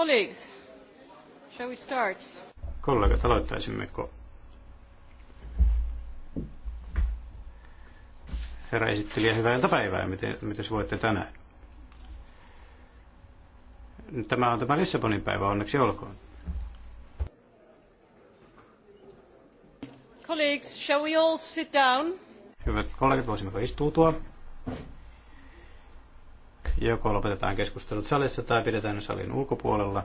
Colleagues, shall we start? Kollegat, aloittaisimmeko? Herra esittelijä, hyvää iltapäivää. Miten, miten voitte tänään? Tämä on tämä Lissabonin päivä, onneksi olkoon. Colleagues, shall we all sit down? Hyvät kollegat, voisimmeko istuutua? Joko lopetetaan keskustelut salissa tai pidetään ne salin ulkopuolella.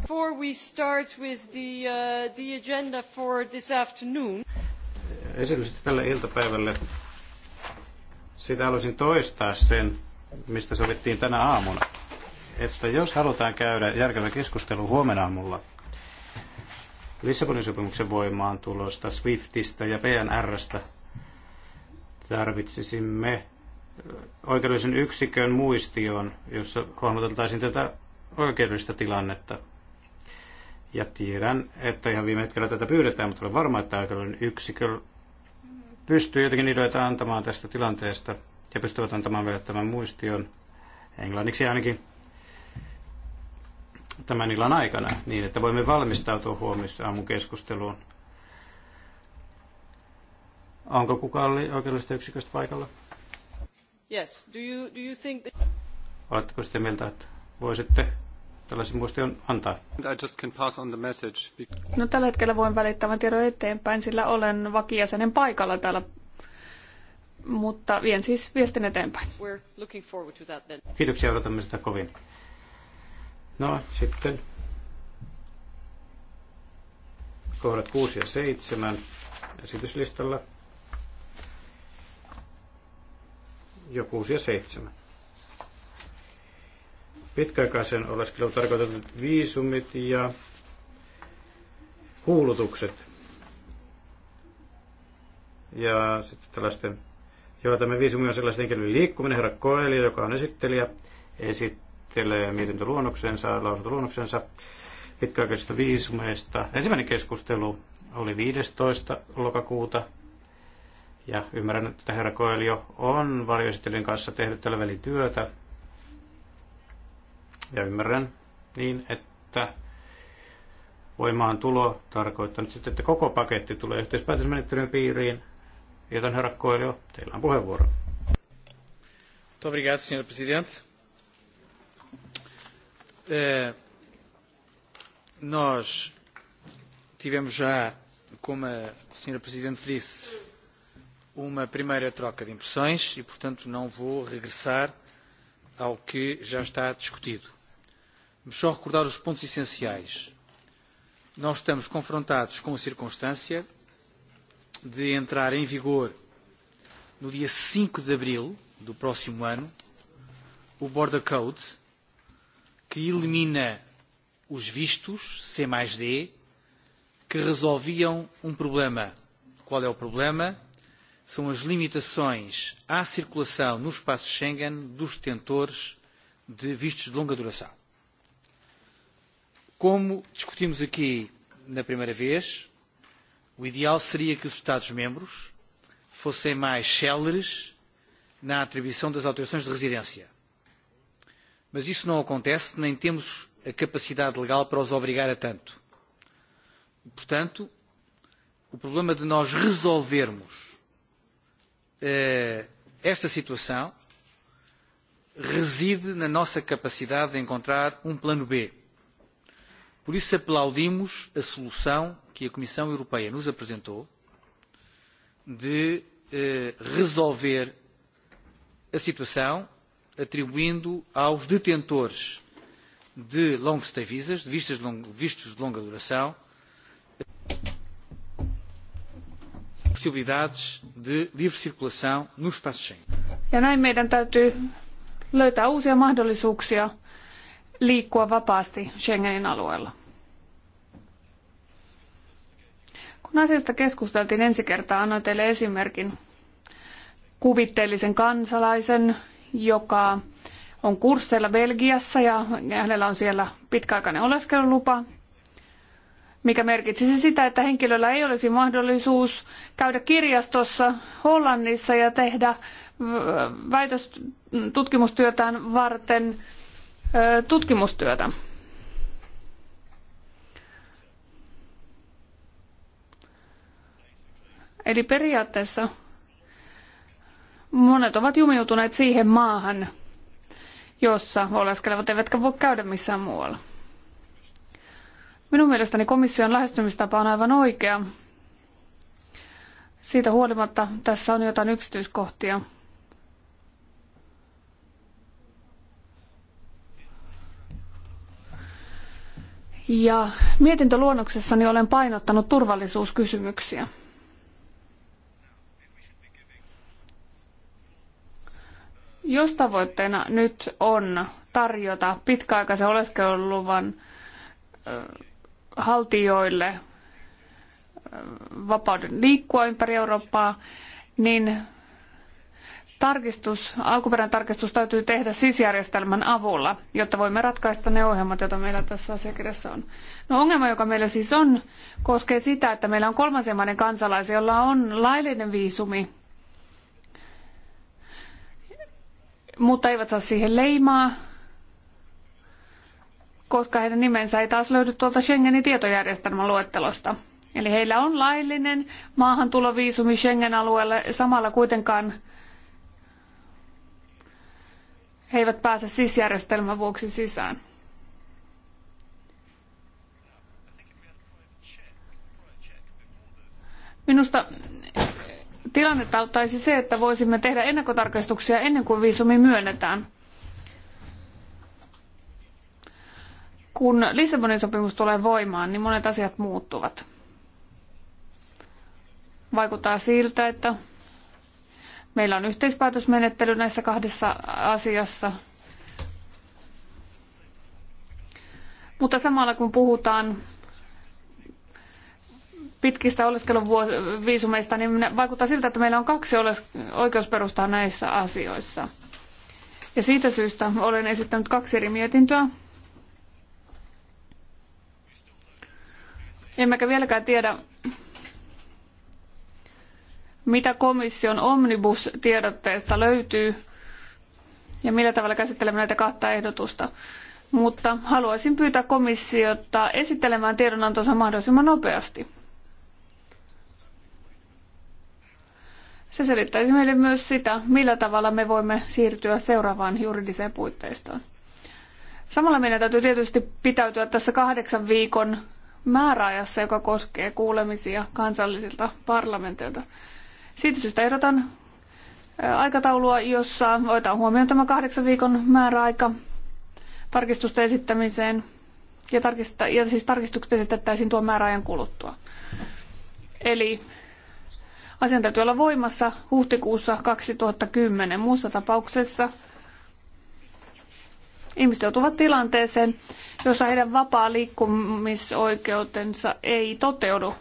Before we start with the, uh, the agenda for this afternoon. Esitystä tälle iltapäivälle. Siitä haluaisin toistaa sen, mistä sovittiin tänä aamuna, että jos halutaan käydä järkevä keskustelu huomenna aamulla Lissabonin sopimuksen voimaantulosta, SWIFTistä ja PNRstä, tarvitsisimme oikeudellisen yksikön muistioon, jossa hahmoteltaisiin tätä oikeudellista tilannetta. Ja tiedän, että ihan viime hetkellä tätä pyydetään, mutta olen varma, että oikeudellinen yksikö pystyy jotenkin ideoita antamaan tästä tilanteesta – he pystyvät antamaan meille tämän muistion englanniksi ainakin tämän illan aikana, niin että voimme valmistautua huomisaamun keskusteluun. Onko kukaan oikeudellisesta yksiköstä paikalla? Yes. Do you, do you think that... Oletteko sitä mieltä, että voisitte tällaisen muistion antaa? I just can pass on the message. No tällä hetkellä voin välittää tiedon eteenpäin, sillä olen vakijäsenen paikalla täällä mutta vien siis viestin eteenpäin. Kiitoksia, odotamme sitä kovin. No, sitten kohdat 6 ja 7 esityslistalla. Jo 6 ja 7. Pitkäaikaisen oleskelu tarkoitetut viisumit ja kuulutukset. Ja sitten tällaisten joilla tämä viisi on sellaisen henkilön liikkuminen. Herra Koeli, joka on esittelijä, esittelee mietintöluonnoksensa, lausuntoluonnoksensa pitkäaikaisista viisumeista. Ensimmäinen keskustelu oli 15. lokakuuta ja ymmärrän, että herra Koelio on varjoesittelyn kanssa tehnyt tällä välin työtä. Ja ymmärrän niin, että voimaan tulo tarkoittaa nyt sitten, että koko paketti tulee yhteispäätösmenettelyn piiriin Joten herra Koelio, teillä on puheenvuoro. Obrigado, senhor presidente. Eh, nós tivemos já, como a senhora presidente disse, uma primeira troca de impressões e, portanto, não vou regressar ao que já está discutido. Vamos só recordar os pontos essenciais. Nós estamos confrontados com a circunstância de entrar em vigor no dia 5 de abril do próximo ano o Border Code, que elimina os vistos C mais D que resolviam um problema. Qual é o problema? São as limitações à circulação no espaço Schengen dos detentores de vistos de longa duração. Como discutimos aqui na primeira vez, O ideal seria que os Estados-membros fossem mais céleres na atribuição das autorizações de residência. Mas isso não acontece, nem temos a capacidade legal para os obrigar a tanto. Portanto, o problema de nós resolvermos eh, esta situação reside na nossa capacidade de encontrar um plano B Por isso aplaudimos a solução que a Comissão Europeia nos apresentou de eh, resolver a situação atribuindo aos detentores de long stay visas, de vistos de, long, vistos de longa duração, possibilidades de livre circulação no espaço Schengen. Ja näin meidän täytyy löytää uusia mahdollisuuksia liikkua vapaasti Schengenin alueella. Kun asiasta keskusteltiin ensi kertaa, annoin teille esimerkin kuvitteellisen kansalaisen, joka on kursseilla Belgiassa ja hänellä on siellä pitkäaikainen oleskelulupa, mikä merkitsisi sitä, että henkilöllä ei olisi mahdollisuus käydä kirjastossa Hollannissa ja tehdä väitöstutkimustyötään varten tutkimustyötä. Eli periaatteessa monet ovat jumiutuneet siihen maahan, jossa oleskelevat eivätkä voi käydä missään muualla. Minun mielestäni komission lähestymistapa on aivan oikea. Siitä huolimatta tässä on jotain yksityiskohtia, Ja mietintöluonnoksessani olen painottanut turvallisuuskysymyksiä. Jos tavoitteena nyt on tarjota pitkäaikaisen oleskeluluvan haltijoille vapauden liikkua ympäri Eurooppaa, niin tarkistus, alkuperäinen tarkistus täytyy tehdä sisjärjestelmän avulla, jotta voimme ratkaista ne ohjelmat, joita meillä tässä asiakirjassa on. No ongelma, joka meillä siis on, koskee sitä, että meillä on kolmansien maiden kansalaisia, jolla on laillinen viisumi, mutta eivät saa siihen leimaa, koska heidän nimensä ei taas löydy tuolta Schengenin tietojärjestelmän luettelosta. Eli heillä on laillinen maahantuloviisumi Schengen-alueelle, samalla kuitenkaan he eivät pääse siis järjestelmän vuoksi sisään. Minusta tilannetta auttaisi se, että voisimme tehdä ennakkotarkastuksia ennen kuin viisumi myönnetään. Kun Lissabonin sopimus tulee voimaan, niin monet asiat muuttuvat. Vaikuttaa siltä, että Meillä on yhteispäätösmenettely näissä kahdessa asiassa. Mutta samalla kun puhutaan pitkistä oleskeluviisumeista, niin vaikuttaa siltä, että meillä on kaksi oikeusperustaa näissä asioissa. Ja siitä syystä olen esittänyt kaksi eri mietintöä. Emmekä vieläkään tiedä, mitä komission omnibus-tiedotteesta löytyy ja millä tavalla käsittelemme näitä kahta ehdotusta. Mutta haluaisin pyytää komissiota esittelemään tiedonantonsa mahdollisimman nopeasti. Se selittäisi meille myös sitä, millä tavalla me voimme siirtyä seuraavaan juridiseen puitteistoon. Samalla meidän täytyy tietysti pitäytyä tässä kahdeksan viikon määräajassa, joka koskee kuulemisia kansallisilta parlamenteilta. Siitä syystä ehdotan aikataulua, jossa otetaan huomioon tämä kahdeksan viikon määräaika tarkistusten esittämiseen ja, tarkista, ja siis tarkistukset esitettäisiin tuon määräajan kuluttua. Eli asian täytyy olla voimassa huhtikuussa 2010. Muussa tapauksessa ihmiset joutuvat tilanteeseen, jossa heidän vapaa liikkumisoikeutensa ei toteudu.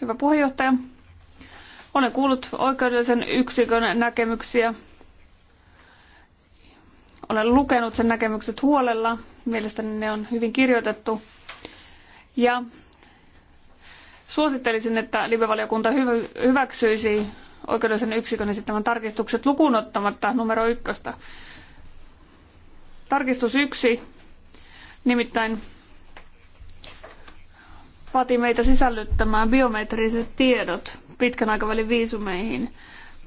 Hyvä puheenjohtaja. Olen kuullut oikeudellisen yksikön näkemyksiä. Olen lukenut sen näkemykset huolella. Mielestäni ne on hyvin kirjoitettu. Ja suosittelisin, että libe valiokunta hyväksyisi oikeudellisen yksikön esittämän tarkistukset lukuun ottamatta numero ykköstä. Tarkistus yksi, nimittäin vaatii meitä sisällyttämään biometriset tiedot pitkän aikavälin viisumeihin.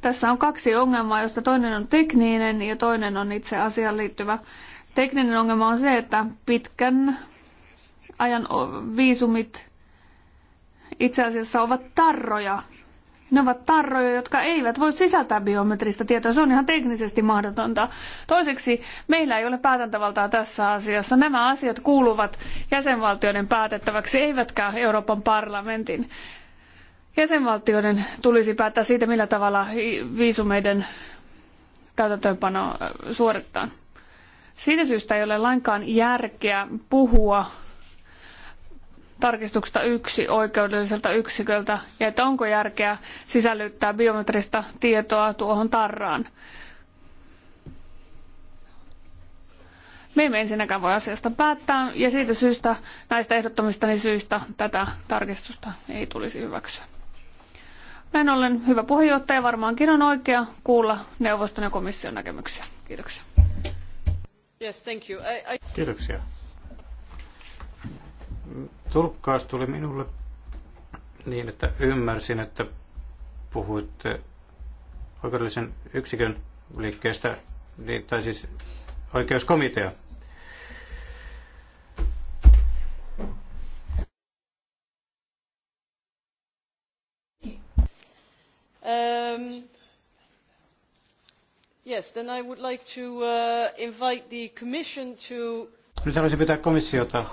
Tässä on kaksi ongelmaa, joista toinen on tekninen ja toinen on itse asiaan liittyvä. Tekninen ongelma on se, että pitkän ajan viisumit itse asiassa ovat tarroja. Ne ovat tarroja, jotka eivät voi sisältää biometristä tietoa. Se on ihan teknisesti mahdotonta. Toiseksi meillä ei ole päätäntävaltaa tässä asiassa. Nämä asiat kuuluvat jäsenvaltioiden päätettäväksi, eivätkä Euroopan parlamentin. Jäsenvaltioiden tulisi päättää siitä, millä tavalla viisumeiden täytäntöönpano suoritetaan. Siitä syystä ei ole lainkaan järkeä puhua tarkistuksesta yksi oikeudelliselta yksiköltä ja että onko järkeä sisällyttää biometristä tietoa tuohon tarraan. Me emme ensinnäkään voi asiasta päättää ja siitä syystä, näistä ehdottomistani syistä, tätä tarkistusta ei tulisi hyväksyä. Näin ollen hyvä puheenjohtaja varmaankin on oikea kuulla neuvoston ja komission näkemyksiä. Kiitoksia. Yes, thank you. I, I... Kiitoksia. Tulkkaus tuli minulle niin, että ymmärsin, että puhuitte oikeudellisen yksikön liikkeestä, niin- tai siis oikeuskomitea Um, yes, then I would like to uh, invite the commission to... Nyt haluaisin pitää komissiota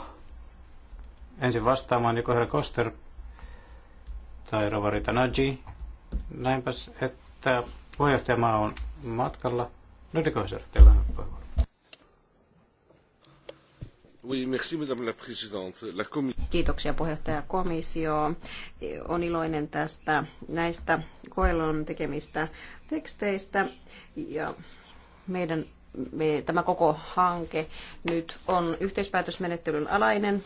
ensin vastaamaan joko herra Koster tai Rovari Tanaji. Näinpäs, että puheenjohtajamaa on matkalla. Lydekoiser, teillä on Kiitoksia puheenjohtaja komissio. On iloinen tästä näistä koelon tekemistä teksteistä ja meidän me, tämä koko hanke nyt on yhteispäätösmenettelyn alainen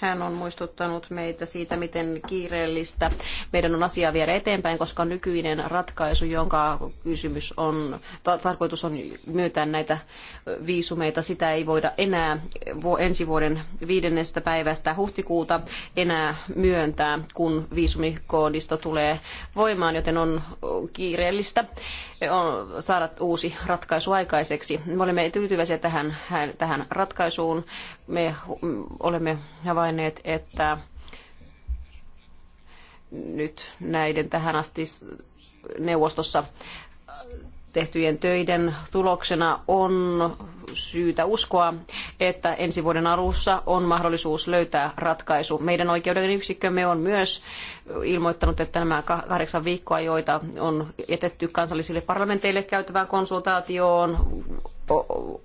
hän on muistuttanut meitä siitä, miten kiireellistä meidän on asiaa viedä eteenpäin, koska nykyinen ratkaisu, jonka kysymys on, ta- tarkoitus on myöntää näitä viisumeita, sitä ei voida enää ensi vuoden viidennestä päivästä huhtikuuta enää myöntää, kun viisumikoodisto tulee voimaan, joten on kiireellistä saada uusi ratkaisu aikaiseksi. Me olemme tyytyväisiä tähän, tähän ratkaisuun. Me olemme havainneet, että nyt näiden tähän asti neuvostossa tehtyjen töiden tuloksena on syytä uskoa, että ensi vuoden alussa on mahdollisuus löytää ratkaisu. Meidän oikeuden yksikkömme on myös ilmoittanut, että nämä kahdeksan viikkoa, joita on jätetty kansallisille parlamenteille käytävään konsultaatioon,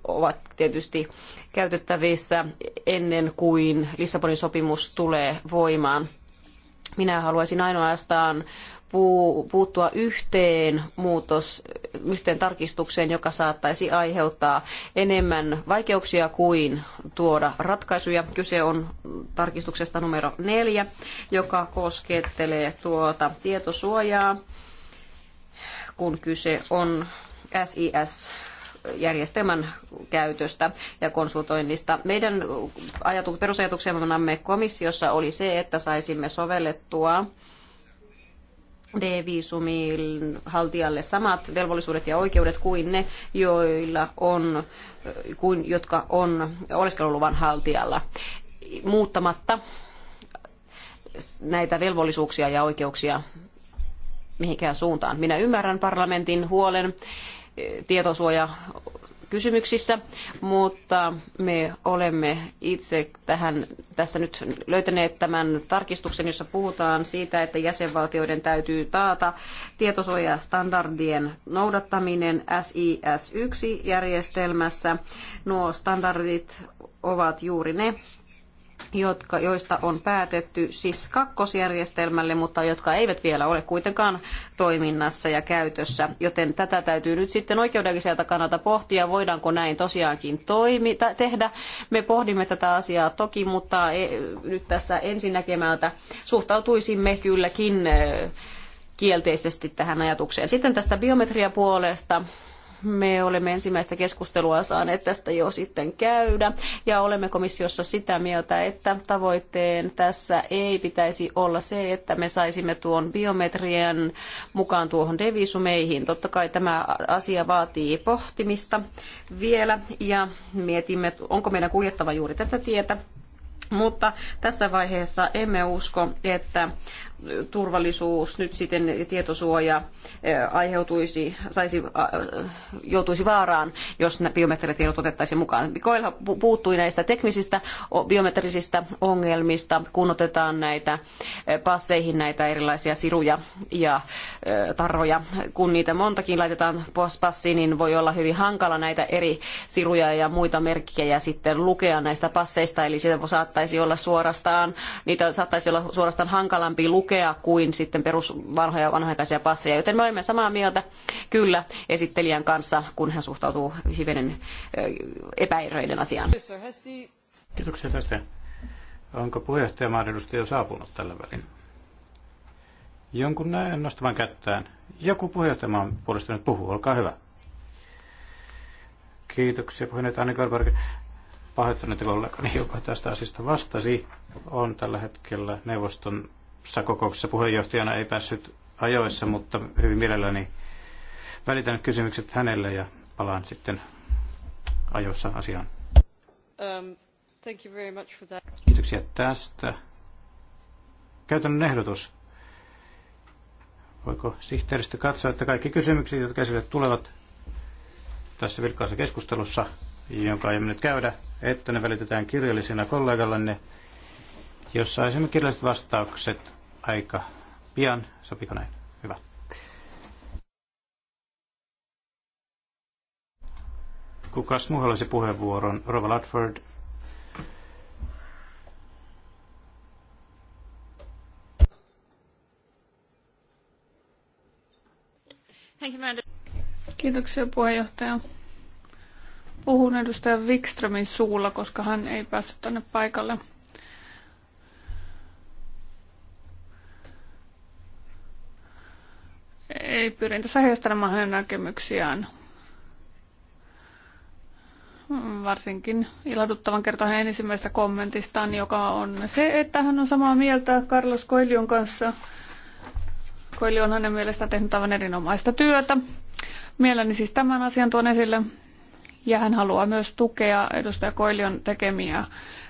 ovat tietysti käytettävissä ennen kuin Lissabonin sopimus tulee voimaan. Minä haluaisin ainoastaan puuttua yhteen muutos, yhteen tarkistukseen, joka saattaisi aiheuttaa enemmän vaikeuksia kuin tuoda ratkaisuja. Kyse on tarkistuksesta numero neljä, joka koskettelee tuota tietosuojaa, kun kyse on SIS järjestelmän käytöstä ja konsultoinnista. Meidän ajatu- perusajatuksemme komissiossa oli se, että saisimme sovellettua D-viisumin haltijalle samat velvollisuudet ja oikeudet kuin ne, joilla on, kuin, jotka on oleskeluluvan haltijalla muuttamatta näitä velvollisuuksia ja oikeuksia mihinkään suuntaan. Minä ymmärrän parlamentin huolen tietosuoja kysymyksissä, mutta me olemme itse tähän, tässä nyt löytäneet tämän tarkistuksen, jossa puhutaan siitä, että jäsenvaltioiden täytyy taata tietosuojastandardien noudattaminen SIS1-järjestelmässä. Nuo standardit ovat juuri ne, jotka, joista on päätetty siis kakkosjärjestelmälle, mutta jotka eivät vielä ole kuitenkaan toiminnassa ja käytössä. Joten tätä täytyy nyt sitten oikeudelliselta kannalta pohtia, voidaanko näin tosiaankin toimi, tehdä. Me pohdimme tätä asiaa toki, mutta e, nyt tässä ensinnäkemältä suhtautuisimme kylläkin e, kielteisesti tähän ajatukseen. Sitten tästä biometriapuolesta. puolesta me olemme ensimmäistä keskustelua saaneet tästä jo sitten käydä ja olemme komissiossa sitä mieltä, että tavoitteen tässä ei pitäisi olla se, että me saisimme tuon biometrian mukaan tuohon devisumeihin. Totta kai tämä asia vaatii pohtimista vielä ja mietimme, onko meidän kuljettava juuri tätä tietä mutta tässä vaiheessa emme usko, että turvallisuus nyt sitten tietosuoja aiheutuisi, saisi, joutuisi vaaraan, jos biometritiedot otettaisiin mukaan. Koelha puuttui näistä teknisistä biometrisistä ongelmista, kun otetaan näitä passeihin näitä erilaisia siruja ja tarroja. Kun niitä montakin laitetaan passiin, niin voi olla hyvin hankala näitä eri siruja ja muita merkkejä sitten lukea näistä passeista, eli sitä saattaisi olla suorastaan, niitä saattaisi olla suorastaan hankalampi lukea tukea kuin sitten perusvanhoja vanhaikaisia passeja, joten me olemme samaa mieltä kyllä esittelijän kanssa, kun hän suhtautuu hivenen epäiröiden asiaan. Kiitoksia tästä. Onko puheenjohtajamaan edustaja saapunut tällä välin? Jonkun näen nostavan kättään. Joku puheenjohtajamaan puolesta nyt puhuu, olkaa hyvä. Kiitoksia puheenjohtaja Anni Karberg. Pahoittelen, että kollegani, joka tästä asiasta vastasi, on tällä hetkellä neuvoston kokouksessa puheenjohtajana ei päässyt ajoissa, mutta hyvin mielelläni välitän kysymykset hänelle ja palaan sitten ajoissa asiaan. Um, thank you very much for that. Kiitoksia tästä. Käytännön ehdotus. Voiko sihteeristö katsoa, että kaikki kysymykset, jotka esille tulevat tässä vilkkaassa keskustelussa, jonka aiemmin nyt käydä, että ne välitetään kirjallisina kollegallanne jos saisimme kirjalliset vastaukset aika pian, sopiko näin? Hyvä. Kukas muu haluaisi puheenvuoron? Rova Ludford. Kiitoksia puheenjohtaja. Puhun edustaja Wikströmin suulla, koska hän ei päässyt tänne paikalle. ei pyrin tässä heijastelemaan hänen näkemyksiään. Varsinkin ilahduttavan kertoa hänen ensimmäisestä kommentistaan, joka on se, että hän on samaa mieltä Carlos Coelion kanssa. Koili on hänen mielestään tehnyt aivan erinomaista työtä. Mielelläni siis tämän asian tuon esille. Ja hän haluaa myös tukea edustaja Koilion tekemiä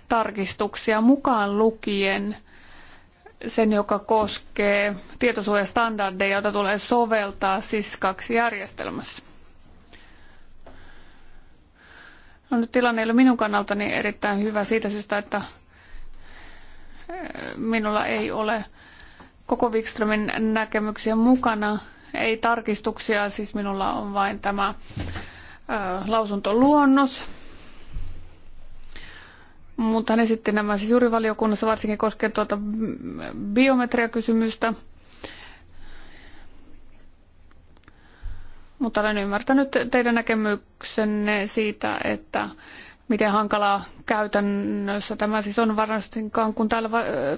tarkistuksia mukaan lukien – sen, joka koskee tietosuojastandardeja, joita tulee soveltaa sis kaksi järjestelmässä. No nyt tilanne ei ole minun kannaltani erittäin hyvä siitä syystä, että eh, minulla ei ole koko Wikströmin näkemyksiä mukana, ei tarkistuksia, siis minulla on vain tämä ö, eh, lausuntoluonnos mutta ne esitti nämä siis juuri valiokunnassa varsinkin koskien tuota biometriakysymystä. Mutta olen ymmärtänyt teidän näkemyksenne siitä, että miten hankalaa käytännössä tämä siis on varsinkaan, kun täällä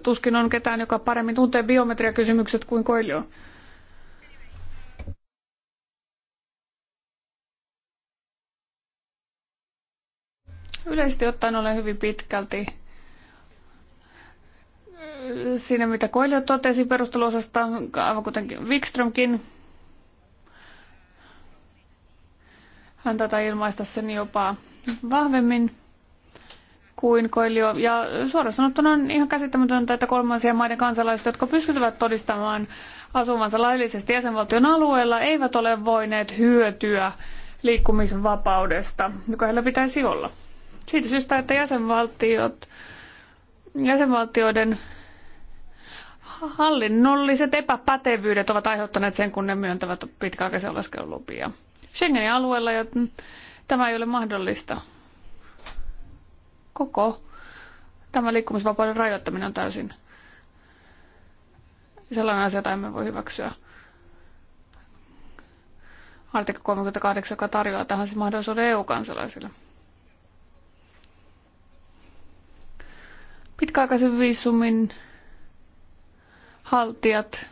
tuskin on ketään, joka paremmin tuntee biometriakysymykset kuin Koilio. Yleisesti ottaen olen hyvin pitkälti siinä, mitä Koelio totesi perusteluosasta, aivan kuten Wikströmkin. Hän tätä ilmaista sen jopa vahvemmin kuin Koilio. Ja suoraan sanottuna on ihan käsittämätöntä, että kolmansien maiden kansalaiset, jotka pystyvät todistamaan asuvansa laillisesti jäsenvaltion alueella, eivät ole voineet hyötyä liikkumisvapaudesta, joka heillä pitäisi olla. Siitä syystä, että jäsenvaltiot, jäsenvaltioiden hallinnolliset epäpätevyydet ovat aiheuttaneet sen, kun ne myöntävät pitkäaikaisen oleskelulupia. Schengenin alueella jo tämä ei ole mahdollista. Koko tämä liikkumisvapauden rajoittaminen on täysin sellainen asia, jota emme voi hyväksyä. Artikla 38, joka tarjoaa tähän se siis mahdollisuuden EU-kansalaisille. pitkäaikaisen viisumin haltijat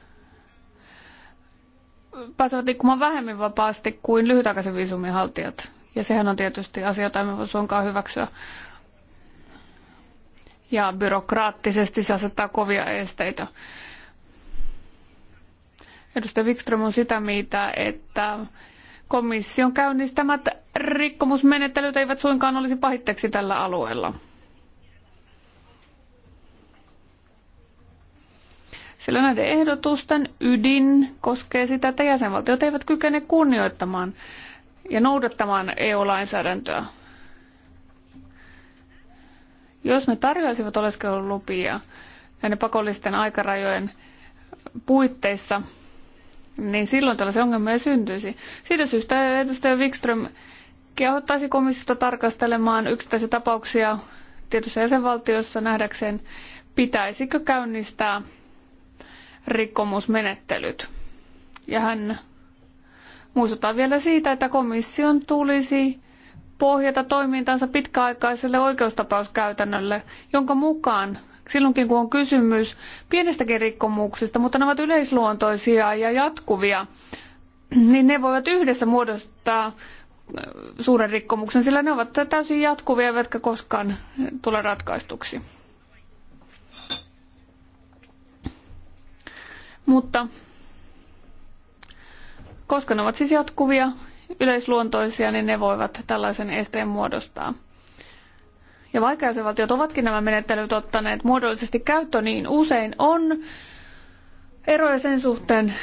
pääsevät liikkumaan vähemmän vapaasti kuin lyhytaikaisen viisumin haltijat. Ja sehän on tietysti asia, jota emme voi suinkaan hyväksyä. Ja byrokraattisesti se asettaa kovia esteitä. Edustaja Wikström on sitä mitä, että komission käynnistämät rikkomusmenettelyt eivät suinkaan olisi pahitteeksi tällä alueella. Sillä näiden ehdotusten ydin koskee sitä, että jäsenvaltiot eivät kykene kunnioittamaan ja noudattamaan EU-lainsäädäntöä. Jos ne tarjoaisivat oleskelulupia näiden pakollisten aikarajojen puitteissa, niin silloin tällaisia ongelmia syntyisi. Siitä syystä edustaja Wikström kehottaisi komissiota tarkastelemaan yksittäisiä tapauksia tietyissä jäsenvaltiossa nähdäkseen, pitäisikö käynnistää rikkomusmenettelyt. Ja hän muistuttaa vielä siitä, että komission tulisi pohjata toimintansa pitkäaikaiselle oikeustapauskäytännölle, jonka mukaan silloinkin kun on kysymys pienistäkin rikkomuksista, mutta ne ovat yleisluontoisia ja jatkuvia, niin ne voivat yhdessä muodostaa äh, suuren rikkomuksen, sillä ne ovat täysin jatkuvia, eivätkä koskaan tule ratkaistuksi. Mutta koska ne ovat siis jatkuvia, yleisluontoisia, niin ne voivat tällaisen esteen muodostaa. Ja vaikka jäsenvaltiot ovatkin nämä menettelyt ottaneet muodollisesti käyttö, niin usein on eroja sen suhteen,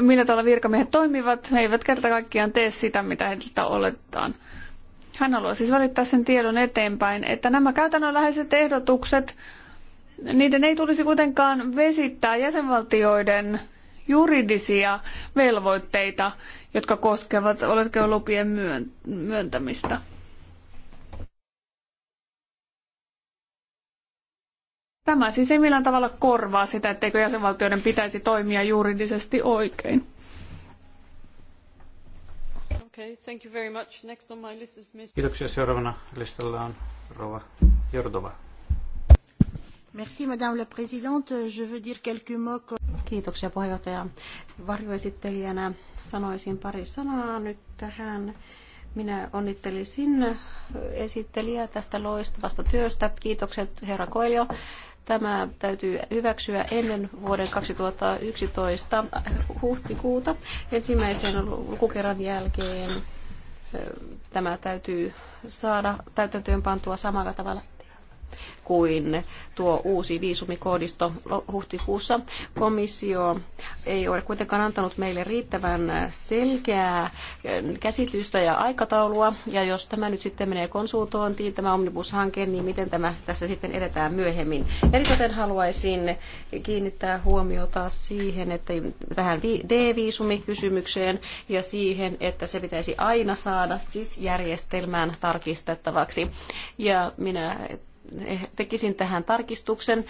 millä tavalla virkamiehet toimivat. He eivät kerta kaikkiaan tee sitä, mitä heiltä oletetaan. Hän haluaa siis välittää sen tiedon eteenpäin, että nämä käytännönläheiset ehdotukset niiden ei tulisi kuitenkaan vesittää jäsenvaltioiden juridisia velvoitteita, jotka koskevat oleskelulupien myöntämistä. Tämä siis ei millään tavalla korvaa sitä, etteikö jäsenvaltioiden pitäisi toimia juridisesti oikein. Okay, thank you very much. Next on my list is Kiitoksia. Seuraavana listalla on Rova Jordova. Merci, Madame la Présidente. Je veux dire quelques mots. Kiitoksia puheenjohtaja. Varjoesittelijänä sanoisin pari sanaa nyt tähän. Minä onnittelisin esittelijää tästä loistavasta työstä. Kiitokset herra Koelio. Tämä täytyy hyväksyä ennen vuoden 2011 huhtikuuta ensimmäisen lukukerran jälkeen. Tämä täytyy saada täytäntöön pantua samalla tavalla kuin tuo uusi viisumikoodisto huhtikuussa. Komissio ei ole kuitenkaan antanut meille riittävän selkeää käsitystä ja aikataulua. Ja jos tämä nyt sitten menee konsultointiin, tämä Omnibus-hanke, niin miten tämä tässä sitten edetään myöhemmin. Erityisen haluaisin kiinnittää huomiota siihen, että tähän D-viisumikysymykseen ja siihen, että se pitäisi aina saada siis järjestelmään tarkistettavaksi. Ja minä Eh, tekisin tähän tarkistuksen.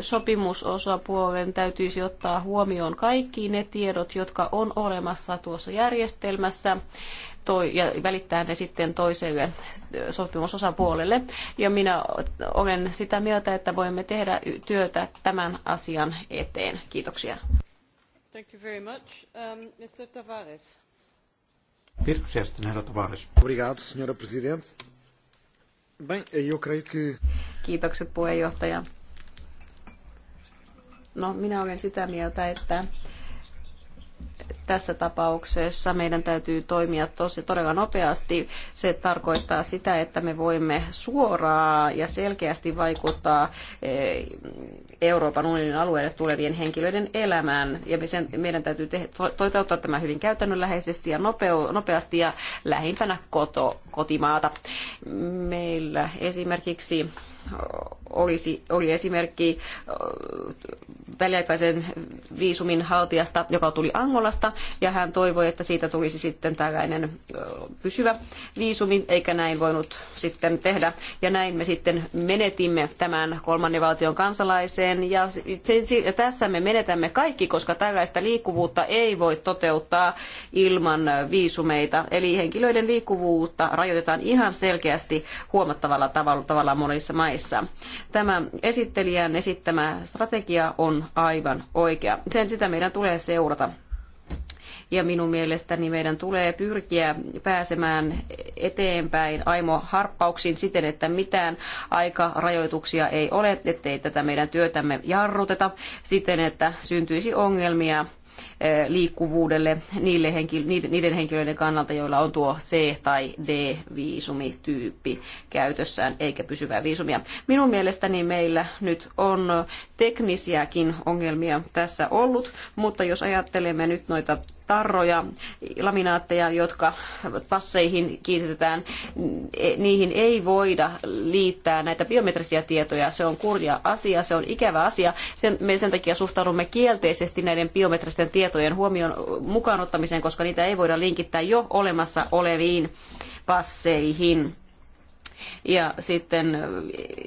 Sopimusosapuolen täytyisi ottaa huomioon kaikki ne tiedot, jotka on olemassa tuossa järjestelmässä toi, ja välittää ne sitten toiselle eh, sopimusosapuolelle. Ja minä olen sitä mieltä, että voimme tehdä työtä tämän asian eteen. Kiitoksia. Thank you very much. Um, Mr. Tavares. herra Tavares. Obrigado, senhora presidente. Bem, eu creio que... Kiitokset puheenjohtaja. No, minä olen sitä mieltä, että tässä tapauksessa meidän täytyy toimia tosi todella nopeasti. Se tarkoittaa sitä, että me voimme suoraan ja selkeästi vaikuttaa eh, Euroopan unionin alueelle tulevien henkilöiden elämään. Ja meidän täytyy te- toteuttaa tämä hyvin käytännönläheisesti ja nopeasti ja lähimpänä koto, kotimaata. Meillä esimerkiksi olisi, oli esimerkki väliaikaisen viisumin haltijasta, joka tuli Angolasta, ja hän toivoi, että siitä tulisi sitten tällainen pysyvä viisumi, eikä näin voinut sitten tehdä. Ja näin me sitten menetimme tämän kolmannen valtion kansalaisen, ja tässä me menetämme kaikki, koska tällaista liikkuvuutta ei voi toteuttaa ilman viisumeita. Eli henkilöiden liikkuvuutta rajoitetaan ihan selkeästi huomattavalla tavalla monissa maissa maissa. Tämä esittelijän esittämä strategia on aivan oikea. Sen sitä meidän tulee seurata ja minun mielestäni meidän tulee pyrkiä pääsemään eteenpäin aimo harppauksin siten, että mitään aikarajoituksia ei ole, ettei tätä meidän työtämme jarruteta siten, että syntyisi ongelmia Eh, liikkuvuudelle niille henkil- niiden henkilöiden kannalta, joilla on tuo C- tai D-viisumityyppi käytössään, eikä pysyvää viisumia. Minun mielestäni meillä nyt on teknisiäkin ongelmia tässä ollut, mutta jos ajattelemme nyt noita tarroja, laminaatteja, jotka passeihin kiinnitetään, e, niihin ei voida liittää näitä biometrisiä tietoja. Se on kurja asia, se on ikävä asia. Sen, me sen takia suhtaudumme kielteisesti näiden biometristen tietojen tietojen huomioon mukaan ottamiseen, koska niitä ei voida linkittää jo olemassa oleviin passeihin. Ja, sitten,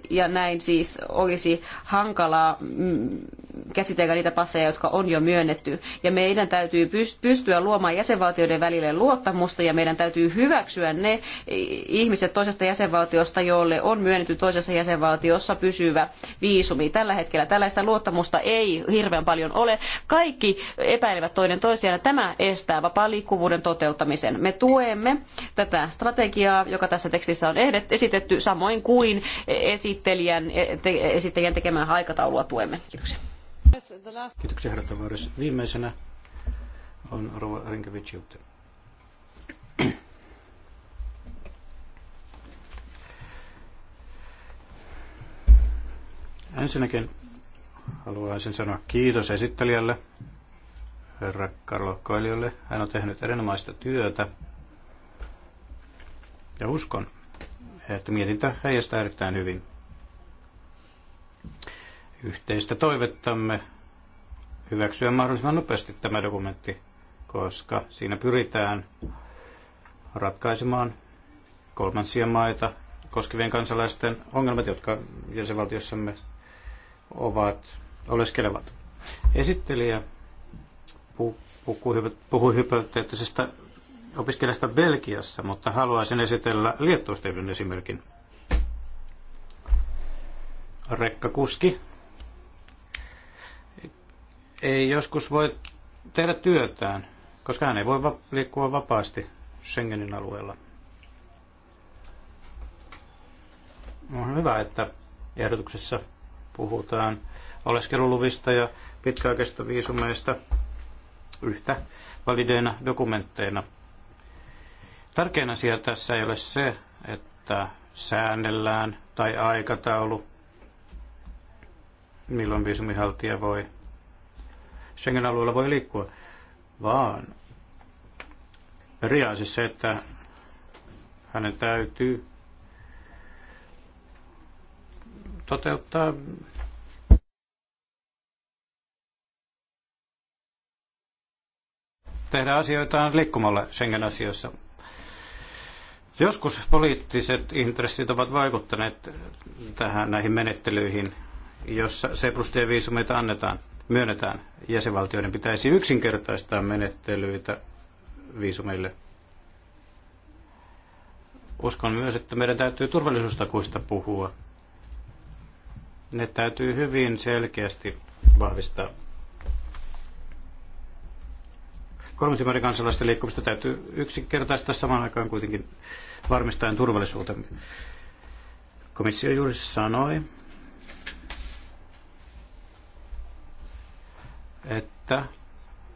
ja näin siis olisi hankalaa mm, käsitellä niitä passeja, jotka on jo myönnetty. Ja meidän täytyy pystyä luomaan jäsenvaltioiden välille luottamusta ja meidän täytyy hyväksyä ne ihmiset toisesta jäsenvaltiosta, joille on myönnetty toisessa jäsenvaltiossa pysyvä viisumi. Tällä hetkellä tällaista luottamusta ei hirveän paljon ole. Kaikki epäilevät toinen toisiaan tämä estää vapaa liikkuvuuden toteuttamisen. Me tuemme tätä strategiaa, joka tässä tekstissä on ehdotettu esitetty, samoin kuin esittelijän, te, esittelijän tekemään aikataulua tuemme. Kiitoksia. Kiitoksia herra Tavares. Viimeisenä on Rova Rinkevich Jutte. Ensinnäkin haluaisin sanoa kiitos esittelijälle, herra Karlo Koiliolle. Hän on tehnyt erinomaista työtä ja uskon, että mietintö heijastaa erittäin hyvin yhteistä toivettamme hyväksyä mahdollisimman nopeasti tämä dokumentti, koska siinä pyritään ratkaisemaan kolmansia maita koskevien kansalaisten ongelmat, jotka jäsenvaltiossamme ovat, oleskelevat. Esittelijä puhui hypoteettisesta opiskelijasta Belgiassa, mutta haluaisin esitellä Liettuosta yhden esimerkin. Rekkakuski ei joskus voi tehdä työtään, koska hän ei voi va- liikkua vapaasti Schengenin alueella. On hyvä, että ehdotuksessa puhutaan oleskeluluvista ja pitkäaikaisista viisumeista yhtä valideina dokumentteina – Tärkein asia tässä ei ole se, että säännellään tai aikataulu, milloin viisumihaltija voi Schengen-alueella voi liikkua, vaan periaatteessa siis se, että hänen täytyy toteuttaa tehdä asioitaan liikkumalla Schengen-asioissa. Joskus poliittiset intressit ovat vaikuttaneet tähän näihin menettelyihin, jossa C plus D-viisumeita annetaan, myönnetään. Jäsenvaltioiden pitäisi yksinkertaistaa menettelyitä viisumeille. Uskon myös, että meidän täytyy turvallisuustakuista puhua. Ne täytyy hyvin selkeästi vahvistaa. kolmansien kansalaisten liikkumista täytyy yksinkertaistaa samaan aikaan kuitenkin varmistaen turvallisuutemme. Komissio juuri sanoi, että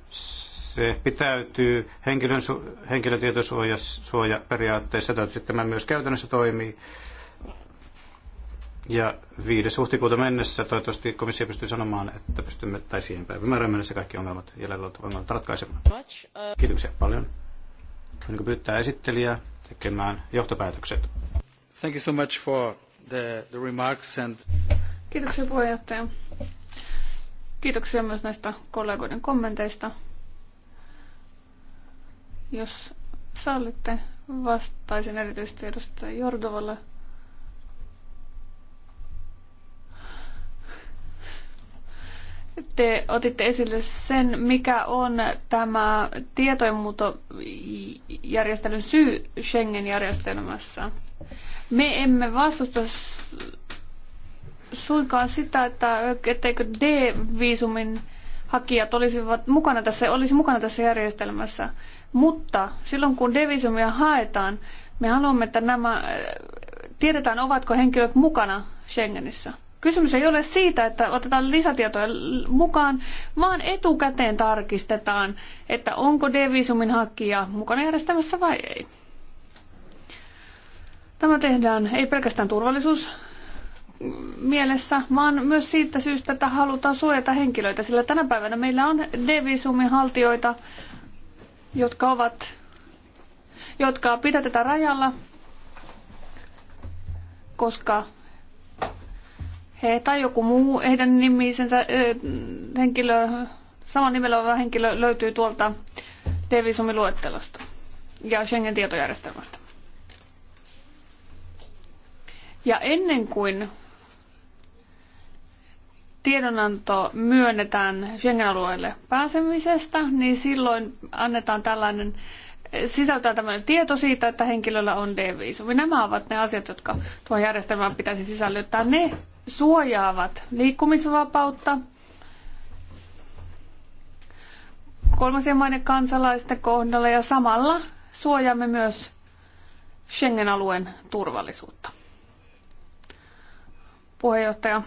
se pitäytyy henkilön su- henkilötietosuojaperiaatteessa, että tämä myös käytännössä toimii. Ja 5. huhtikuuta mennessä toivottavasti komissio pystyy sanomaan, että pystymme tai siihen päivämäärään mennessä kaikki ongelmat jäljellä olevat ongelmat ratkaisemaan. Kiitoksia paljon. Voinko niin pyytää esittelijää tekemään johtopäätökset? Thank you so much for the, the remarks and... Kiitoksia puheenjohtaja. Kiitoksia myös näistä kollegoiden kommenteista. Jos sallitte, vastaisin erityisesti edustaja Jordovalle te otitte esille sen, mikä on tämä tietojenmuutojärjestelyn syy Schengen-järjestelmässä. Me emme vastusta suinkaan sitä, että etteikö D-viisumin hakijat olisivat mukana tässä, olisi mukana tässä järjestelmässä. Mutta silloin kun D-viisumia haetaan, me haluamme, että nämä tiedetään, ovatko henkilöt mukana Schengenissä. Kysymys ei ole siitä, että otetaan lisätietoja mukaan, vaan etukäteen tarkistetaan, että onko D-viisumin hakija mukana järjestelmässä vai ei. Tämä tehdään ei pelkästään turvallisuus mielessä, vaan myös siitä syystä, että halutaan suojata henkilöitä, sillä tänä päivänä meillä on D-viisumin haltijoita, jotka ovat jotka pidätetään rajalla, koska he tai joku muu heidän nimisensä henkilö, saman nimellä oleva henkilö löytyy tuolta D-viisumiluettelosta ja Schengen-tietojärjestelmästä. Ja ennen kuin tiedonanto myönnetään Schengen-alueelle pääsemisestä, niin silloin annetaan tällainen sisältää tämmöinen tieto siitä, että henkilöllä on D-viisumi. Nämä ovat ne asiat, jotka tuohon järjestelmään pitäisi sisällyttää. Ne suojaavat liikkumisvapautta, kolmasien maiden kansalaisten kohdalla ja samalla suojaamme myös Schengen-alueen turvallisuutta. Puheenjohtaja,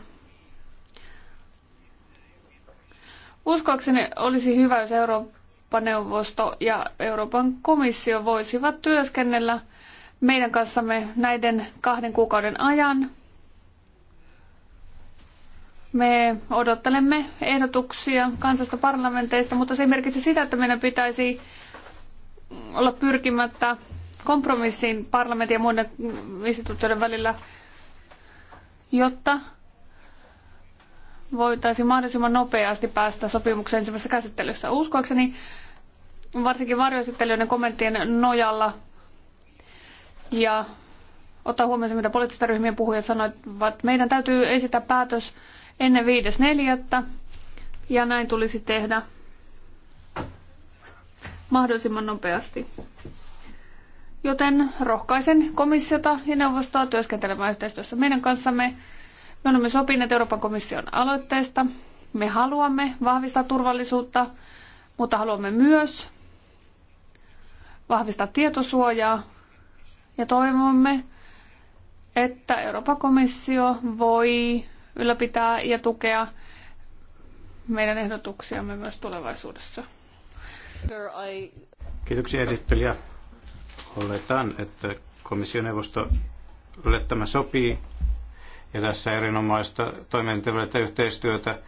uskoakseni olisi hyvä, jos Euroopan Eurooppa-neuvosto ja Euroopan komissio voisivat työskennellä meidän kanssamme näiden kahden kuukauden ajan. Me odottelemme ehdotuksia kansasta parlamenteista, mutta se ei merkitse sitä, että meidän pitäisi olla pyrkimättä kompromissiin parlamentin ja muiden instituutioiden välillä, jotta voitaisiin mahdollisimman nopeasti päästä sopimukseen ensimmäisessä käsittelyssä. Uskoakseni varsinkin varjoesittelijöiden kommenttien nojalla ja ottaa huomioon se, mitä poliittisten ryhmien puhujat sanoivat, että meidän täytyy esittää päätös ennen 5.4. ja näin tulisi tehdä mahdollisimman nopeasti. Joten rohkaisen komissiota ja neuvostoa työskentelemään yhteistyössä meidän kanssamme me olemme sopineet Euroopan komission aloitteesta. Me haluamme vahvistaa turvallisuutta, mutta haluamme myös vahvistaa tietosuojaa ja toivomme, että Euroopan komissio voi ylläpitää ja tukea meidän ehdotuksiamme myös tulevaisuudessa. Kiitoksia esittelijä. Oletan, että komissioneuvosto tämä sopii. Ja tässä erinomaista toimintavälistä yhteistyötä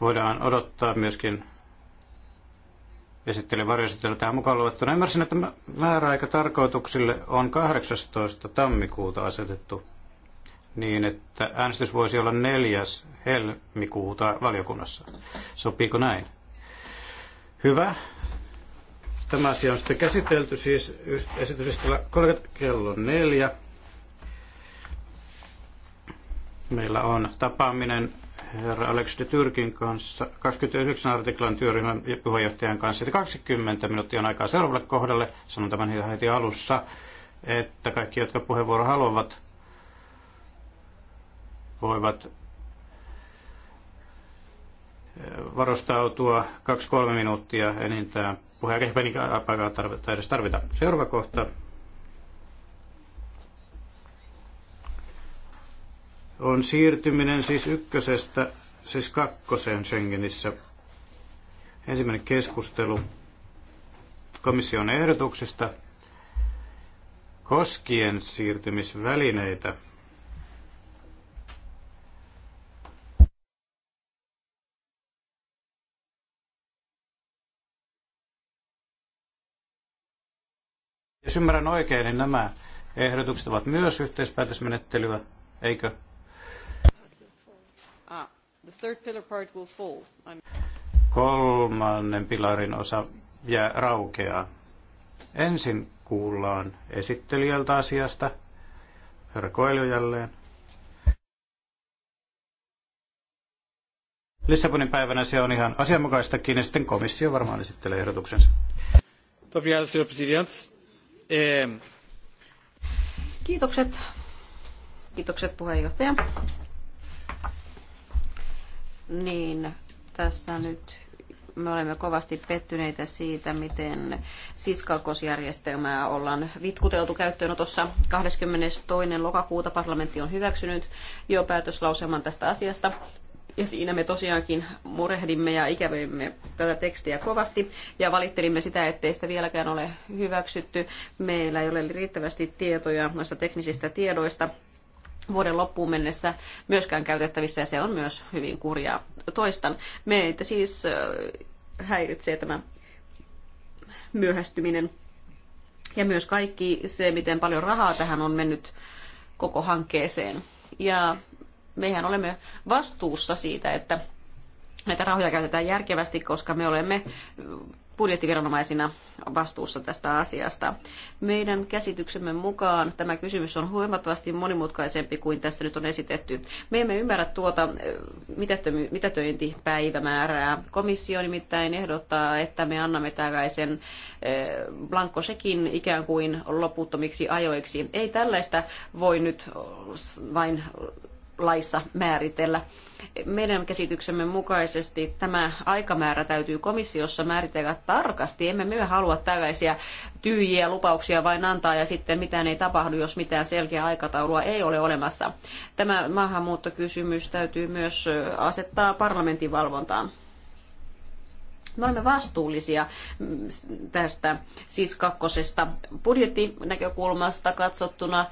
voidaan odottaa myöskin esittelin varjoesittely tähän mukaan luettuna. Ymmärsin, että määräaika tarkoituksille on 18. tammikuuta asetettu niin, että äänestys voisi olla 4. helmikuuta valiokunnassa. Sopiiko näin? Hyvä. Tämä asia on sitten käsitelty siis esitys kello neljä. Meillä on tapaaminen herra Alex de Tyrkin kanssa 29 artiklan työryhmän puheenjohtajan kanssa. Eli 20 minuuttia on aikaa seuraavalle kohdalle. Sanon tämän heti alussa, että kaikki, jotka puheenvuoro haluavat, voivat eh, varustautua 2-3 minuuttia enintään. Puheenjohtajan ei edes tarvita. Seuraava kohta on siirtyminen siis ykkösestä, siis kakkoseen Schengenissä. Ensimmäinen keskustelu komission ehdotuksesta koskien siirtymisvälineitä. Jos ymmärrän oikein, niin nämä ehdotukset ovat myös yhteispäätösmenettelyä, eikö? The third pillar part will fall. Kolmannen pilarin osa jää raukeaa. Ensin kuullaan esittelijältä asiasta, herra Koelio jälleen. Lissabonin päivänä se on ihan asianmukaistakin ja sitten komissio varmaan esittelee ehdotuksensa. Kiitokset. Kiitokset puheenjohtaja. Niin, tässä nyt me olemme kovasti pettyneitä siitä, miten siskakosjärjestelmää ollaan vitkuteltu käyttöönotossa. 22. lokakuuta parlamentti on hyväksynyt jo päätöslauselman tästä asiasta. Ja siinä me tosiaankin murehdimme ja ikävöimme tätä tekstiä kovasti ja valittelimme sitä, ettei sitä vieläkään ole hyväksytty. Meillä ei ole riittävästi tietoja noista teknisistä tiedoista vuoden loppuun mennessä myöskään käytettävissä ja se on myös hyvin kurjaa. Toistan, meitä siis häiritsee tämä myöhästyminen ja myös kaikki se, miten paljon rahaa tähän on mennyt koko hankkeeseen. Ja mehän olemme vastuussa siitä, että näitä rahoja käytetään järkevästi, koska me olemme budjettiviranomaisina vastuussa tästä asiasta. Meidän käsityksemme mukaan tämä kysymys on huomattavasti monimutkaisempi kuin tässä nyt on esitetty. Me emme ymmärrä tuota eh, mitätöintipäivämäärää. Komissio nimittäin ehdottaa, että me annamme tällaisen eh, blankosekin ikään kuin loputtomiksi ajoiksi. Ei tällaista voi nyt eh, vain laissa määritellä meidän käsityksemme mukaisesti tämä aikamäärä täytyy komissiossa määritellä tarkasti. Emme me halua tällaisia tyhjiä lupauksia vain antaa ja sitten mitään ei tapahdu, jos mitään selkeää aikataulua ei ole olemassa. Tämä maahanmuuttokysymys täytyy myös asettaa parlamentin valvontaan. Me olemme vastuullisia tästä siis kakkosesta budjettinäkökulmasta katsottuna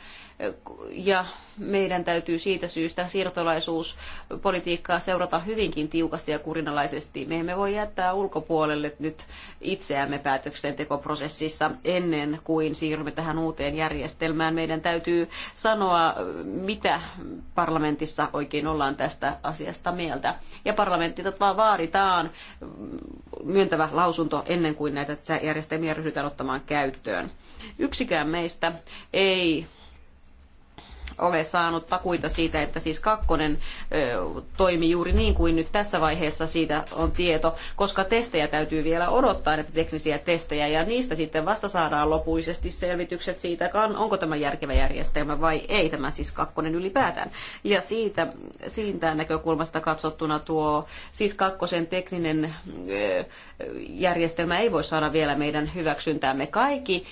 ja meidän täytyy siitä syystä siirtolaisuuspolitiikkaa seurata hyvinkin tiukasti ja kurinalaisesti. Me emme voi jättää ulkopuolelle nyt itseämme päätöksentekoprosessissa ennen kuin siirrymme tähän uuteen järjestelmään. Meidän täytyy sanoa, mitä parlamentissa oikein ollaan tästä asiasta mieltä. Ja parlamentilta tota, vaan vaaditaan myöntävä lausunto ennen kuin näitä järjestelmiä ryhdytään ottamaan käyttöön. Yksikään meistä ei ole saanut takuita siitä, että siis kakkonen toimi juuri niin kuin nyt tässä vaiheessa siitä on tieto, koska testejä täytyy vielä odottaa, että teknisiä testejä, ja niistä sitten vasta saadaan lopuisesti selvitykset siitä, onko tämä järkevä järjestelmä vai ei tämä siis kakkonen ylipäätään. Ja siitä, siitä näkökulmasta katsottuna tuo siis kakkosen tekninen järjestelmä ei voi saada vielä meidän hyväksyntäämme. Kaikki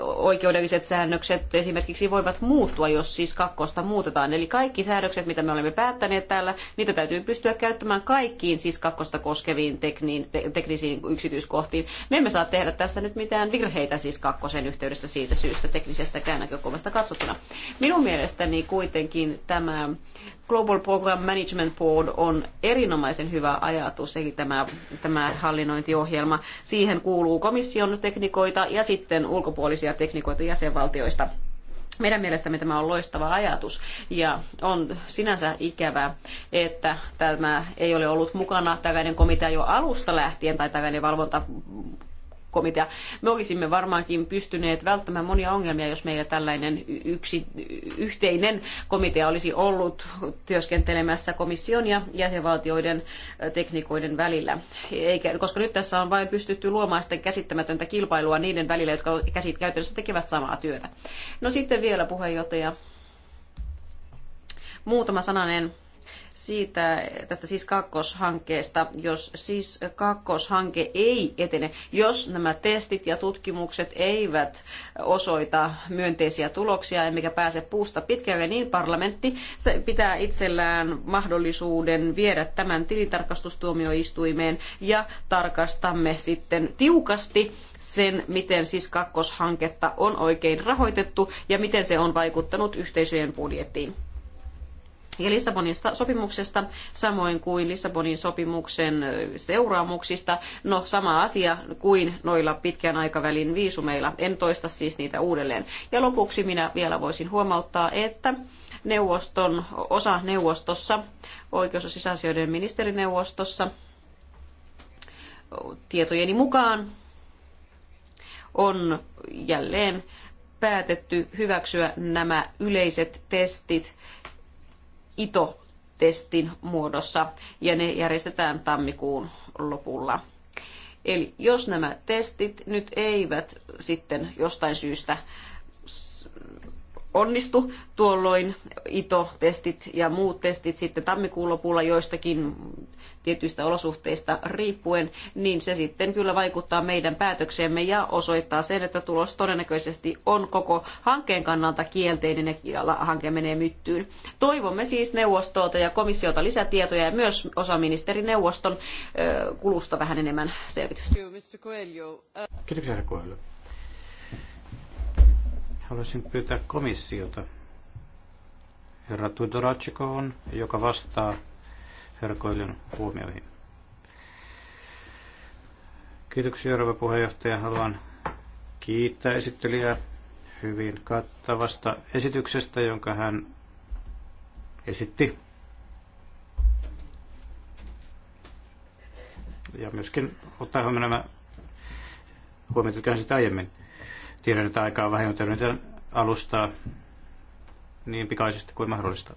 oikeudelliset säännökset esimerkiksi voivat muuttua, jos siis kakkosta muutetaan. Eli kaikki säädökset, mitä me olemme päättäneet täällä, niitä täytyy pystyä käyttämään kaikkiin siis kakkosta koskeviin tekniin, te teknisiin yksityiskohtiin. Me emme saa tehdä tässä nyt mitään virheitä siis kakkosen yhteydessä siitä syystä teknisestäkään näkökulmasta katsottuna. Minun mielestäni kuitenkin tämä Global Program Management Board on erinomaisen hyvä ajatus, eli tämä, tämä hallinnointiohjelma. Siihen kuuluu komission teknikoita ja sitten ulkopuolisia teknikoita jäsenvaltioista. Meidän mielestämme tämä on loistava ajatus ja on sinänsä ikävää, että tämä ei ole ollut mukana tällainen komitea jo alusta lähtien tai tällainen valvonta komitea. Me olisimme varmaankin pystyneet välttämään monia ongelmia, jos meillä tällainen yksi, yhteinen komitea olisi ollut työskentelemässä komission ja jäsenvaltioiden teknikoiden välillä. Eikä, koska nyt tässä on vain pystytty luomaan sitten käsittämätöntä kilpailua niiden välillä, jotka käsit, käytännössä tekevät samaa työtä. No sitten vielä puheenjohtaja. Muutama sananen siitä, tästä siis kakkoshankkeesta, jos siis kakkoshanke ei etene, jos nämä testit ja tutkimukset eivät osoita myönteisiä tuloksia, emmekä pääse puusta pitkälle, niin parlamentti pitää itsellään mahdollisuuden viedä tämän tilintarkastustuomioistuimeen ja tarkastamme sitten tiukasti sen, miten siis kakkoshanketta on oikein rahoitettu ja miten se on vaikuttanut yhteisöjen budjettiin ja Lissabonin sopimuksesta, samoin kuin Lissabonin sopimuksen seuraamuksista. No, sama asia kuin noilla pitkän aikavälin viisumeilla. En toista siis niitä uudelleen. Ja lopuksi minä vielä voisin huomauttaa, että neuvoston, osa neuvostossa, oikeus- ja sisäasioiden ministerineuvostossa, tietojeni mukaan on jälleen päätetty hyväksyä nämä yleiset testit ITO-testin muodossa ja ne järjestetään tammikuun lopulla. Eli jos nämä testit nyt eivät sitten jostain syystä onnistu, tuolloin ITO-testit ja muut testit sitten tammikuun lopulla joistakin tietyistä olosuhteista riippuen, niin se sitten kyllä vaikuttaa meidän päätökseemme ja osoittaa sen, että tulos todennäköisesti on koko hankkeen kannalta kielteinen ja hanke menee myttyyn. Toivomme siis neuvostolta ja komissiolta lisätietoja ja myös osaministerineuvoston kulusta vähän enemmän selvitystä. Kiitoksia, herra Coelho. Haluaisin pyytää komissiota. Herra Tudoracikov, joka vastaa herra huomioihin. Kiitoksia, rouva puheenjohtaja. Haluan kiittää esittelijää hyvin kattavasta esityksestä, jonka hän esitti. Ja myöskin ottaa huomioon nämä huomiot, jotka hän sitä aiemmin. Tiedän, että aikaa on vähän, alustaa niin pikaisesti kuin mahdollista.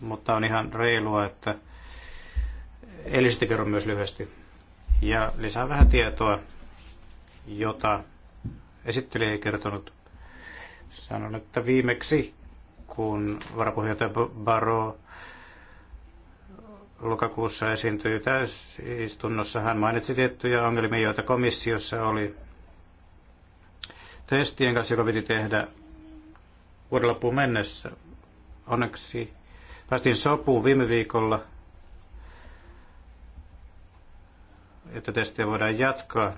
Mutta on ihan reilua, että Eli sitten kerron myös lyhyesti. Ja lisää vähän tietoa, jota esittelijä ei kertonut. Sanon, että viimeksi, kun varapuheenjohtaja Baro lokakuussa esiintyi täysistunnossa, hän mainitsi tiettyjä ongelmia, joita komissiossa oli testien kanssa, joka piti tehdä vuoden loppuun mennessä. Onneksi päästiin sopuun viime viikolla että testejä voidaan jatkaa.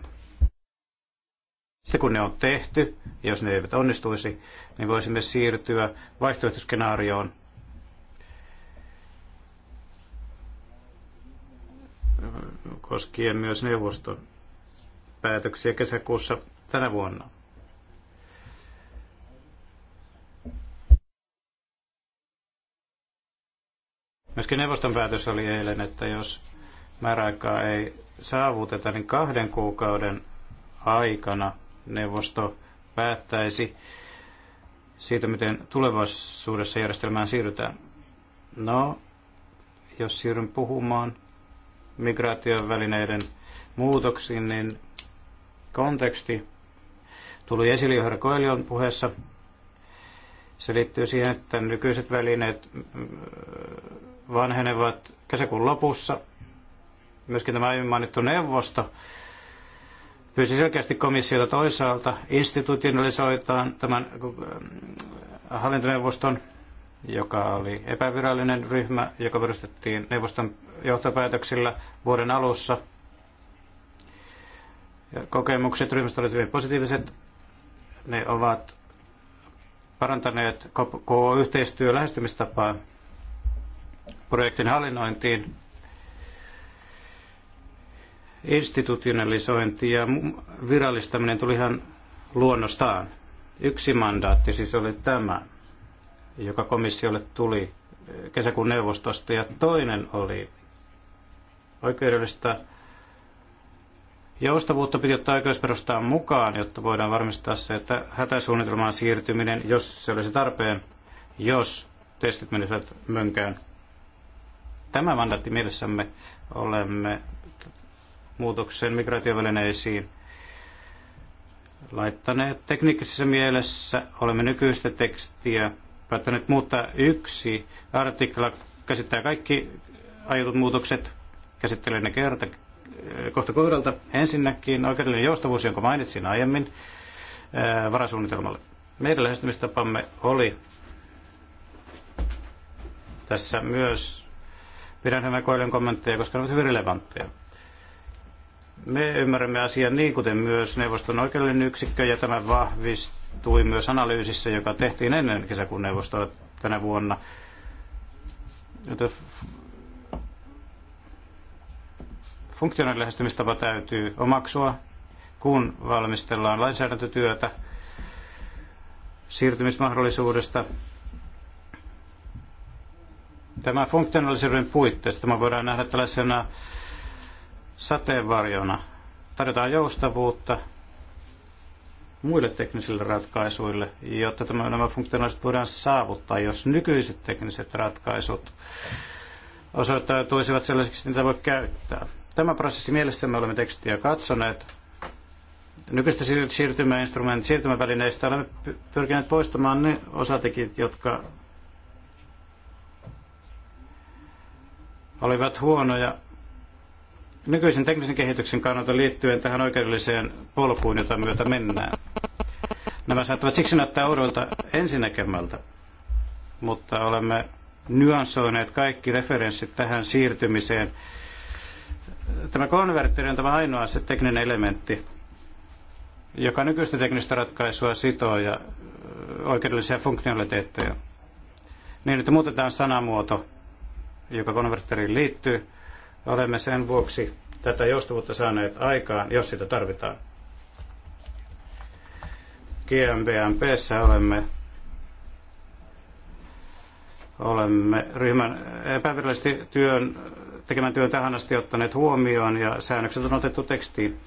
Sitten kun ne on tehty, ja jos ne eivät onnistuisi, niin voisimme siirtyä vaihtoehtoskenaarioon, koskien myös neuvoston päätöksiä kesäkuussa tänä vuonna. Myöskin neuvoston päätös oli eilen, että jos määräaikaa ei saavuteta, niin kahden kuukauden aikana neuvosto päättäisi siitä, miten tulevaisuudessa järjestelmään siirrytään. No, jos siirryn puhumaan migraation välineiden muutoksiin, niin konteksti tuli esille Johra Koelion puheessa. Se liittyy siihen, että nykyiset välineet mm, vanhenevat kesäkuun lopussa myöskin tämä aiemmin mainittu neuvosto pyysi selkeästi komissiota toisaalta institutionalisoitaan tämän äh, hallintoneuvoston, joka oli epävirallinen ryhmä, joka perustettiin neuvoston johtopäätöksillä vuoden alussa. Kokemukset ryhmästä olivat hyvin positiiviset. Ne ovat parantaneet koko yhteistyö lähestymistapaa projektin hallinnointiin institutionalisointi ja virallistaminen tuli ihan luonnostaan. Yksi mandaatti siis oli tämä, joka komissiolle tuli eh, kesäkuun neuvostosta, ja toinen oli oikeudellista joustavuutta piti ottaa oikeusperustaan mukaan, jotta voidaan varmistaa se, että hätäsuunnitelmaan siirtyminen, jos se olisi tarpeen, jos testit menisivät mönkään. Tämä mandaatti mielessämme olemme muutoksen migraatiovälineisiin laittaneet teknikisessä mielessä, olemme nykyistä tekstiä päättäneet muuttaa yksi artikla, käsittää kaikki aiotut muutokset, Käsittelen ne kerta, kohta kohdalta. Ensinnäkin oikeudellinen joustavuus, jonka mainitsin aiemmin varasuunnitelmalle. Meidän lähestymistapamme oli tässä myös, pidän hyvän koelun kommentteja, koska ne ovat hyvin relevantteja. Me ymmärrämme asian niin, kuten myös neuvoston oikeudellinen yksikkö, ja tämä vahvistui myös analyysissä, joka tehtiin ennen kesäkuun neuvostoa tänä vuonna. funktionaalinen lähestymistapa täytyy omaksua, kun valmistellaan lainsäädäntötyötä siirtymismahdollisuudesta. Tämä funktionaalisuuden puitteista, tämä voidaan nähdä tällaisena sateenvarjona. Tarjotaan joustavuutta muille teknisille ratkaisuille, jotta tämä, nämä funktionaaliset voidaan saavuttaa, jos nykyiset tekniset ratkaisut osoittautuisivat sellaisiksi, että niitä voi käyttää. Tämä prosessi mielessä me olemme tekstiä katsoneet. Nykyistä siirtymäinstrumentin siirtymävälineistä olemme pyrkineet poistamaan ne osatekijät, jotka olivat huonoja nykyisen teknisen kehityksen kannalta liittyen tähän oikeudelliseen polkuun, jota myötä mennään. Nämä saattavat siksi näyttää oudolta ensinäkemältä, mutta olemme nyansoineet kaikki referenssit tähän siirtymiseen. Tämä konvertteri on tämä ainoa se tekninen elementti, joka nykyistä teknistä ratkaisua sitoo ja oikeudellisia funktionaliteetteja. Niin, että muutetaan sanamuoto, joka konvertteriin liittyy, Olemme sen vuoksi tätä joustavuutta saaneet aikaan, jos sitä tarvitaan. GMBMPssä olemme olemme ryhmän epävirallisesti työn, tekemän työn tähän asti ottaneet huomioon ja säännökset on otettu tekstiin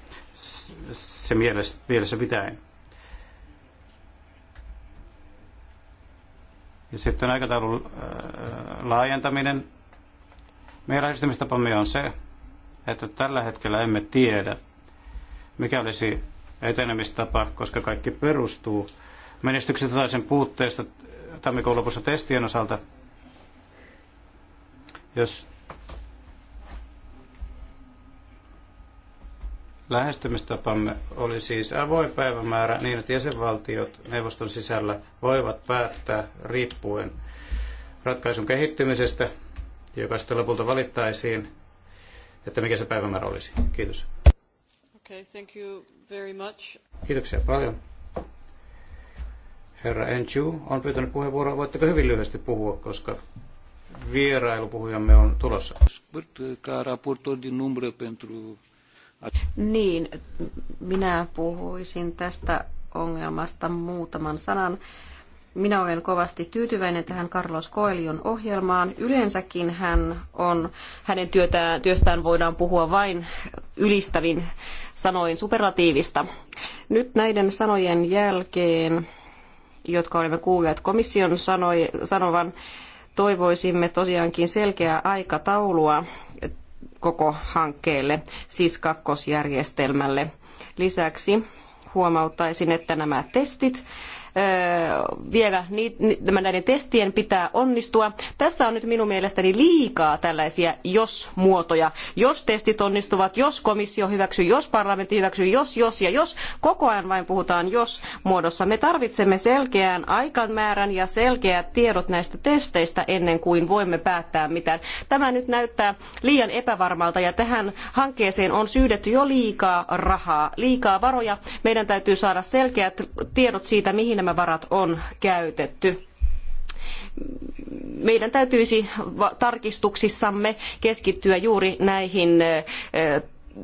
se mielessä, mielessä pitäen. Ja sitten aikataulun äh, laajentaminen meidän lähestymistapamme on se, että tällä hetkellä emme tiedä, mikä olisi etenemistapa, koska kaikki perustuu menestyksestä tai sen puutteesta tammikuun lopussa testien osalta. Jos lähestymistapamme oli siis avoin päivämäärä niin, että jäsenvaltiot neuvoston sisällä voivat päättää riippuen ratkaisun kehittymisestä joka sitten lopulta valittaisiin, että mikä se päivämäärä olisi. Kiitos. Okay, thank you very much. Kiitoksia paljon. Herra Enchu on pyytänyt puheenvuoroa. Voitteko hyvin lyhyesti puhua, koska vierailupuhujamme on tulossa. Niin, minä puhuisin tästä ongelmasta muutaman sanan minä olen kovasti tyytyväinen tähän Carlos Coelion ohjelmaan. Yleensäkin hän on, hänen työtään, työstään voidaan puhua vain ylistävin sanoin superlatiivista. Nyt näiden sanojen jälkeen, jotka olemme kuulleet komission sanoi, sanovan, toivoisimme tosiaankin selkeää aikataulua koko hankkeelle, siis kakkosjärjestelmälle. Lisäksi huomauttaisin, että nämä testit vielä näiden testien pitää onnistua. Tässä on nyt minun mielestäni liikaa tällaisia jos-muotoja. Jos testit onnistuvat, jos komissio hyväksyy, jos parlamentti hyväksyy, jos, jos ja jos. Koko ajan vain puhutaan jos-muodossa. Me tarvitsemme selkeän aikamäärän ja selkeät tiedot näistä testeistä ennen kuin voimme päättää mitään. Tämä nyt näyttää liian epävarmalta ja tähän hankkeeseen on syydetty jo liikaa rahaa, liikaa varoja. Meidän täytyy saada selkeät tiedot siitä, mihin nämä varat on käytetty meidän täytyisi tarkistuksissamme keskittyä juuri näihin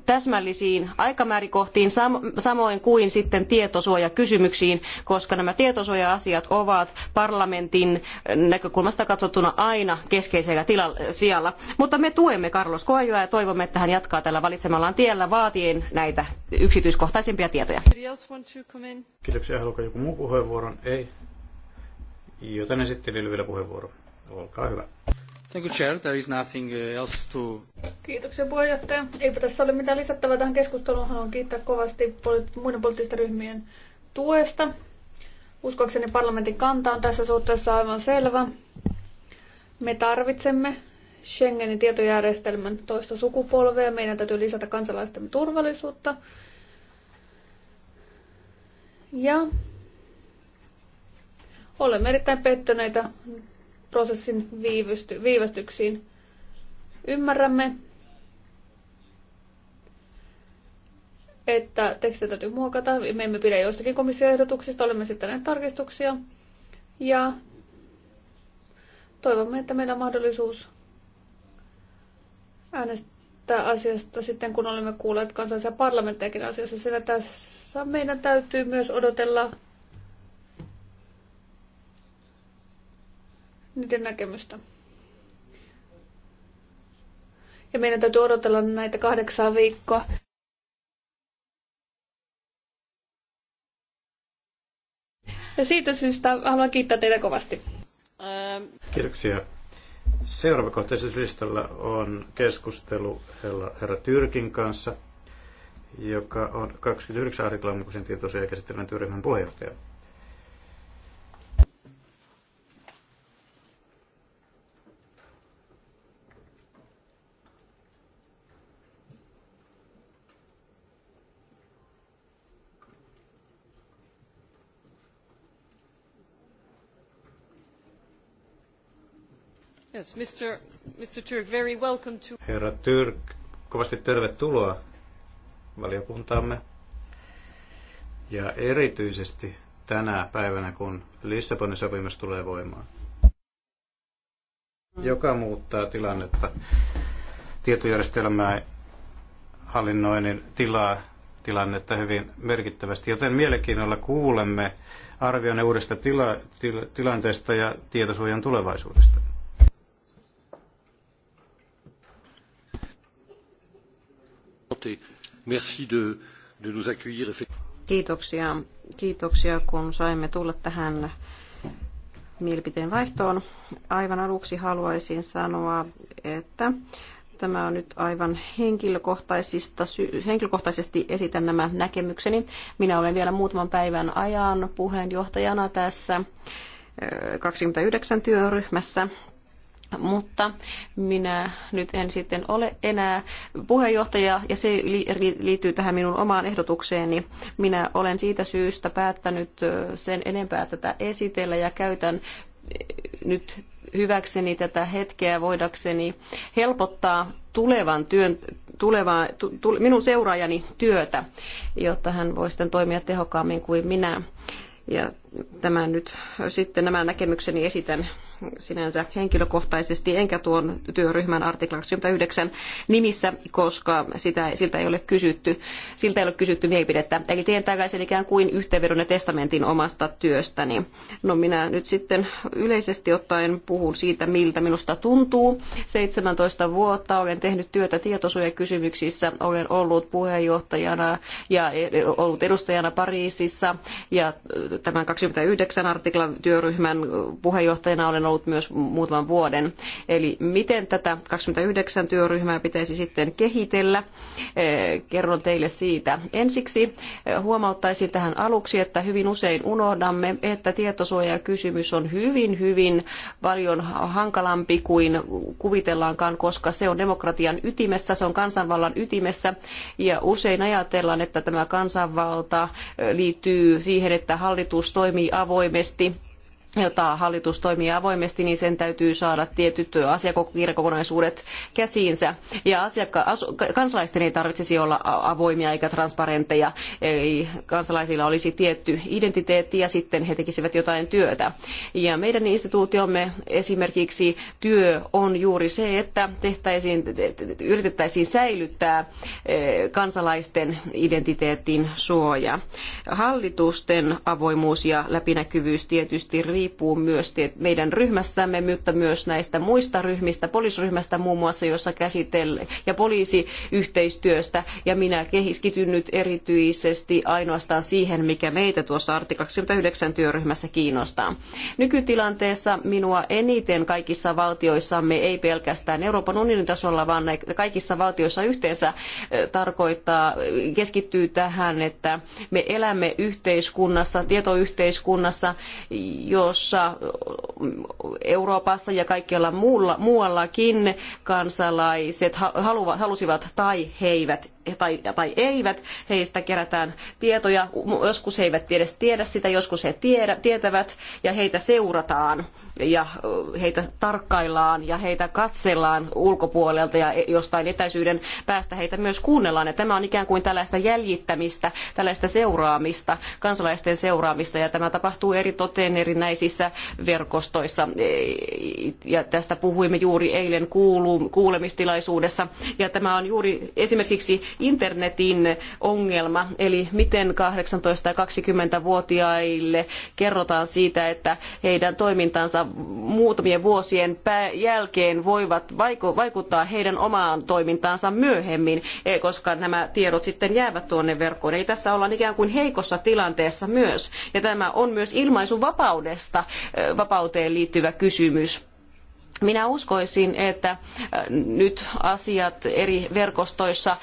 täsmällisiin aikamääräkohtiin samoin kuin sitten tietosuojakysymyksiin, koska nämä tietosuoja-asiat ovat parlamentin näkökulmasta katsottuna aina keskeisellä tilalla, sijalla. Mutta me tuemme Carlos Koajoa ja toivomme, että hän jatkaa tällä valitsemallaan tiellä vaatien näitä yksityiskohtaisempia tietoja. Kiitoksia. Haluatko joku muu puheenvuoron? Ei. Joten esittelijälle vielä puheenvuoro. Olkaa hyvä. Thank you, Chair. There is nothing uh, else to... Kiitoksia puheenjohtaja. Eipä tässä ole mitään lisättävää tähän keskusteluun. Haluan kiittää kovasti muiden poliittisten ryhmien tuesta. Uskoakseni parlamentin kanta on tässä suhteessa aivan selvä. Me tarvitsemme Schengenin tietojärjestelmän toista sukupolvea. Meidän täytyy lisätä kansalaistemme turvallisuutta. Ja olemme erittäin pettyneitä prosessin viivysty, viivästyksiin. Ymmärrämme, että tekstiä täytyy muokata. Me emme pidä joistakin komissioehdotuksista, olemme näitä tarkistuksia. Ja toivomme, että meillä on mahdollisuus äänestää asiasta sitten, kun olemme kuulleet kansallisia parlamentteja asiassa, sillä tässä meidän täytyy myös odotella niiden näkemystä. Ja meidän täytyy odotella näitä kahdeksaa viikkoa. Ja siitä syystä haluan kiittää teitä kovasti. Ähm. Kiitoksia. Seuraava listalla on keskustelu herra Tyrkin kanssa, joka on 29 artiklan mukaisen tietoisia työryhmän puheenjohtaja. Mr. Mr. Turk, very welcome to... Herra Türk, kovasti tervetuloa valiokuntaamme. Ja erityisesti tänä päivänä, kun Lissabonin sopimus tulee voimaan, joka muuttaa tilannetta tietojärjestelmää hallinnoinnin tilaa tilannetta hyvin merkittävästi, joten mielenkiinnolla kuulemme arvionne uudesta tila, til, tilanteesta ja tietosuojan tulevaisuudesta. Kiitoksia. Kiitoksia, kun saimme tulla tähän mielipiteen vaihtoon. Aivan aluksi haluaisin sanoa, että tämä on nyt aivan henkilökohtaisista, henkilökohtaisesti esitän nämä näkemykseni. Minä olen vielä muutaman päivän ajan puheenjohtajana tässä 29 työryhmässä mutta minä nyt en sitten ole enää puheenjohtaja ja se liittyy tähän minun omaan ehdotukseeni. Minä olen siitä syystä päättänyt sen enempää tätä esitellä ja käytän nyt hyväkseni tätä hetkeä voidakseni helpottaa tulevan työn, tulevaa, tu, tu, minun seuraajani työtä, jotta hän voi sitten toimia tehokkaammin kuin minä. Ja tämän nyt sitten nämä näkemykseni esitän sinänsä henkilökohtaisesti enkä tuon työryhmän artiklan 29 nimissä, koska sitä, siltä ei ole kysytty, siltä ei ole kysytty mielipidettä. Eli teen tällaisen ikään kuin yhteenvedon ja testamentin omasta työstäni. No minä nyt sitten yleisesti ottaen puhun siitä, miltä minusta tuntuu. 17 vuotta olen tehnyt työtä tietosuojakysymyksissä, olen ollut puheenjohtajana ja ollut edustajana Pariisissa ja tämän 29 artiklan työryhmän puheenjohtajana olen on ollut myös muutaman vuoden. Eli miten tätä 29 työryhmää pitäisi sitten kehitellä? Eh, kerron teille siitä. Ensiksi eh, huomauttaisin tähän aluksi, että hyvin usein unohdamme, että tietosuojakysymys on hyvin, hyvin paljon hankalampi kuin kuvitellaankaan, koska se on demokratian ytimessä, se on kansanvallan ytimessä ja usein ajatellaan, että tämä kansanvalta eh, liittyy siihen, että hallitus toimii avoimesti jota hallitus toimii avoimesti, niin sen täytyy saada tietyt asiakirjakokonaisuudet käsiinsä. Ja asiakka- kansalaisten ei tarvitsisi olla avoimia eikä transparentteja. Eli kansalaisilla olisi tietty identiteetti ja sitten he tekisivät jotain työtä. Ja meidän instituutiomme esimerkiksi työ on juuri se, että tehtäisiin, yritettäisiin säilyttää e, kansalaisten identiteetin suoja. Hallitusten avoimuus ja läpinäkyvyys tietysti riippuu riippuu myös meidän ryhmästämme, mutta myös näistä muista ryhmistä, poliisiryhmästä muun muassa, jossa käsitellään, ja poliisiyhteistyöstä. Ja minä keskityn nyt erityisesti ainoastaan siihen, mikä meitä tuossa artikla 29 työryhmässä kiinnostaa. Nykytilanteessa minua eniten kaikissa valtioissamme, ei pelkästään Euroopan unionin tasolla, vaan kaikissa valtioissa yhteensä tarkoittaa, keskittyy tähän, että me elämme yhteiskunnassa, tietoyhteiskunnassa, jos jossa Euroopassa ja kaikkialla muuallakin kansalaiset halusivat tai heivät. eivät tai, tai eivät, heistä kerätään tietoja. Joskus he eivät edes tiedä sitä, joskus he tiedä, tietävät ja heitä seurataan ja heitä tarkkaillaan ja heitä katsellaan ulkopuolelta ja jostain etäisyyden päästä heitä myös kuunnellaan. Ja tämä on ikään kuin tällaista jäljittämistä, tällaista seuraamista, kansalaisten seuraamista ja tämä tapahtuu eri toteen erinäisissä verkostoissa. E, ja tästä puhuimme juuri eilen kuulemistilaisuudessa ja tämä on juuri esimerkiksi internetin ongelma, eli miten 18- 20-vuotiaille kerrotaan siitä, että heidän toimintansa muutamien vuosien jälkeen voivat vaikuttaa heidän omaan toimintaansa myöhemmin, e, koska nämä tiedot sitten jäävät tuonne verkkoon. Eli tässä ollaan ikään kuin heikossa tilanteessa myös. Ja tämä on myös ilmaisuvapaudesta e, vapauteen liittyvä kysymys minä uskoisin, että äh, nyt asiat eri verkostoissa äh,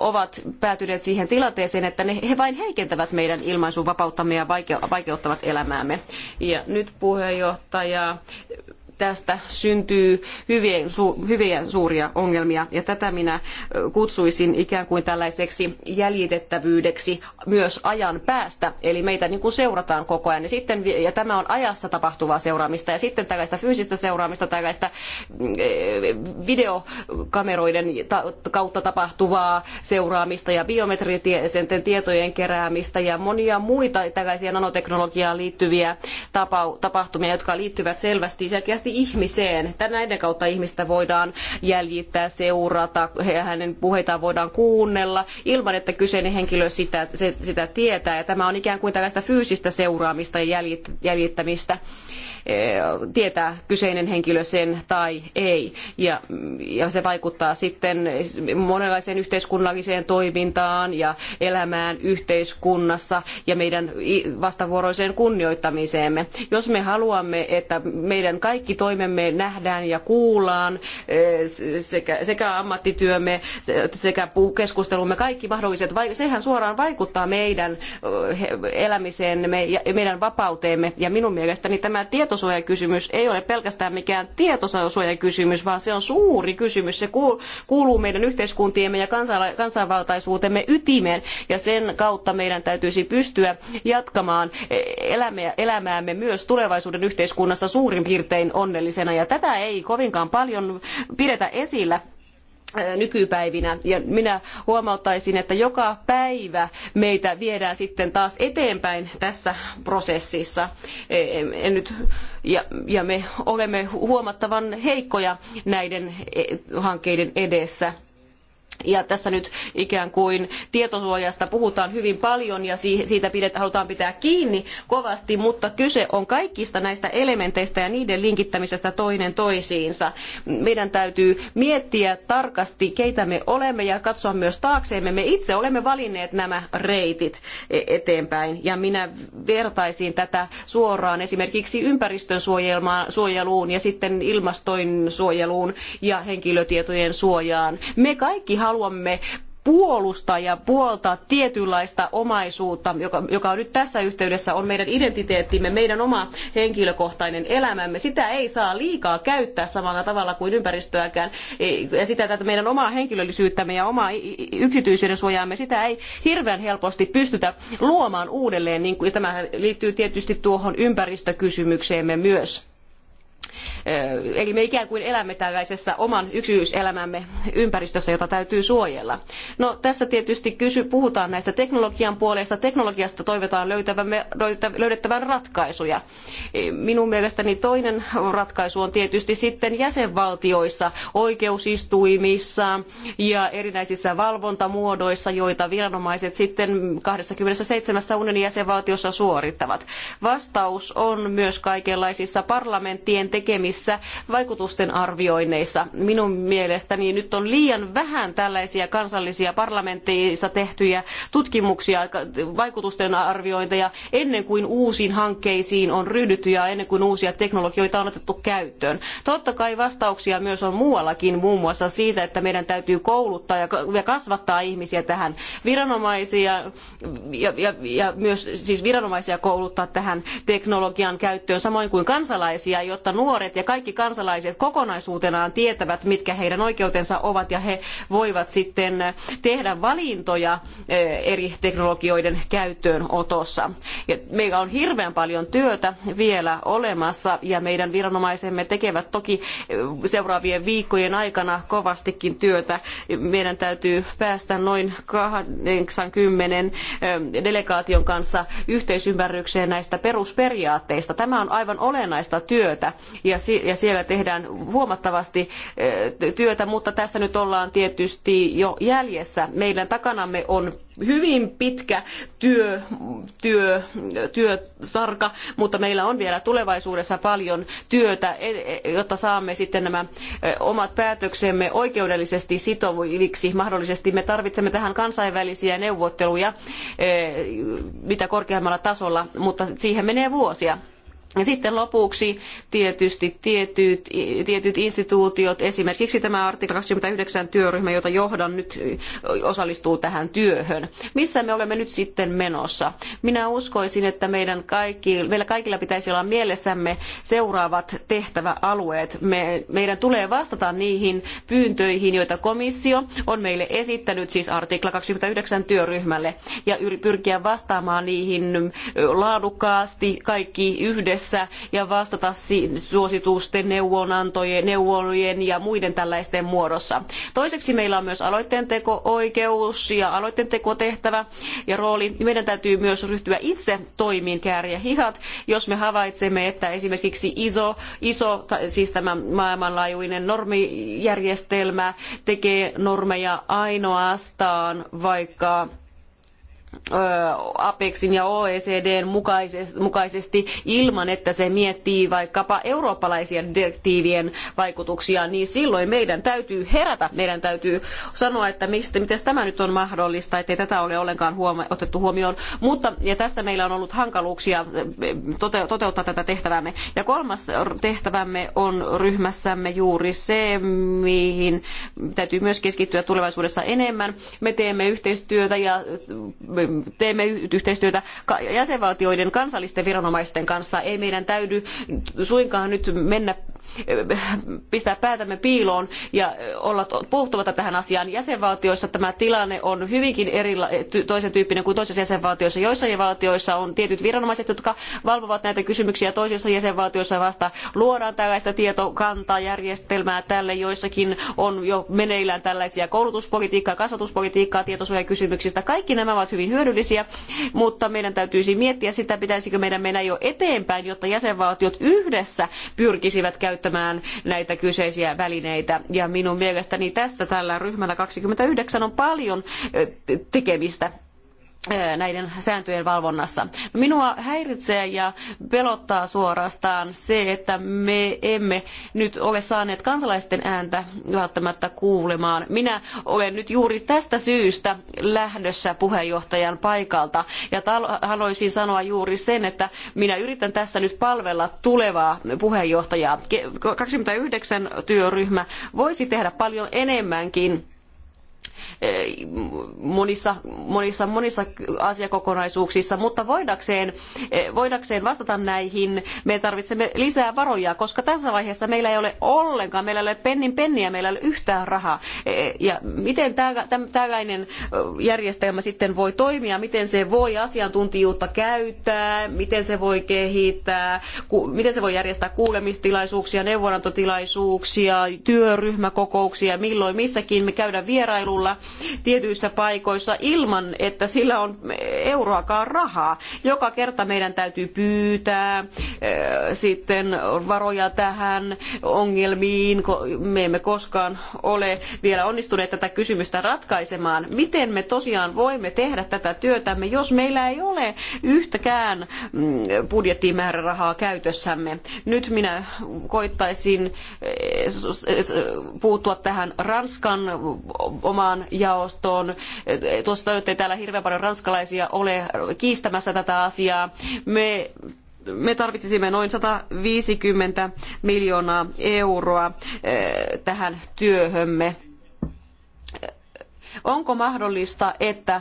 ovat päätyneet siihen tilanteeseen, että ne, he vain heikentävät meidän ilmaisuvapauttamme ja vaikeuttavat elämäämme. Ja nyt puheenjohtaja tästä syntyy hyvien, su, hyviä suuria ongelmia ja tätä minä kutsuisin ikään kuin tällaiseksi jäljitettävyydeksi myös ajan päästä. Eli meitä niin kuin seurataan koko ajan ja, sitten, ja tämä on ajassa tapahtuvaa seuraamista ja sitten tällaista fyysistä seuraamista, tällaista mm, e, videokameroiden kautta tapahtuvaa seuraamista ja biometrisen tietojen keräämistä ja monia muita tällaisia nanoteknologiaan liittyviä tapahtumia, jotka liittyvät selvästi selkeästi ihmiseen. Näiden kautta ihmistä voidaan jäljittää, seurata, hänen puheitaan voidaan kuunnella ilman, että kyseinen henkilö sitä, sitä tietää. Ja tämä on ikään kuin tällaista fyysistä seuraamista ja jäljittämistä Eh, tietää kyseinen henkilö sen tai ei. Ja, ja se vaikuttaa sitten monenlaiseen yhteiskunnalliseen toimintaan ja elämään yhteiskunnassa ja meidän vastavuoroiseen kunnioittamiseemme. Jos me haluamme, että meidän kaikki toimemme nähdään ja kuullaan eh, sekä, sekä ammattityömme sekä keskustelumme, kaikki mahdolliset, sehän suoraan vaikuttaa meidän eh, elämiseemme ja meidän vapauteemme. Ja minun mielestäni tämä tieto tietosuojakysymys ei ole pelkästään mikään tietosuojakysymys, vaan se on suuri kysymys. Se kuuluu meidän yhteiskuntiemme ja kansanvaltaisuutemme ytimeen ja sen kautta meidän täytyisi pystyä jatkamaan e- elämäämme myös tulevaisuuden yhteiskunnassa suurin piirtein onnellisena. Ja tätä ei kovinkaan paljon pidetä esillä nykypäivinä. Ja minä huomauttaisin, että joka päivä meitä viedään sitten taas eteenpäin tässä prosessissa. E, en nyt, ja, ja me olemme huomattavan heikkoja näiden e, hankkeiden edessä ja tässä nyt ikään kuin tietosuojasta puhutaan hyvin paljon ja siitä pidet, halutaan pitää kiinni kovasti, mutta kyse on kaikista näistä elementeistä ja niiden linkittämisestä toinen toisiinsa. Meidän täytyy miettiä tarkasti, keitä me olemme ja katsoa myös taakseemme. Me itse olemme valinneet nämä reitit e- eteenpäin ja minä vertaisin tätä suoraan esimerkiksi ympäristön suojeluun ja sitten ilmastoin suojeluun ja henkilötietojen suojaan. Me kaikki haluamme haluamme puolustaa ja puoltaa tietynlaista omaisuutta, joka, joka nyt tässä yhteydessä on meidän identiteettimme, meidän oma henkilökohtainen elämämme. Sitä ei saa liikaa käyttää samalla tavalla kuin ympäristöäkään. Ja sitä tätä meidän omaa henkilöllisyyttämme ja omaa yksityisyyden suojaamme, sitä ei hirveän helposti pystytä luomaan uudelleen. Niin kuin, ja tämähän liittyy tietysti tuohon ympäristökysymykseemme myös Eli me ikään kuin elämme tällaisessa oman yksityiselämämme ympäristössä, jota täytyy suojella. No tässä tietysti kysy, puhutaan näistä teknologian puolesta. Teknologiasta toivotaan löydettävän ratkaisuja. E, minun mielestäni toinen ratkaisu on tietysti sitten jäsenvaltioissa, oikeusistuimissa ja erinäisissä valvontamuodoissa, joita viranomaiset sitten 27 unionin jäsenvaltiossa suorittavat. Vastaus on myös kaikenlaisissa parlamenttien tekemissä tekemissä vaikutusten arvioinneissa. Minun mielestäni nyt on liian vähän tällaisia kansallisia parlamentteissa tehtyjä tutkimuksia, vaikutusten arviointeja ennen kuin uusiin hankkeisiin on ryhdytty ja ennen kuin uusia teknologioita on otettu käyttöön. Totta kai vastauksia myös on muuallakin, muun muassa siitä, että meidän täytyy kouluttaa ja kasvattaa ihmisiä tähän viranomaisia ja, ja, ja myös siis viranomaisia kouluttaa tähän teknologian käyttöön, samoin kuin kansalaisia, jotta nuoret nuoret ja kaikki kansalaiset kokonaisuutenaan tietävät, mitkä heidän oikeutensa ovat ja he voivat sitten tehdä valintoja eh, eri teknologioiden käyttöönotossa. Ja meillä on hirveän paljon työtä vielä olemassa ja meidän viranomaisemme tekevät toki eh, seuraavien viikkojen aikana kovastikin työtä. Meidän täytyy päästä noin 80 eh, delegaation kanssa yhteisymmärrykseen näistä perusperiaatteista. Tämä on aivan olennaista työtä ja, siellä tehdään huomattavasti eh, työtä, mutta tässä nyt ollaan tietysti jo jäljessä. Meidän takanamme on hyvin pitkä työ, työ, työsarka, mutta meillä on vielä tulevaisuudessa paljon työtä, e, e, jotta saamme sitten nämä eh, omat päätöksemme oikeudellisesti sitoviksi. Mahdollisesti me tarvitsemme tähän kansainvälisiä neuvotteluja eh, mitä korkeammalla tasolla, mutta siihen menee vuosia sitten lopuksi tietysti tietyt, tietyt instituutiot, esimerkiksi tämä artikla 29 työryhmä, jota johdan nyt, osallistuu tähän työhön. Missä me olemme nyt sitten menossa? Minä uskoisin, että meidän kaikki, meillä kaikilla pitäisi olla mielessämme seuraavat tehtäväalueet. Me, meidän tulee vastata niihin pyyntöihin, joita komissio on meille esittänyt, siis artikla 29 työryhmälle, ja pyrkiä vastaamaan niihin laadukkaasti kaikki yhdessä yhteydessä ja vastata suositusten, neuvonantojen, neuvojen ja muiden tällaisten muodossa. Toiseksi meillä on myös aloitteen teko-oikeus ja aloitteentekotehtävä ja rooli. Meidän täytyy myös ryhtyä itse toimiin kääriä hihat, jos me havaitsemme, että esimerkiksi iso, iso siis tämä maailmanlaajuinen normijärjestelmä tekee normeja ainoastaan vaikka Apexin ja OECDn mukaisesti ilman, että se miettii vaikkapa eurooppalaisia direktiivien vaikutuksia, niin silloin meidän täytyy herätä, meidän täytyy sanoa, että mistä, miten tämä nyt on mahdollista, ettei tätä ole ollenkaan huoma- otettu huomioon. Mutta ja tässä meillä on ollut hankaluuksia toteuttaa tätä tehtävämme. Ja kolmas tehtävämme on ryhmässämme juuri se, mihin täytyy myös keskittyä tulevaisuudessa enemmän. Me teemme yhteistyötä ja me teemme yhteistyötä jäsenvaltioiden kansallisten viranomaisten kanssa. Ei meidän täydy suinkaan nyt mennä pistää päätämme piiloon ja olla puuttumatta tähän asiaan. Jäsenvaltioissa tämä tilanne on hyvinkin erila- toisen tyyppinen kuin toisissa jäsenvaltioissa. Joissain valtioissa on tietyt viranomaiset, jotka valvovat näitä kysymyksiä. Toisissa jäsenvaltioissa vasta luodaan tällaista tietokantaa, järjestelmää tälle. Joissakin on jo meneillään tällaisia koulutuspolitiikkaa, kasvatuspolitiikkaa tietosuojakysymyksistä. Kaikki nämä ovat hyvin hyödyllisiä, mutta meidän täytyisi miettiä sitä, pitäisikö meidän mennä jo eteenpäin, jotta jäsenvaltiot yhdessä pyrkisivät käyttämään näitä kyseisiä välineitä. Ja minun mielestäni tässä tällä ryhmällä 29 on paljon tekemistä näiden sääntöjen valvonnassa. Minua häiritsee ja pelottaa suorastaan se, että me emme nyt ole saaneet kansalaisten ääntä välttämättä kuulemaan. Minä olen nyt juuri tästä syystä lähdössä puheenjohtajan paikalta ja haluaisin sanoa juuri sen, että minä yritän tässä nyt palvella tulevaa puheenjohtajaa. 29 työryhmä voisi tehdä paljon enemmänkin monissa, monissa, monissa asiakokonaisuuksissa, mutta voidakseen, voidakseen vastata näihin, me tarvitsemme lisää varoja, koska tässä vaiheessa meillä ei ole ollenkaan, meillä ei ole pennin penniä, meillä ei ole yhtään rahaa. Ja miten tällainen järjestelmä sitten voi toimia, miten se voi asiantuntijuutta käyttää, miten se voi kehittää, miten se voi järjestää kuulemistilaisuuksia, neuvonantotilaisuuksia, työryhmäkokouksia, milloin missäkin me käydään vierailulla alueella tietyissä paikoissa ilman, että sillä on euroakaan rahaa. Joka kerta meidän täytyy pyytää äh, sitten varoja tähän ongelmiin. Me emme koskaan ole vielä onnistuneet tätä kysymystä ratkaisemaan. Miten me tosiaan voimme tehdä tätä työtämme, jos meillä ei ole yhtäkään mm, budjettimäärärahaa käytössämme? Nyt minä koittaisin äh, puuttua tähän Ranskan omaan Ranskan jaostoon. Tuosta ei täällä hirveän paljon ranskalaisia ole kiistämässä tätä asiaa. Me me tarvitsisimme noin 150 miljoonaa euroa eh, tähän työhömme Onko mahdollista, että,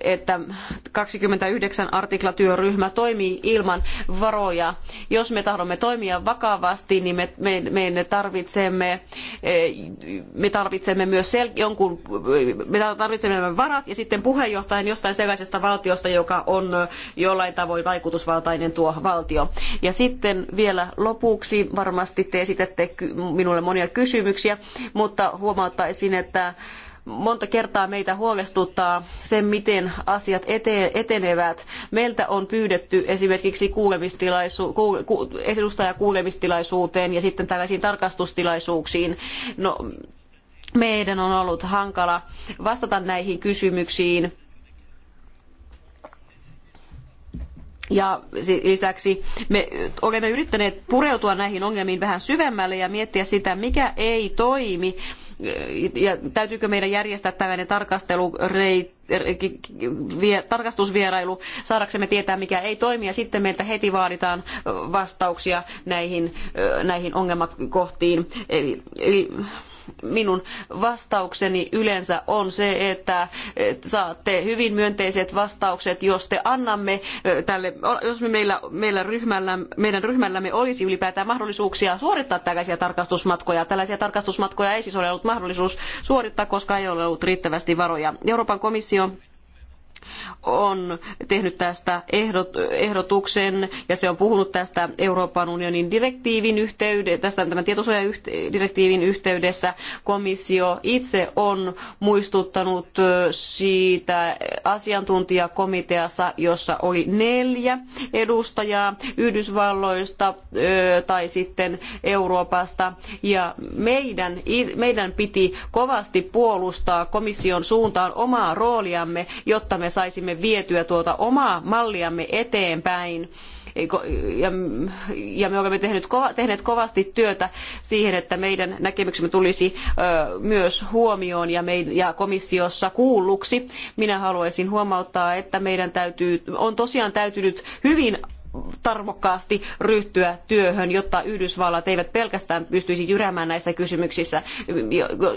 että 29 artiklatyöryhmä toimii ilman varoja? Jos me tahdomme toimia vakavasti, niin me, me, me tarvitsemme, e, me tarvitsemme myös sel, jonkun, me tarvitsemme varat ja sitten puheenjohtajan jostain sellaisesta valtiosta, joka on jollain tavoin vaikutusvaltainen tuo valtio. Ja sitten vielä lopuksi, varmasti te esitätte minulle monia kysymyksiä, mutta huomauttaisin, että monta kertaa meitä huolestuttaa se, miten asiat etenevät. Meiltä on pyydetty esimerkiksi kuulemistilaisuus, kuulemistilaisuuteen ja sitten tällaisiin tarkastustilaisuuksiin. No, meidän on ollut hankala vastata näihin kysymyksiin. Ja lisäksi me olemme yrittäneet pureutua näihin ongelmiin vähän syvemmälle ja miettiä sitä, mikä ei toimi ja täytyykö meidän järjestää tällainen tarkastelureitti? tarkastusvierailu saadaksemme tietää, mikä ei toimi, ja sitten meiltä heti vaaditaan vastauksia näihin, näihin ongelmakohtiin. Eli, eli minun vastaukseni yleensä on se, että saatte hyvin myönteiset vastaukset, jos te annamme tälle, jos me meillä, meillä ryhmällä, meidän ryhmällämme olisi ylipäätään mahdollisuuksia suorittaa tällaisia tarkastusmatkoja. Tällaisia tarkastusmatkoja ei siis ole ollut mahdollisuus suorittaa, koska ei ole ollut riittävästi varoja. Euroopan komissio on tehnyt tästä ehdotuksen ja se on puhunut tästä Euroopan unionin direktiivin yhteydessä, tästä tämän tietosuojadirektiivin yhteydessä. Komissio itse on muistuttanut siitä asiantuntijakomiteassa, jossa oli neljä edustajaa Yhdysvalloista tai sitten Euroopasta ja meidän, meidän piti kovasti puolustaa komission suuntaan omaa rooliamme, jotta me saisimme vietyä tuota omaa malliamme eteenpäin. Ja, me olemme tehneet kovasti työtä siihen, että meidän näkemyksemme tulisi myös huomioon ja, komissiossa kuulluksi. Minä haluaisin huomauttaa, että meidän täytyy, on tosiaan täytynyt hyvin tarmokkaasti ryhtyä työhön, jotta Yhdysvallat eivät pelkästään pystyisi jyräämään näissä kysymyksissä.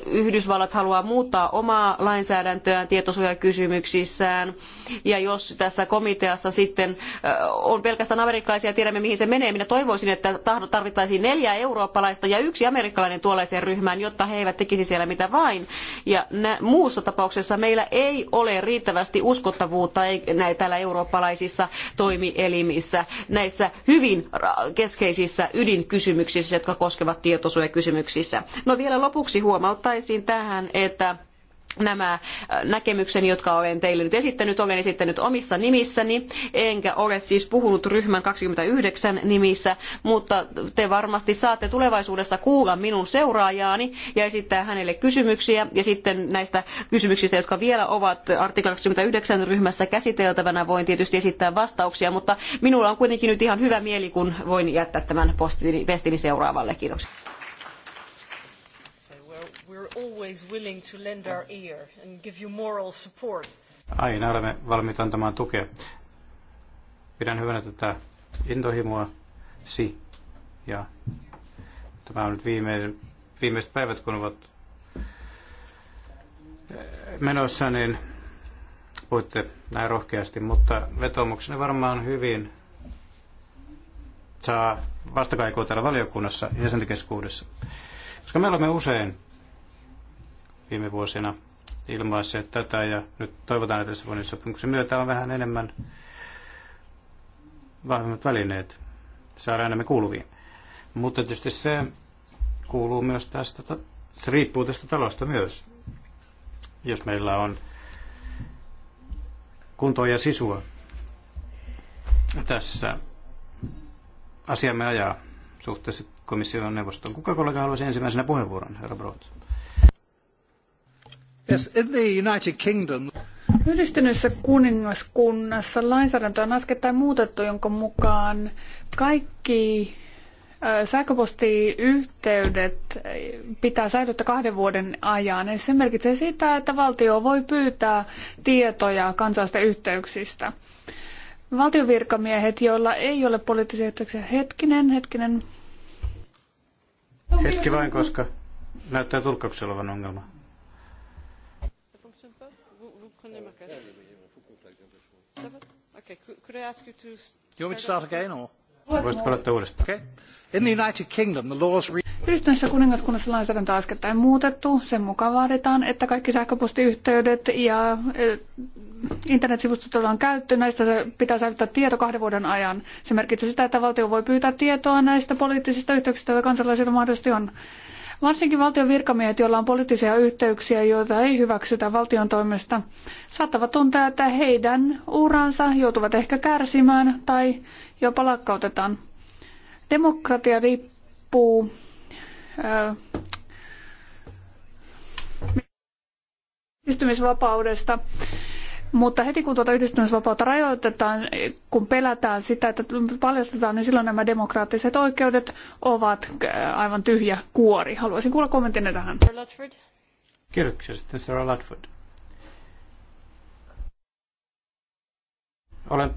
Yhdysvallat haluaa muuttaa omaa lainsäädäntöään tietosuojakysymyksissään, ja jos tässä komiteassa sitten äh, on pelkästään amerikkalaisia, tiedämme mihin se menee. Minä toivoisin, että tarvittaisiin neljä eurooppalaista ja yksi amerikkalainen tuollaiseen ryhmään, jotta he eivät tekisi siellä mitä vain. Ja muussa tapauksessa meillä ei ole riittävästi uskottavuutta näitä täällä eurooppalaisissa toimielimissä näissä hyvin keskeisissä ydinkysymyksissä, jotka koskevat tietosuojakysymyksissä. No vielä lopuksi huomauttaisin tähän, että nämä äh, näkemykseni, jotka olen teille nyt esittänyt, olen esittänyt omissa nimissäni, enkä ole siis puhunut ryhmän 29 nimissä, mutta te varmasti saatte tulevaisuudessa kuulla minun seuraajaani ja esittää hänelle kysymyksiä. Ja sitten näistä kysymyksistä, jotka vielä ovat artikla 29 ryhmässä käsiteltävänä, voin tietysti esittää vastauksia, mutta minulla on kuitenkin nyt ihan hyvä mieli, kun voin jättää tämän postini, viestini seuraavalle. Kiitoksia we're always willing to lend our ear and give you moral support. Aina olemme valmiita antamaan tukea. Pidän hyvänä tätä intohimoa si ja tämä on nyt viimeinen, viimeiset päivät, kun ovat eh, menossa, niin puhutte näin rohkeasti, mutta vetomuksen varmaan hyvin saa vastakaikua täällä valiokunnassa jäsenten keskuudessa. Koska me olemme usein viime vuosina ilmaisseet tätä ja nyt toivotaan, että Lissabonin sopimuksen myötä on vähän enemmän vahvemmat välineet saada enemmän kuuluviin. Mutta tietysti se kuuluu myös tästä, se riippuu tästä talosta myös. Jos meillä on kuntoa ja sisua tässä asiamme ajaa suhteessa komission neuvoston. Kuka kollega haluaisi ensimmäisenä puheenvuoron, herra Brot? Yes, in the United Kingdom... Yhdistyneessä kuningaskunnassa lainsäädäntö on äskettäin muutettu, jonka mukaan kaikki sähköpostiyhteydet pitää säilyttää kahden vuoden ajan. Se merkitsee sitä, että valtio voi pyytää tietoja kansalaisten yhteyksistä. Valtion virkamiehet, joilla ei ole poliittisia yhteyksiä, hetkinen, hetkinen. Hetki vain, koska näyttää tulkkauksella olevan ongelma. Do you want me to start again or? In the United Kingdom, the laws re- Yhdistyneessä kuningaskunnassa lainsäädäntö äskettäin muutettu. Sen mukaan vaaditaan, että kaikki sähköpostiyhteydet ja e, internetsivustot, joilla on käyttö, näistä pitää säilyttää tieto kahden vuoden ajan. Se merkitsee sitä, että valtio voi pyytää tietoa näistä poliittisista yhteyksistä, joita kansalaisilla mahdollisesti on. Varsinkin valtion virkamiehet, joilla on poliittisia yhteyksiä, joita ei hyväksytä valtion toimesta, saattavat tuntea, että heidän uransa joutuvat ehkä kärsimään tai jopa lakkautetaan. Demokratia riippuu ö, mutta heti kun tuota yhdistymisvapautta rajoitetaan, kun pelätään sitä, että paljastetaan, niin silloin nämä demokraattiset oikeudet ovat äh, aivan tyhjä kuori. Haluaisin kuulla kommenttinne tähän. Kiitoksia Sarah Ludford. Olen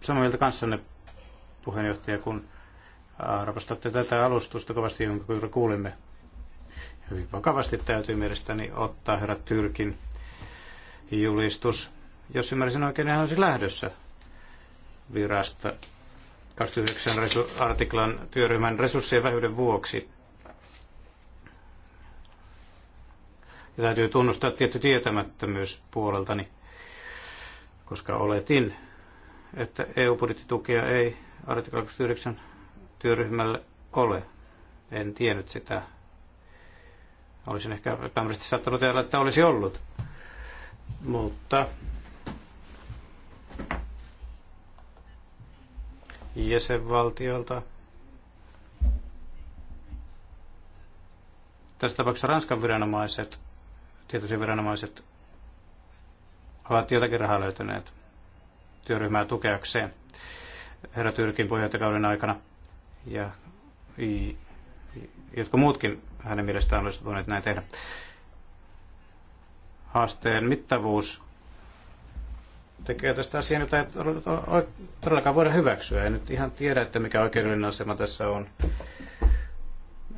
samaa mieltä kanssanne puheenjohtaja, kun äh, arvostatte tätä alustusta kovasti, jonka juuri kuulimme. Hyvin vakavasti täytyy mielestäni ottaa herra Tyrkin julistus jos ymmärsin oikein, hän olisi siis lähdössä virasta 29 artiklan työryhmän resurssien vähyyden vuoksi. Ja täytyy tunnustaa tietty tietämättömyys puoleltani, koska oletin, että EU-budjettitukea ei artikla 29 työryhmälle ole. En tiennyt sitä. Olisin ehkä epämääräisesti saattanut ajatella, että olisi ollut. Mutta jäsenvaltiolta. Tässä tapauksessa Ranskan viranomaiset, tietoisen viranomaiset, ovat jotakin rahaa löytäneet työryhmää tukeakseen herra Tyrkin puheenjohtajakauden aikana. Ja jotka muutkin hänen mielestään olisivat voineet näin tehdä. Haasteen mittavuus tekee tästä asiaa, jota ei todellakaan voida hyväksyä. En nyt ihan tiedä, että mikä oikeudellinen asema tässä on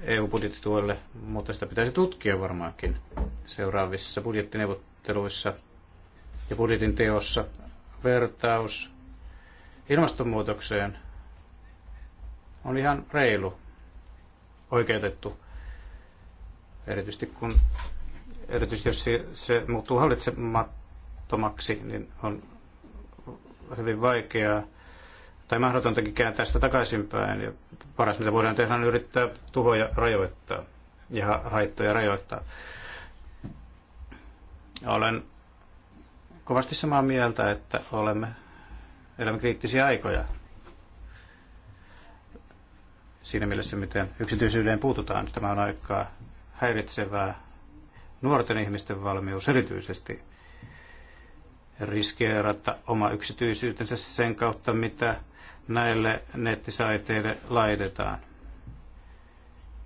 EU-budjettituelle, mutta sitä pitäisi tutkia varmaankin seuraavissa budjettineuvotteluissa ja budjetin teossa. Vertaus ilmastonmuutokseen on ihan reilu, oikeutettu, erityisesti kun erityisesti jos se, se muuttuu hallitsemattomaksi, niin on hyvin vaikeaa tai mahdotontakin kääntää sitä takaisinpäin. Ja paras, mitä voidaan tehdä, on yrittää tuhoja rajoittaa ja haittoja rajoittaa. Olen kovasti samaa mieltä, että olemme, elämme kriittisiä aikoja. Siinä mielessä, miten yksityisyyteen puututaan, tämä on aikaa häiritsevää nuorten ihmisten valmius erityisesti – riskeerata oma yksityisyytensä sen kautta, mitä näille nettisaiteille laitetaan.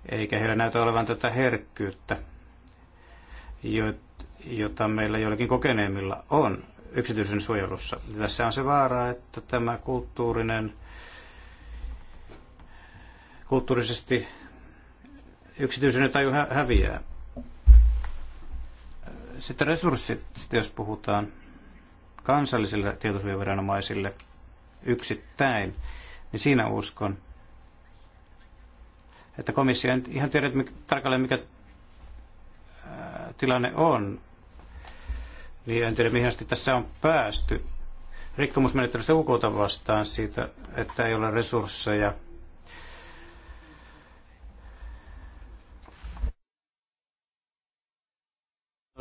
Eikä heillä näytä olevan tätä herkkyyttä, jota meillä joillakin kokeneemmilla on yksityisen suojelussa. Ja tässä on se vaara, että tämä kulttuurinen, kulttuurisesti yksityisyyden taju häviää. Sitten resurssit, jos puhutaan kansallisille tietosuojaviranomaisille yksittäin, niin siinä uskon, että komissio ei ihan tiedä mikä, tarkalleen mikä ää, tilanne on, niin en tiedä mihin asti tässä on päästy. Rikkomusmenettelystä UKta vastaan siitä, että ei ole resursseja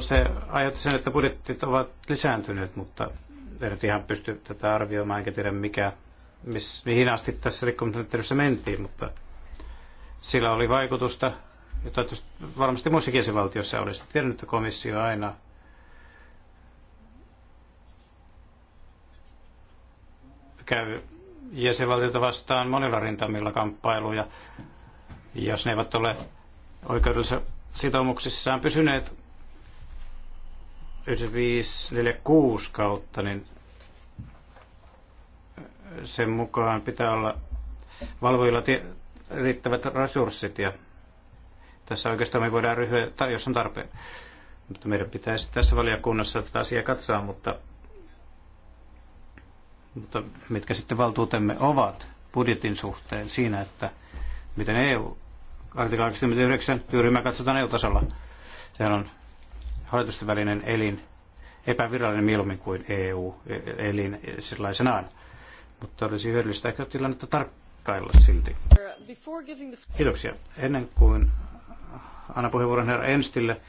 se aiheutti sen, että budjettit ovat lisääntyneet, mutta en nyt ihan pysty tätä arvioimaan, enkä tiedä mikä, miss, mihin asti tässä rikkomusmenettelyssä mentiin, mutta sillä oli vaikutusta, jota varmasti muissakin jäsenvaltioissa olisi. Tiedän, että komissio aina käy jäsenvaltiota vastaan monilla rintamilla kamppailuja, jos ne eivät ole oikeudellisissa sitoumuksissaan pysyneet 9546 kautta, niin sen mukaan pitää olla valvojilla riittävät resurssit ja tässä oikeastaan me voidaan ryhtyä, jos on tarpeen. Mutta meidän pitäisi tässä valiokunnassa tätä asiaa katsoa, mutta, mutta mitkä sitten valtuutemme ovat budjetin suhteen siinä, että miten EU, artikla 29, työryhmä katsotaan EU-tasolla. Sehän on hallitusten välinen elin, epävirallinen mieluummin kuin EU-elin e, sellaisenaan. Mutta olisi hyödyllistä ehkä tilannetta tarkkailla silti. Kiitoksia. Ennen kuin annan puheenvuoron herra Enstille,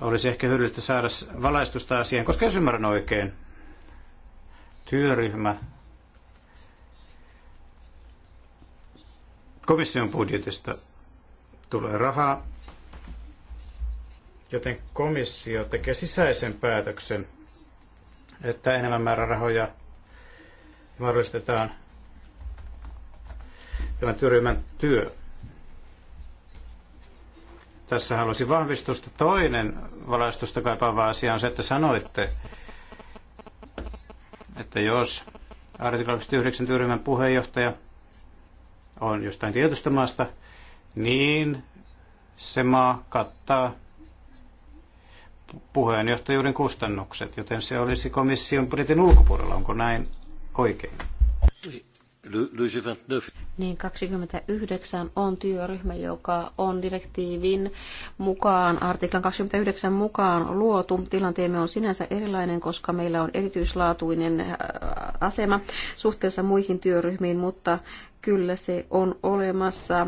olisi ehkä hyödyllistä saada valaistusta asiaan, koska jos ymmärrän oikein, työryhmä komission budjetista tulee rahaa joten komissio tekee sisäisen päätöksen, että enemmän määrärahoja mahdollistetaan tämän työryhmän työ. Tässä haluaisin vahvistusta. Toinen valaistusta kaipaava asia on se, että sanoitte, että jos artikla 29 työryhmän puheenjohtaja on jostain tietystä maasta, niin se maa kattaa puheenjohtajuuden kustannukset, joten se olisi komission budjetin ulkopuolella. Onko näin oikein? Niin 29 on työryhmä, joka on direktiivin mukaan, artiklan 29 mukaan luotu. Tilanteemme on sinänsä erilainen, koska meillä on erityislaatuinen äh, asema suhteessa muihin työryhmiin, mutta kyllä se on olemassa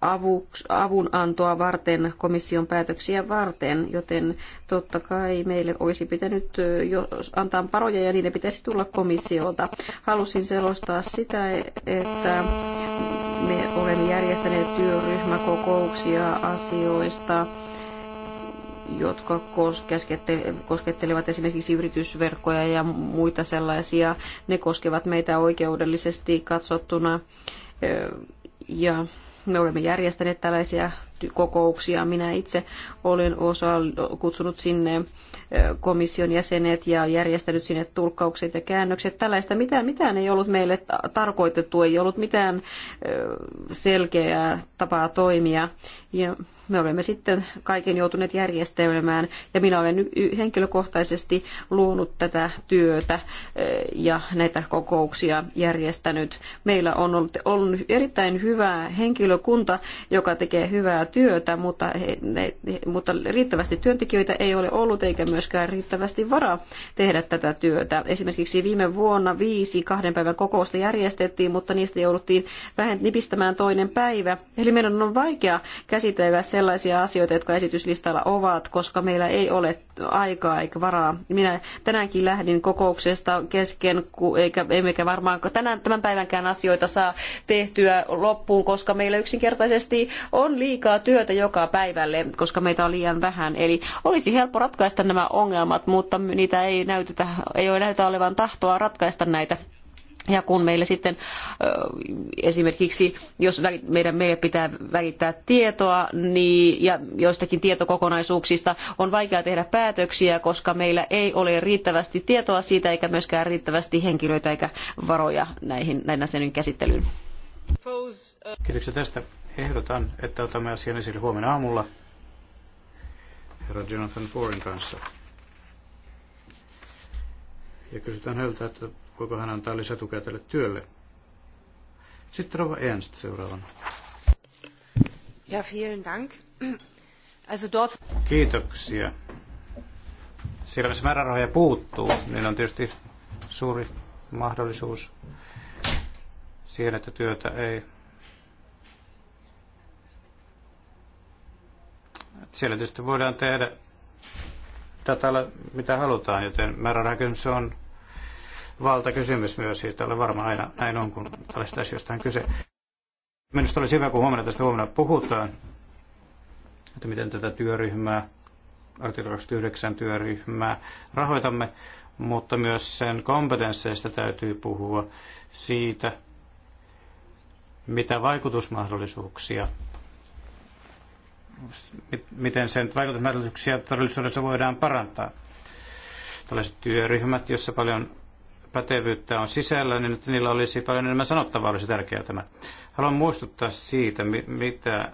avuks, avunantoa varten, komission päätöksiä varten, joten totta kai meille olisi pitänyt jo antaa paroja ja niiden pitäisi tulla komissiolta. Halusin selostaa sitä, että me olemme järjestäneet työryhmäkokouksia asioista, jotka koskettelevat esimerkiksi yritysverkkoja ja muita sellaisia. Ne koskevat meitä oikeudellisesti katsottuna ja me olemme järjestäneet tällaisia kokouksia. Minä itse olin osa, kutsunut sinne komission jäsenet ja järjestänyt sinne tulkkaukset ja käännökset. Tällaista mitään, mitään ei ollut meille tarkoitettu, ei ollut mitään selkeää tapaa toimia. Ja me olemme sitten kaiken joutuneet järjestelmään ja minä olen henkilökohtaisesti luonut tätä työtä ja näitä kokouksia järjestänyt. Meillä on ollut on erittäin hyvä henkilökunta, joka tekee hyvää työtä, mutta, he, ne, mutta riittävästi työntekijöitä ei ole ollut eikä myöskään riittävästi varaa tehdä tätä työtä. Esimerkiksi viime vuonna viisi kahden päivän kokousta järjestettiin, mutta niistä jouduttiin vähän nipistämään toinen päivä. Eli meidän on vaikea käsitellä sellaisia asioita, jotka esityslistalla ovat, koska meillä ei ole aikaa eikä varaa. Minä tänäänkin lähdin kokouksesta kesken, eikä, emmekä varmaan tänään, tämän päivänkään asioita saa tehtyä loppuun, koska meillä yksinkertaisesti on liikaa liikaa työtä joka päivälle, koska meitä on liian vähän. Eli olisi helppo ratkaista nämä ongelmat, mutta niitä ei, näytetä, ei ole näytä olevan tahtoa ratkaista näitä ja kun meille sitten esimerkiksi, jos meidän, meidän pitää välittää tietoa niin, ja joistakin tietokokonaisuuksista, on vaikea tehdä päätöksiä, koska meillä ei ole riittävästi tietoa siitä, eikä myöskään riittävästi henkilöitä eikä varoja näihin, näiden asioiden käsittelyyn. Kiitoksia tästä. Ehdotan, että otamme asian esille huomenna aamulla herra Jonathan Forin kanssa. Ja kysytään häneltä, että voiko hän antaa lisätukea tälle työlle. Sitten Rova Ernst seuraavana. Ja, vielen dank. Also dort... Kiitoksia. Siellä missä määrärahoja puuttuu, niin on tietysti suuri mahdollisuus siihen, että työtä ei Siellä tietysti voidaan tehdä datalla mitä halutaan, joten määrärahakysymys on valtakysymys myös. Siitä on varma aina näin on, kun tällaista asioista on kyse. Minusta olisi hyvä, kun huomenna tästä huomenna puhutaan, että miten tätä työryhmää, artikla 29 työryhmää rahoitamme, mutta myös sen kompetensseista täytyy puhua siitä, mitä vaikutusmahdollisuuksia miten sen vaikutusmahdollisuuksia todellisuudessa voidaan parantaa. Tällaiset työryhmät, joissa paljon pätevyyttä on sisällä, niin että niillä olisi paljon enemmän sanottavaa, olisi tärkeää tämä. Haluan muistuttaa siitä, mitä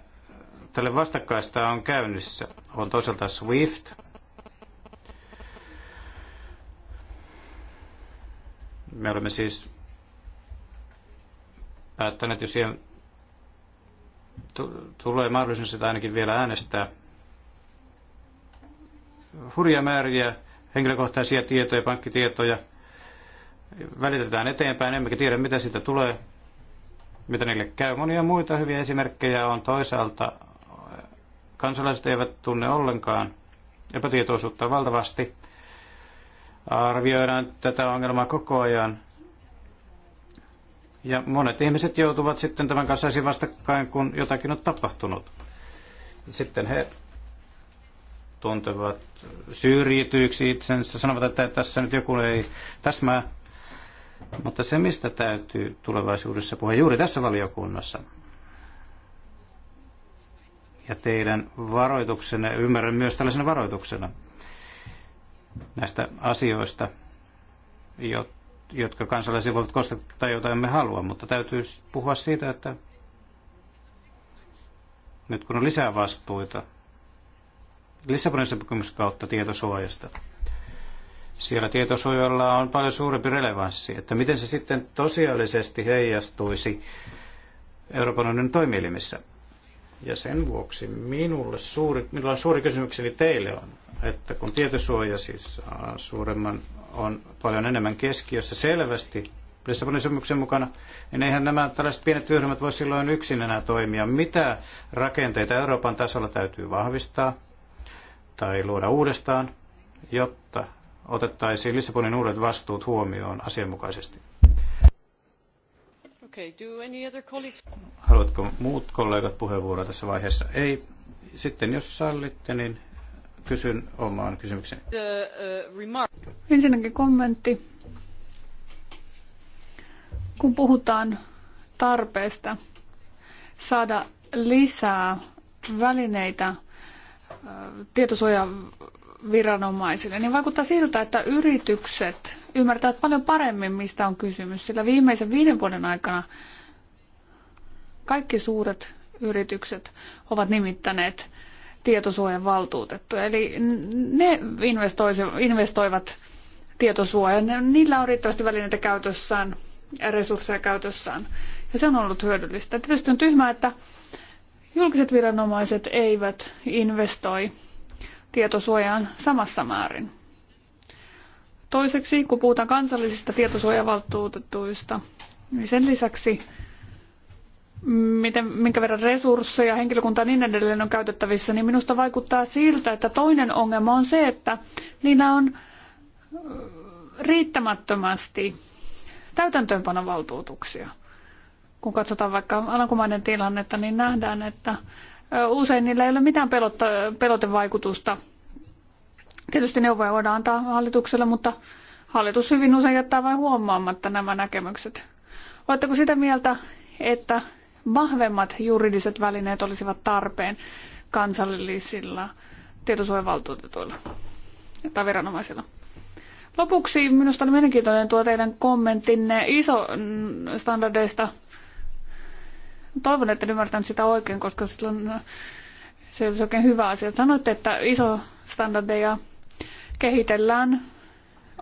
tälle vastakkaista on käynnissä. On toisaalta SWIFT, me olemme siis päättäneet jo siihen tulee mahdollisuus sitä ainakin vielä äänestää. Hurja määriä henkilökohtaisia tietoja, pankkitietoja välitetään eteenpäin, emmekä tiedä mitä siitä tulee, mitä niille käy. Monia muita hyviä esimerkkejä on toisaalta. Eh, kansalaiset eivät tunne ollenkaan epätietoisuutta valtavasti. Arvioidaan tätä ongelmaa koko ajan ja monet ihmiset joutuvat sitten tämän kanssa esiin vastakkain, kun jotakin on tapahtunut. Sitten he tuntevat syrjityiksi itsensä, sanovat, että tässä nyt joku ei täsmää. Mutta se, mistä täytyy tulevaisuudessa puhua juuri tässä valiokunnassa, ja teidän varoituksenne, ymmärrän myös tällaisena varoituksena näistä asioista, jotta jotka kansalaisia voivat koskettaa, jotain emme halua, mutta täytyy puhua siitä, että nyt kun on lisää vastuita Lissabonin sopimuksen kautta tietosuojasta, siellä tietosuojalla on paljon suurempi relevanssi, että miten se sitten tosiaalisesti heijastuisi Euroopan unionin toimielimissä. Ja sen vuoksi minulle suuri, minulla on suuri kysymykseni teille on, että kun tietosuoja siis äh, suuremman on paljon enemmän keskiössä selvästi Lissabonin sopimuksen mukana, niin eihän nämä tällaiset pienet työryhmät voi silloin yksin enää toimia. Mitä rakenteita Euroopan tasolla täytyy vahvistaa tai luoda uudestaan, jotta otettaisiin Lissabonin uudet vastuut huomioon asianmukaisesti? Okay, do any other colleagues... Haluatko muut kollegat puheenvuoroa tässä vaiheessa? Ei. Sitten jos sallitte, niin kysyn uh, Ensinnäkin kommentti. Kun puhutaan tarpeesta saada lisää välineitä tietosuojaviranomaisille, niin vaikuttaa siltä, että yritykset ymmärtävät paljon paremmin, mistä on kysymys, sillä viimeisen viiden vuoden aikana kaikki suuret yritykset ovat nimittäneet tietosuojan valtuutettu. Eli ne investoivat tietosuojan, niillä on riittävästi välineitä käytössään ja resursseja käytössään. Ja se on ollut hyödyllistä. Tietysti on tyhmää, että julkiset viranomaiset eivät investoi tietosuojaan samassa määrin. Toiseksi, kun puhutaan kansallisista tietosuojavaltuutetuista, niin sen lisäksi miten, minkä verran resursseja, henkilökuntaa ja niin edelleen on käytettävissä, niin minusta vaikuttaa siltä, että toinen ongelma on se, että niillä on riittämättömästi täytäntöönpanovaltuutuksia. Kun katsotaan vaikka alankomainen tilannetta, niin nähdään, että usein niillä ei ole mitään pelotta, pelotevaikutusta. Tietysti neuvoja voidaan antaa hallitukselle, mutta hallitus hyvin usein jättää vain huomaamatta nämä näkemykset. Oletteko sitä mieltä, että vahvemmat juridiset välineet olisivat tarpeen kansallisilla tietosuojavaltuutetuilla tai viranomaisilla. Lopuksi minusta oli mielenkiintoinen tuo teidän kommenttinne iso mm, standardeista. Toivon, että ymmärtänyt sitä oikein, koska silloin mm, se olisi oikein hyvä asia. Sanoitte, että iso standardeja kehitellään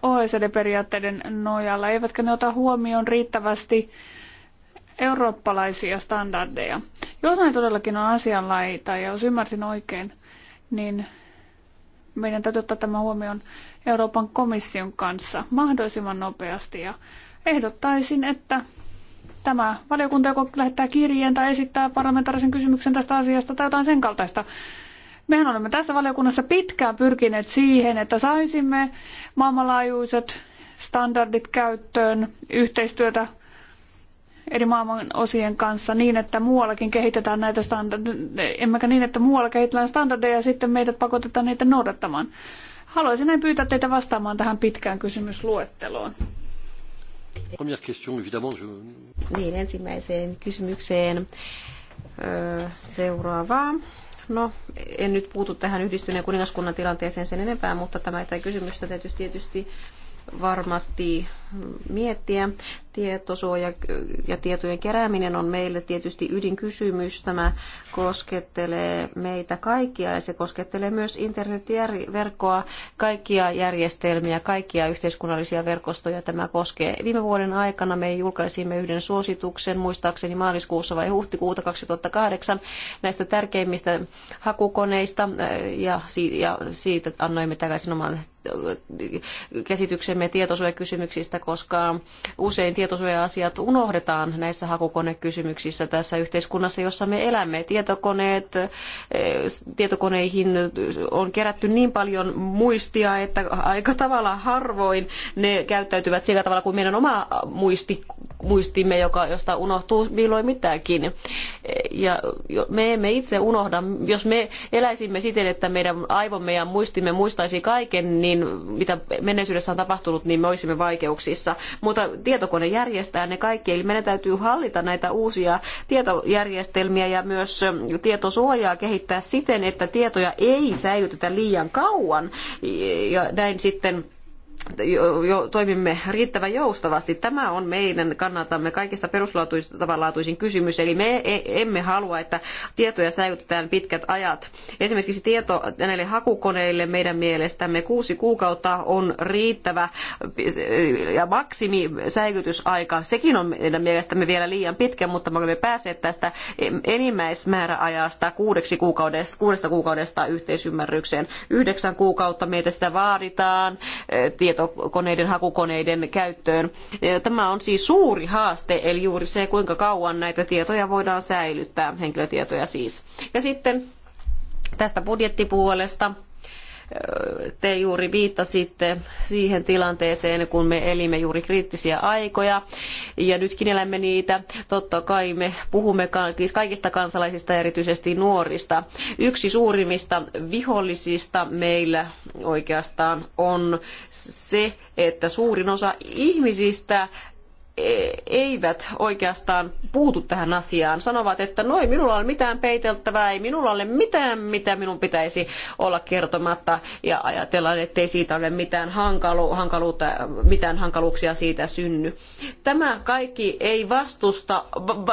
OECD-periaatteiden nojalla, eivätkä ne ota huomioon riittävästi eurooppalaisia standardeja. Jos näin todellakin on asianlaita ja jos ymmärsin oikein, niin meidän täytyy ottaa tämä huomioon Euroopan komission kanssa mahdollisimman nopeasti ja ehdottaisin, että tämä valiokunta joko lähettää kirjeen tai esittää parlamentaarisen kysymyksen tästä asiasta tai jotain sen kaltaista. Mehän olemme tässä valiokunnassa pitkään pyrkineet siihen, että saisimme maailmanlaajuiset standardit käyttöön, yhteistyötä eri maailman osien kanssa niin, että muuallakin kehitetään näitä standardeja, emmekä niin, että muualla kehitetään standardeja ja sitten meidät pakotetaan niitä noudattamaan. Haluaisin näin pyytää teitä vastaamaan tähän pitkään kysymysluetteloon. Niin, ensimmäiseen kysymykseen seuraavaa. No, en nyt puutu tähän yhdistyneen kuningaskunnan tilanteeseen sen enempää, mutta tämä kysymystä täytyisi tietysti varmasti miettiä tietosuoja ja tietojen kerääminen on meille tietysti ydinkysymys. Tämä koskettelee meitä kaikkia ja se koskettelee myös internetverkkoa, kaikkia järjestelmiä, kaikkia yhteiskunnallisia verkostoja tämä koskee. Viime vuoden aikana me julkaisimme yhden suosituksen, muistaakseni maaliskuussa vai huhtikuuta 2008, näistä tärkeimmistä hakukoneista äh, ja siitä annoimme takaisin oman äh, käsityksemme tietosuojakysymyksistä, koska usein tietosuoja-asiat unohdetaan näissä hakukonekysymyksissä tässä yhteiskunnassa, jossa me elämme. Tietokoneet, eh, tietokoneihin on kerätty niin paljon muistia, että aika tavalla harvoin ne käyttäytyvät sillä tavalla kuin meidän oma muisti, muistimme, joka, josta unohtuu milloin mitäkin. Eh, ja me emme itse unohda, jos me eläisimme siten, että meidän aivomme ja muistimme muistaisi kaiken, niin mitä menneisyydessä on tapahtunut, niin me olisimme vaikeuksissa. Mutta tietokone järjestää ne kaikki. Eli meidän täytyy hallita näitä uusia tietojärjestelmiä ja myös tietosuojaa kehittää siten, että tietoja ei säilytetä liian kauan ja näin sitten jo, toimimme riittävän joustavasti. Tämä on meidän kannaltamme kaikista perustavanlaatuisin kysymys. Eli me e, emme halua, että tietoja säilytetään pitkät ajat. Esimerkiksi tieto näille hakukoneille meidän mielestämme kuusi kuukautta on riittävä ja maksimi säilytysaika. Sekin on meidän mielestämme vielä liian pitkä, mutta me olemme päässeet tästä enimmäismääräajasta kuudeksi kuukaudesta, kuudesta kuukaudesta yhteisymmärrykseen. Yhdeksän kuukautta meitä sitä vaaditaan. Tiet- eh, tietokoneiden, hakukoneiden käyttöön. Tämä on siis suuri haaste, eli juuri se, kuinka kauan näitä tietoja voidaan säilyttää, henkilötietoja siis. Ja sitten tästä budjettipuolesta te juuri viittasitte siihen tilanteeseen, kun me elimme juuri kriittisiä aikoja ja nytkin elämme niitä. Totta kai me puhumme kaikista kansalaisista, erityisesti nuorista. Yksi suurimmista vihollisista meillä oikeastaan on se, että suurin osa ihmisistä eivät oikeastaan puutu tähän asiaan. Sanovat, että noin minulla on mitään peiteltävää, ei minulla ole mitään, mitä minun pitäisi olla kertomatta. Ja ajatellaan, ettei siitä ole mitään, hankalu, hankaluutta, mitään hankaluuksia siitä synny. Tämä kaikki ei vastusta,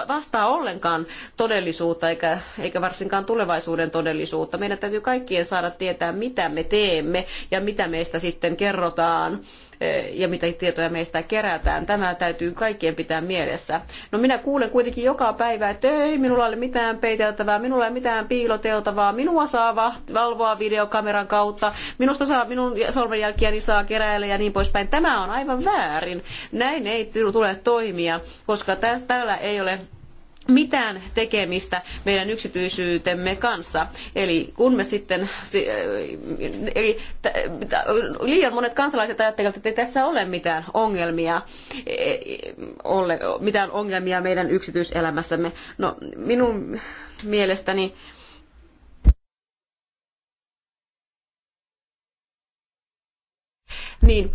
vastaa ollenkaan todellisuutta eikä, eikä varsinkaan tulevaisuuden todellisuutta. Meidän täytyy kaikkien saada tietää, mitä me teemme ja mitä meistä sitten kerrotaan ja mitä tietoja meistä kerätään. Tämä täytyy kaikkien pitää mielessä. No minä kuulen kuitenkin joka päivä, että ei minulla ole mitään peiteltävää, minulla ei mitään piiloteltavaa, minua saa valvoa videokameran kautta, minusta saa minun sormenjälkiäni saa keräillä ja niin poispäin. Tämä on aivan väärin. Näin ei tule toimia, koska tällä ei ole mitään tekemistä meidän yksityisyytemme kanssa. Eli kun me sitten, eh, eli liian monet kansalaiset ajattelevat, että ei tässä ole mitään ongelmia, eh, ole, mitään ongelmia meidän yksityiselämässämme. No minun mielestäni niin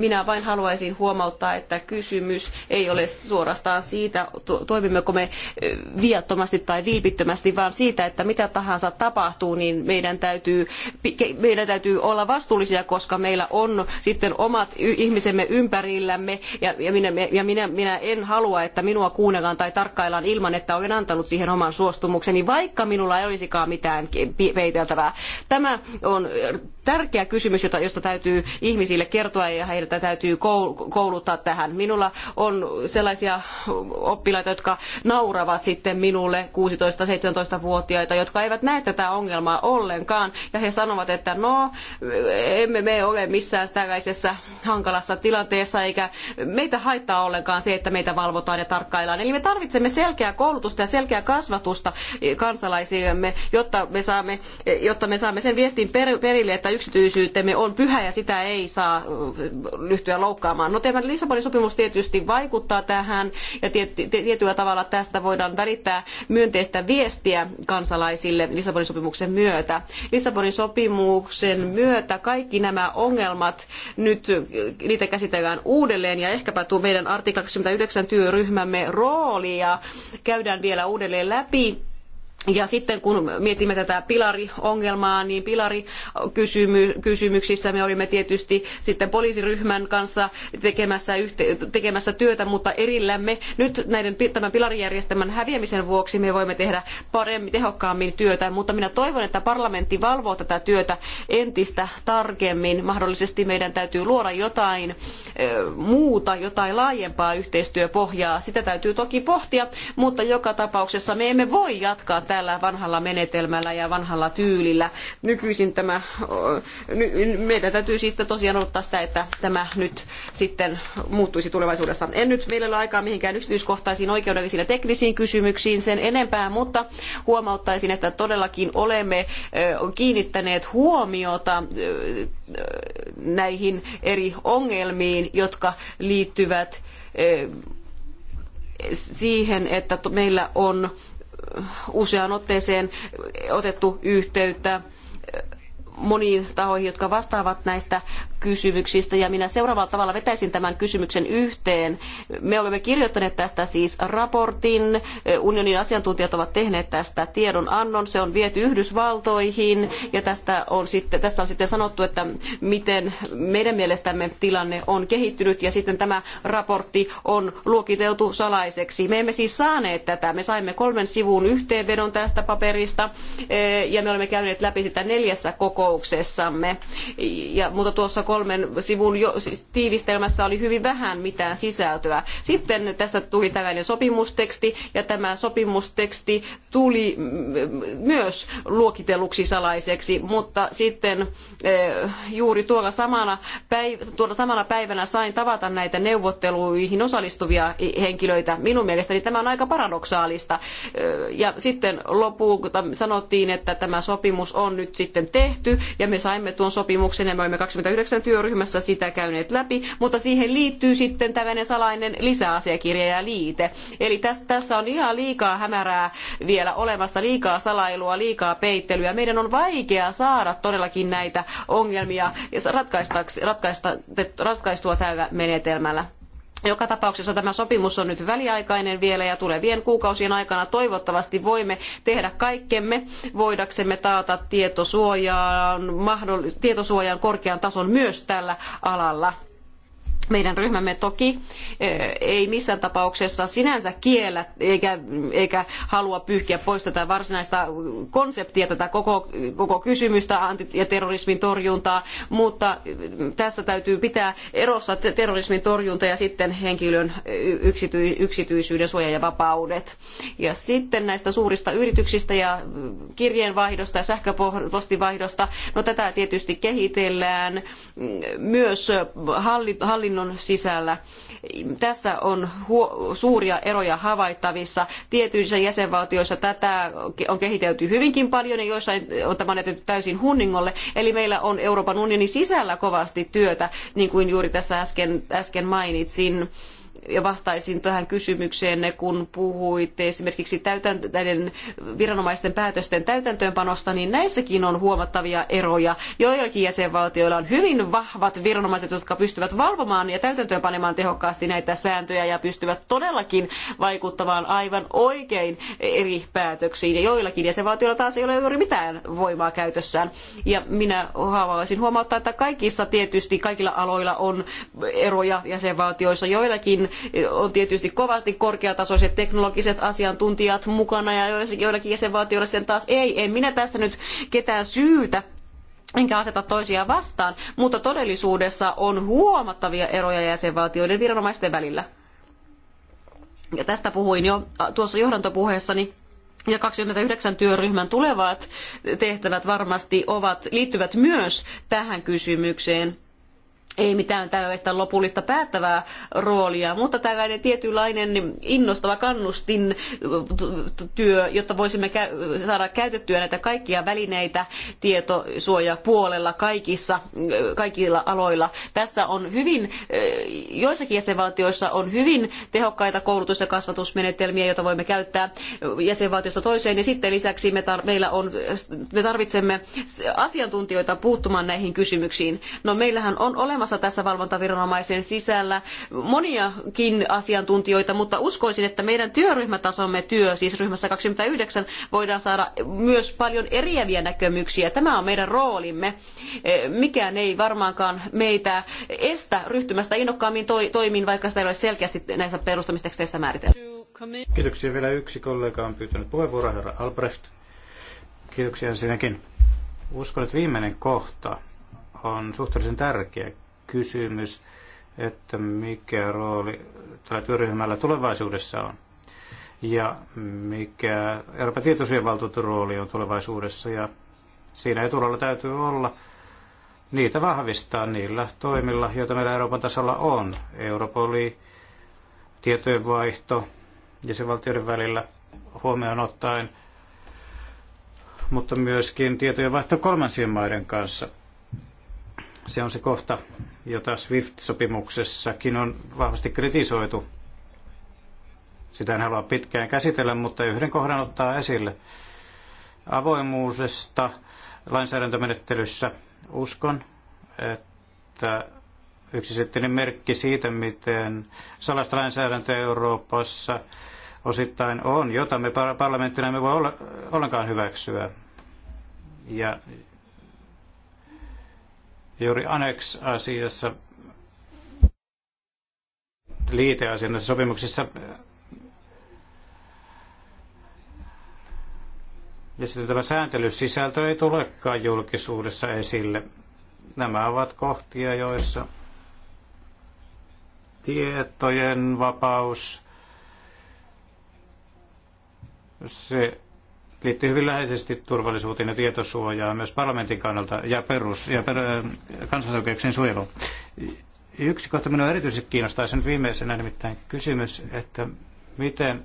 minä vain haluaisin huomauttaa, että kysymys ei ole suorastaan siitä, toimimmeko me viattomasti tai vilpittömästi, vaan siitä, että mitä tahansa tapahtuu, niin meidän täytyy, meidän täytyy olla vastuullisia, koska meillä on sitten omat ihmisemme ympärillämme ja, ja, minä, ja minä, minä en halua, että minua kuunnellaan tai tarkkaillaan ilman, että olen antanut siihen oman suostumukseni, vaikka minulla ei olisikaan mitään peiteltävää. Tämä on tärkeä kysymys, josta täytyy ihmisille kertoa ja heille että täytyy kouluttaa tähän. Minulla on sellaisia oppilaita, jotka nauravat sitten minulle 16-17-vuotiaita, jotka eivät näe tätä ongelmaa ollenkaan. Ja he sanovat, että no, emme me ole missään tällaisessa hankalassa tilanteessa, eikä meitä haittaa ollenkaan se, että meitä valvotaan ja tarkkaillaan. Eli me tarvitsemme selkeää koulutusta ja selkeää kasvatusta kansalaisillemme, jotta me saamme, jotta me saamme sen viestin perille, että yksityisyytemme on pyhä ja sitä ei saa ryhtyä loukkaamaan. No tämä Lissabonin sopimus tietysti vaikuttaa tähän ja tietyllä tavalla tästä voidaan välittää myönteistä viestiä kansalaisille Lissabonin sopimuksen myötä. Lissabonin sopimuksen myötä kaikki nämä ongelmat nyt niitä käsitellään uudelleen ja ehkäpä tuo meidän artikla 29 työryhmämme roolia käydään vielä uudelleen läpi ja sitten kun mietimme tätä pilariongelmaa, niin pilarikysymyksissä me olimme tietysti sitten poliisiryhmän kanssa tekemässä, tekemässä työtä, mutta erillämme. Nyt näiden, tämän pilarijärjestelmän häviämisen vuoksi me voimme tehdä paremmin, tehokkaammin työtä, mutta minä toivon, että parlamentti valvoo tätä työtä entistä tarkemmin. Mahdollisesti meidän täytyy luoda jotain muuta, jotain laajempaa yhteistyöpohjaa. Sitä täytyy toki pohtia, mutta joka tapauksessa me emme voi jatkaa täällä vanhalla menetelmällä ja vanhalla tyylillä. Nykyisin tämä, meidän täytyy siis tosiaan odottaa sitä, että tämä nyt sitten muuttuisi tulevaisuudessa. En nyt meillä ole aikaa mihinkään yksityiskohtaisiin oikeudellisiin ja teknisiin kysymyksiin sen enempää, mutta huomauttaisin, että todellakin olemme kiinnittäneet huomiota näihin eri ongelmiin, jotka liittyvät siihen, että meillä on useaan otteeseen otettu yhteyttä moniin tahoihin, jotka vastaavat näistä kysymyksistä ja minä seuraavalla tavalla vetäisin tämän kysymyksen yhteen. Me olemme kirjoittaneet tästä siis raportin, unionin asiantuntijat ovat tehneet tästä tiedonannon, se on viety Yhdysvaltoihin ja tästä on sitten, tässä on sitten sanottu, että miten meidän mielestämme tilanne on kehittynyt ja sitten tämä raportti on luokiteltu salaiseksi. Me emme siis saaneet tätä, me saimme kolmen sivun yhteenvedon tästä paperista eh, ja me olemme käyneet läpi sitä neljässä kokouksessamme, ja, mutta tuossa kolmen sivun jo, siis tiivistelmässä oli hyvin vähän mitään sisältöä. Sitten tästä tuli tällainen sopimusteksti ja tämä sopimusteksti tuli myös luokitelluksi salaiseksi, mutta sitten e, juuri tuolla samana, päiv- tuolla samana päivänä sain tavata näitä neuvotteluihin osallistuvia henkilöitä. Minun mielestäni tämä on aika paradoksaalista. E, ja sitten lopulta sanottiin, että tämä sopimus on nyt sitten tehty ja me saimme tuon sopimuksen ja me olimme 29 työryhmässä sitä käyneet läpi, mutta siihen liittyy sitten tällainen salainen lisäasiakirja ja liite. Eli tässä, tässä on ihan liikaa hämärää vielä olemassa, liikaa salailua, liikaa peittelyä. Meidän on vaikea saada todellakin näitä ongelmia ratkaistua tällä menetelmällä. Joka tapauksessa tämä sopimus on nyt väliaikainen vielä ja tulevien kuukausien aikana toivottavasti voimme tehdä kaikkemme voidaksemme taata tietosuojan, tietosuojan korkean tason myös tällä alalla meidän ryhmämme toki eh, ei missään tapauksessa sinänsä kiellä eikä, eikä halua pyyhkiä pois tätä varsinaista konseptia, tätä koko, koko kysymystä ja terrorismin torjuntaa, mutta tässä täytyy pitää erossa terrorismin torjunta ja sitten henkilön yksity- yksityisyyden suoja ja vapaudet. Ja sitten näistä suurista yrityksistä ja kirjeenvaihdosta ja sähköpostivaihdosta, no tätä tietysti kehitellään myös halli- hallinnon sisällä. Tässä on suuria eroja havaittavissa. Tietyissä jäsenvaltioissa tätä on kehitelty hyvinkin paljon ja joissain on tämä jätetty täysin hunningolle. Eli meillä on Euroopan unionin sisällä kovasti työtä, niin kuin juuri tässä äsken, äsken mainitsin ja vastaisin tähän kysymykseen, kun puhuitte esimerkiksi täytäntö, näiden viranomaisten päätösten täytäntöönpanosta, niin näissäkin on huomattavia eroja. Joillakin jäsenvaltioilla on hyvin vahvat viranomaiset, jotka pystyvät valvomaan ja täytäntöönpanemaan tehokkaasti näitä sääntöjä ja pystyvät todellakin vaikuttamaan aivan oikein eri päätöksiin. Ja joillakin jäsenvaltioilla taas ei ole juuri mitään voimaa käytössään. Ja minä haluaisin huomauttaa, että kaikissa tietysti kaikilla aloilla on eroja jäsenvaltioissa. Joillakin Joissakin on tietysti kovasti korkeatasoiset teknologiset asiantuntijat mukana ja joillakin jäsenvaltioilla sitten taas ei. En minä tässä nyt ketään syytä enkä aseta toisia vastaan, mutta todellisuudessa on huomattavia eroja jäsenvaltioiden viranomaisten välillä. Ja tästä puhuin jo tuossa johdantopuheessani. Ja 29 työryhmän tulevat tehtävät varmasti ovat, liittyvät myös tähän kysymykseen ei mitään tällaista lopullista päättävää roolia, mutta tällainen tietynlainen innostava kannustin työ, jotta voisimme saada käytettyä näitä kaikkia välineitä tietosuojapuolella kaikissa, kaikilla aloilla. Tässä on hyvin, joissakin jäsenvaltioissa on hyvin tehokkaita koulutus- ja kasvatusmenetelmiä, joita voimme käyttää jäsenvaltiosta toiseen, ja sitten lisäksi me, meillä on, me tarvitsemme asiantuntijoita puuttumaan näihin kysymyksiin. No meillähän on olemassa olemassa tässä valvontaviranomaisen sisällä moniakin asiantuntijoita, mutta uskoisin, että meidän työryhmätasomme työ, siis ryhmässä 29, voidaan saada myös paljon eriäviä näkemyksiä. Tämä on meidän roolimme. E, mikään ei varmaankaan meitä estä ryhtymästä innokkaammin toimiin, vaikka sitä ei ole selkeästi näissä perustamisteksteissä määritelty. Kiitoksia. Vielä yksi kollega on pyytänyt puheenvuoroa, herra Albrecht. Kiitoksia sinäkin. Uskon, että viimeinen kohta on suhteellisen tärkeä, kysymys, että mikä rooli tällä työryhmällä tulevaisuudessa on ja mikä Euroopan tietosuojavaltuutetun rooli on tulevaisuudessa. Ja siinä etulalla täytyy olla niitä vahvistaa niillä toimilla, joita meillä Euroopan tasolla on. Europoli, tietojenvaihto jäsenvaltioiden välillä huomioon ottaen, mutta myöskin tietojenvaihto kolmansien maiden kanssa – se on se kohta, jota SWIFT-sopimuksessakin on vahvasti kritisoitu. Sitä en halua pitkään käsitellä, mutta yhden kohdan ottaa esille. Avoimuudesta lainsäädäntömenettelyssä uskon, että yksisettinen merkki siitä, miten salasta lainsäädäntöä Euroopassa osittain on, jota me parlamenttina me voi ollenkaan hyväksyä. Ja Juuri Annex-asiassa liiteasian näissä sopimuksissa Ja sitten tämä sääntelysisältö ei tulekaan julkisuudessa esille. Nämä ovat kohtia, joissa tietojen vapaus, se liittyy hyvin läheisesti turvallisuuteen ja tietosuojaan myös parlamentin kannalta ja perus- ja per, kansallisoikeuksien suojeluun. Yksi kohta minua erityisesti kiinnostaa sen viimeisenä nimittäin kysymys, että miten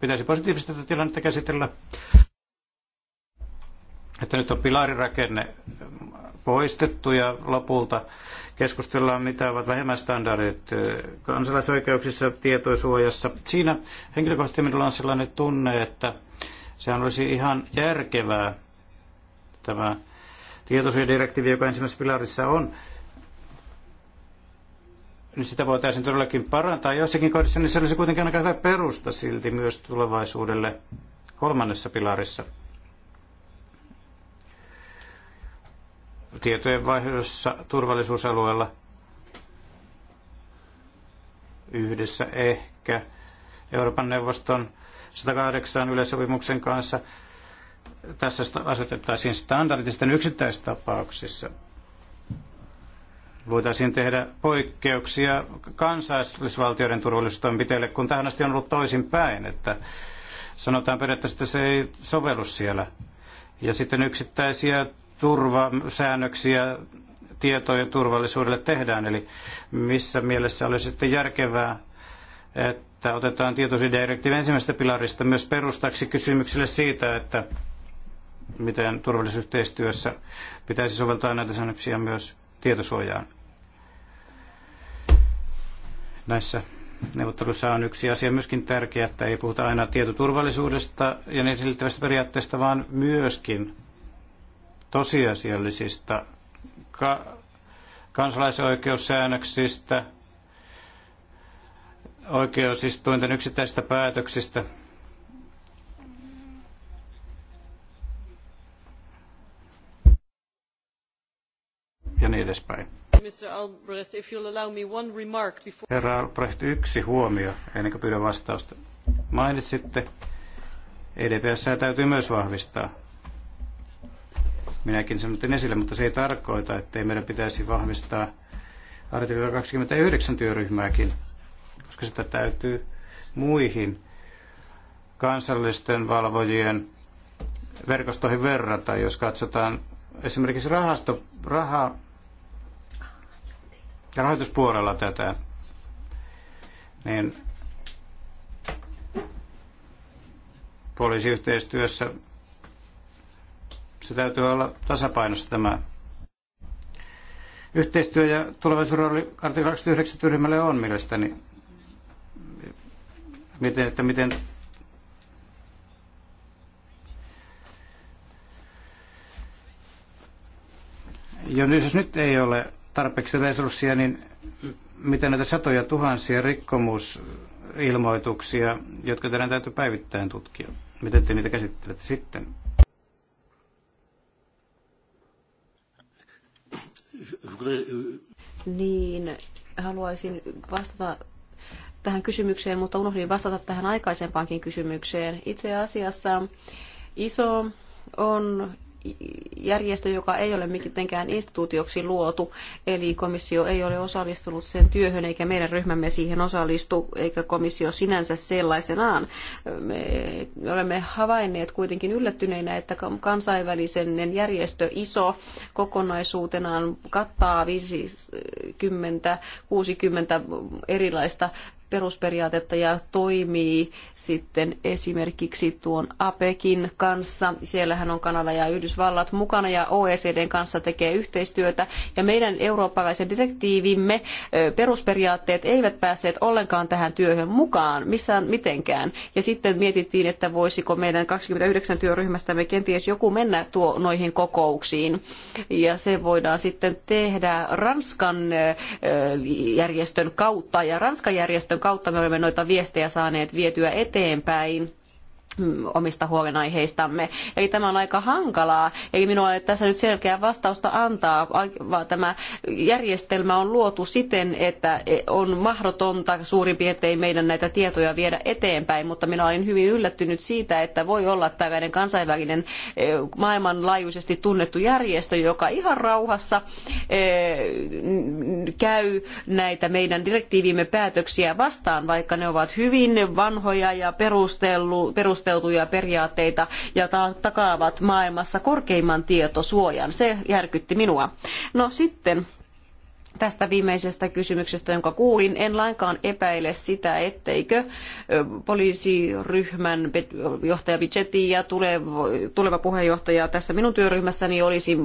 pitäisi positiivista tätä tilannetta käsitellä, että nyt on pilarirakenne poistettu ja lopulta keskustellaan, mitä ovat vähemmästandardit kansalaisoikeuksissa, tietoisuojassa. Siinä henkilökohtaisesti minulla on sellainen tunne, että Sehän olisi ihan järkevää tämä tietosuojadirektiivi, joka ensimmäisessä pilarissa on, niin sitä voitaisiin todellakin parantaa. Jossakin kohdassa niin se olisi kuitenkin aika hyvä perusta silti myös tulevaisuudelle kolmannessa pilarissa. Tietojen vaihdossa turvallisuusalueella yhdessä ehkä Euroopan neuvoston 108 yleissopimuksen kanssa. Tässä asetettaisiin standardit sitten yksittäistapauksissa. Voitaisiin tehdä poikkeuksia kansallisvaltioiden turvallisuustoimenpiteille, kun tähän asti on ollut toisinpäin, että sanotaan periaatteessa, että se ei sovellu siellä. Ja sitten yksittäisiä turvasäännöksiä tietojen turvallisuudelle tehdään. Eli missä mielessä olisi sitten järkevää, että että otetaan tietosuojadirektiivi ensimmäisestä pilarista myös perustaksi kysymykselle siitä, että miten turvallisuusyhteistyössä pitäisi soveltaa näitä säännöksiä myös tietosuojaan. Näissä neuvotteluissa on yksi asia myöskin tärkeä, että ei puhuta aina tietoturvallisuudesta ja niin liittyvästä periaatteesta, vaan myöskin tosiasiallisista ka- kansalaisoikeussäännöksistä – oikeusistuinten yksittäisistä päätöksistä. Ja niin edespäin. Mr. Albrecht, if you'll allow me one remark before... Herra Albrecht, yksi huomio ennen kuin pyydän vastausta. Mainitsitte, EDPS täytyy myös vahvistaa. Minäkin sen otin esille, mutta se ei tarkoita, että meidän pitäisi vahvistaa artikla 29 työryhmääkin koska sitä täytyy muihin kansallisten valvojien verkostoihin verrata, jos katsotaan esimerkiksi rahasto, raha, rahoituspuolella tätä, niin poliisiyhteistyössä se täytyy olla tasapainossa tämä yhteistyö ja tulevaisuuden rooli 29 ryhmälle on mielestäni miten, että miten jo nyt, jos nyt ei ole tarpeeksi resursseja, niin mitä näitä satoja tuhansia rikkomusilmoituksia, jotka teidän täytyy päivittäin tutkia, miten te niitä käsittelette sitten? Niin, haluaisin vastata tähän kysymykseen, mutta unohdin vastata tähän aikaisempaankin kysymykseen. Itse asiassa ISO on järjestö, joka ei ole mitenkään instituutioksi luotu, eli komissio ei ole osallistunut sen työhön, eikä meidän ryhmämme siihen osallistu, eikä komissio sinänsä sellaisenaan. Me olemme havainneet kuitenkin yllättyneinä, että kansainvälisen järjestö ISO kokonaisuutenaan kattaa 50-60 erilaista perusperiaatetta ja toimii sitten esimerkiksi tuon APEKin kanssa. Siellähän on Kanada ja Yhdysvallat mukana ja OECDn kanssa tekee yhteistyötä. Ja meidän eurooppalaisen direktiivimme perusperiaatteet eivät päässeet ollenkaan tähän työhön mukaan, missään mitenkään. Ja sitten mietittiin, että voisiko meidän 29 työryhmästämme kenties joku mennä tuo, noihin kokouksiin. Ja se voidaan sitten tehdä Ranskan järjestön kautta. Ja Ranskan järjestön kautta me olemme noita viestejä saaneet vietyä eteenpäin omista huolenaiheistamme. Eli tämä on aika hankalaa. Ei minulla ole tässä nyt selkeää vastausta antaa, vaan tämä järjestelmä on luotu siten, että on mahdotonta suurin piirtein meidän näitä tietoja viedä eteenpäin, mutta minä olin hyvin yllättynyt siitä, että voi olla tällainen kansainvälinen eh, maailmanlaajuisesti tunnettu järjestö, joka ihan rauhassa eh, käy näitä meidän direktiivimme päätöksiä vastaan, vaikka ne ovat hyvin vanhoja ja perusteltu, perusteltuja periaatteita ja takaavat maailmassa korkeimman tietosuojan. Se järkytti minua. No sitten Tästä viimeisestä kysymyksestä, jonka kuulin, en lainkaan epäile sitä, etteikö poliisiryhmän johtaja Bichetti ja tuleva puheenjohtaja tässä minun työryhmässäni olisi,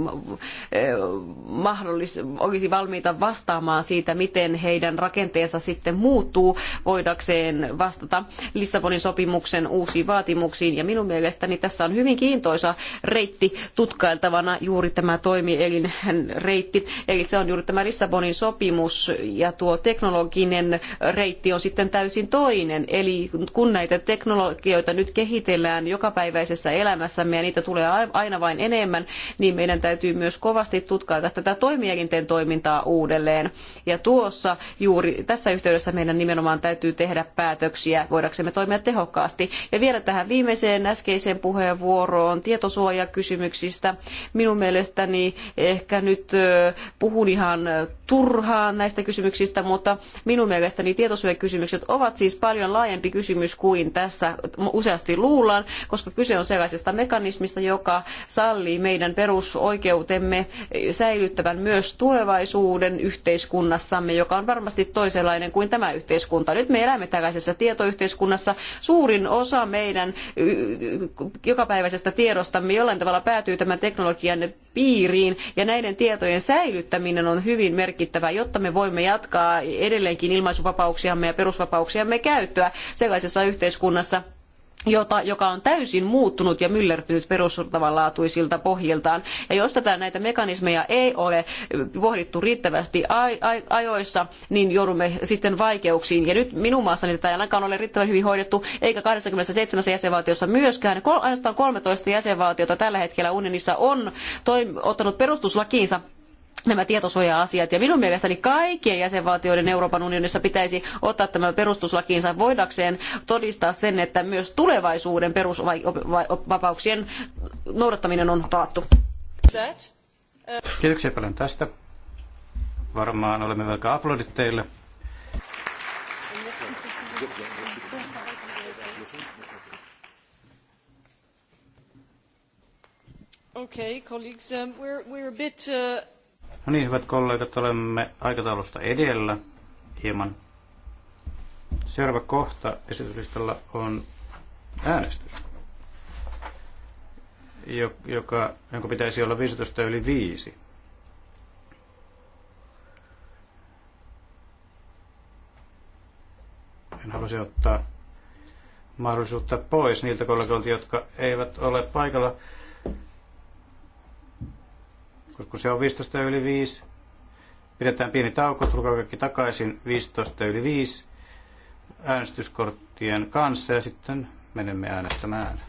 mahdollis, olisi valmiita vastaamaan siitä, miten heidän rakenteensa sitten muuttuu voidakseen vastata Lissabonin sopimuksen uusiin vaatimuksiin. Ja minun mielestäni tässä on hyvin kiintoisa reitti tutkailtavana juuri tämä toimielin reitti, eli se on juuri tämä Lissabonin Lissabonin sopimus ja tuo teknologinen reitti on sitten täysin toinen. Eli kun näitä teknologioita nyt kehitellään jokapäiväisessä elämässämme ja niitä tulee aina vain enemmän, niin meidän täytyy myös kovasti tutkailla tätä toimielinten toimintaa uudelleen. Ja tuossa juuri tässä yhteydessä meidän nimenomaan täytyy tehdä päätöksiä, voidaksemme toimia tehokkaasti. Ja vielä tähän viimeiseen äskeiseen puheenvuoroon tietosuojakysymyksistä. Minun mielestäni ehkä nyt puhun ihan turhaan näistä kysymyksistä, mutta minun mielestäni tietosuojakysymykset ovat siis paljon laajempi kysymys kuin tässä useasti luullaan, koska kyse on sellaisesta mekanismista, joka sallii meidän perusoikeutemme säilyttävän myös tulevaisuuden yhteiskunnassamme, joka on varmasti toisenlainen kuin tämä yhteiskunta. Nyt me elämme tällaisessa tietoyhteiskunnassa. Suurin osa meidän jokapäiväisestä tiedostamme jollain tavalla päätyy tämän teknologian piiriin, ja näiden tietojen säilyttäminen on hyvin merkittävä merkittävä, jotta me voimme jatkaa edelleenkin ilmaisuvapauksiamme ja perusvapauksiamme käyttöä sellaisessa yhteiskunnassa, jota, joka on täysin muuttunut ja myllertynyt perustavanlaatuisilta pohjiltaan. Ja jos tätä näitä mekanismeja ei ole pohdittu riittävästi ajoissa, niin joudumme sitten vaikeuksiin. Ja nyt minun maassani tätä ei ainakaan ole riittävän hyvin hoidettu, eikä 27 jäsenvaltiossa myöskään. Kol, ainoastaan 13 jäsenvaltiota tällä hetkellä unionissa on toim, ottanut perustuslakiinsa nämä tietosuoja-asiat. Ja minun mielestäni kaikkien jäsenvaltioiden Euroopan unionissa pitäisi ottaa tämä perustuslakiinsa voidakseen todistaa sen, että myös tulevaisuuden perusvapauksien noudattaminen on taattu. Kiitoksia paljon tästä. Varmaan olemme velkaa aplodit teille. Okay, colleagues, um, we're, we're a bit uh, No niin, hyvät kollegat, olemme aikataulusta edellä hieman. Seuraava kohta esityslistalla on äänestys, joka, jonka pitäisi olla 15 yli 5. En halusi ottaa mahdollisuutta pois niiltä kollegoilta, jotka eivät ole paikalla kun se on 15 yli 5, pidetään pieni tauko, tulkaa kaikki takaisin 15 yli 5 äänestyskorttien kanssa ja sitten menemme äänestämään.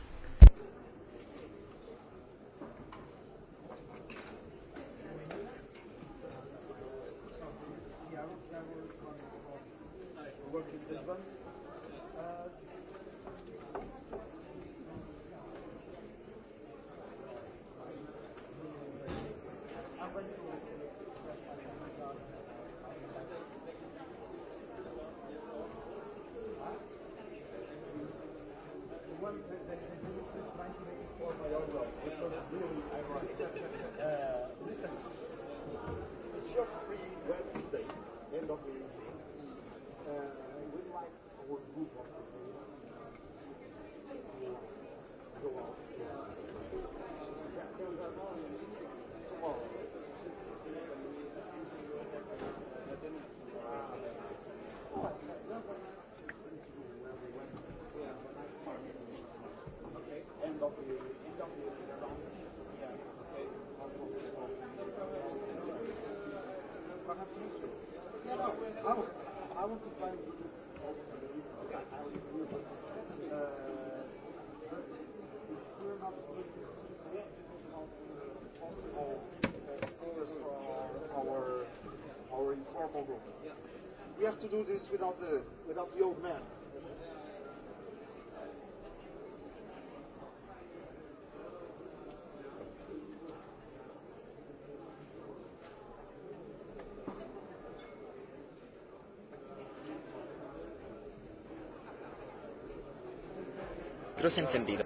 malentendidos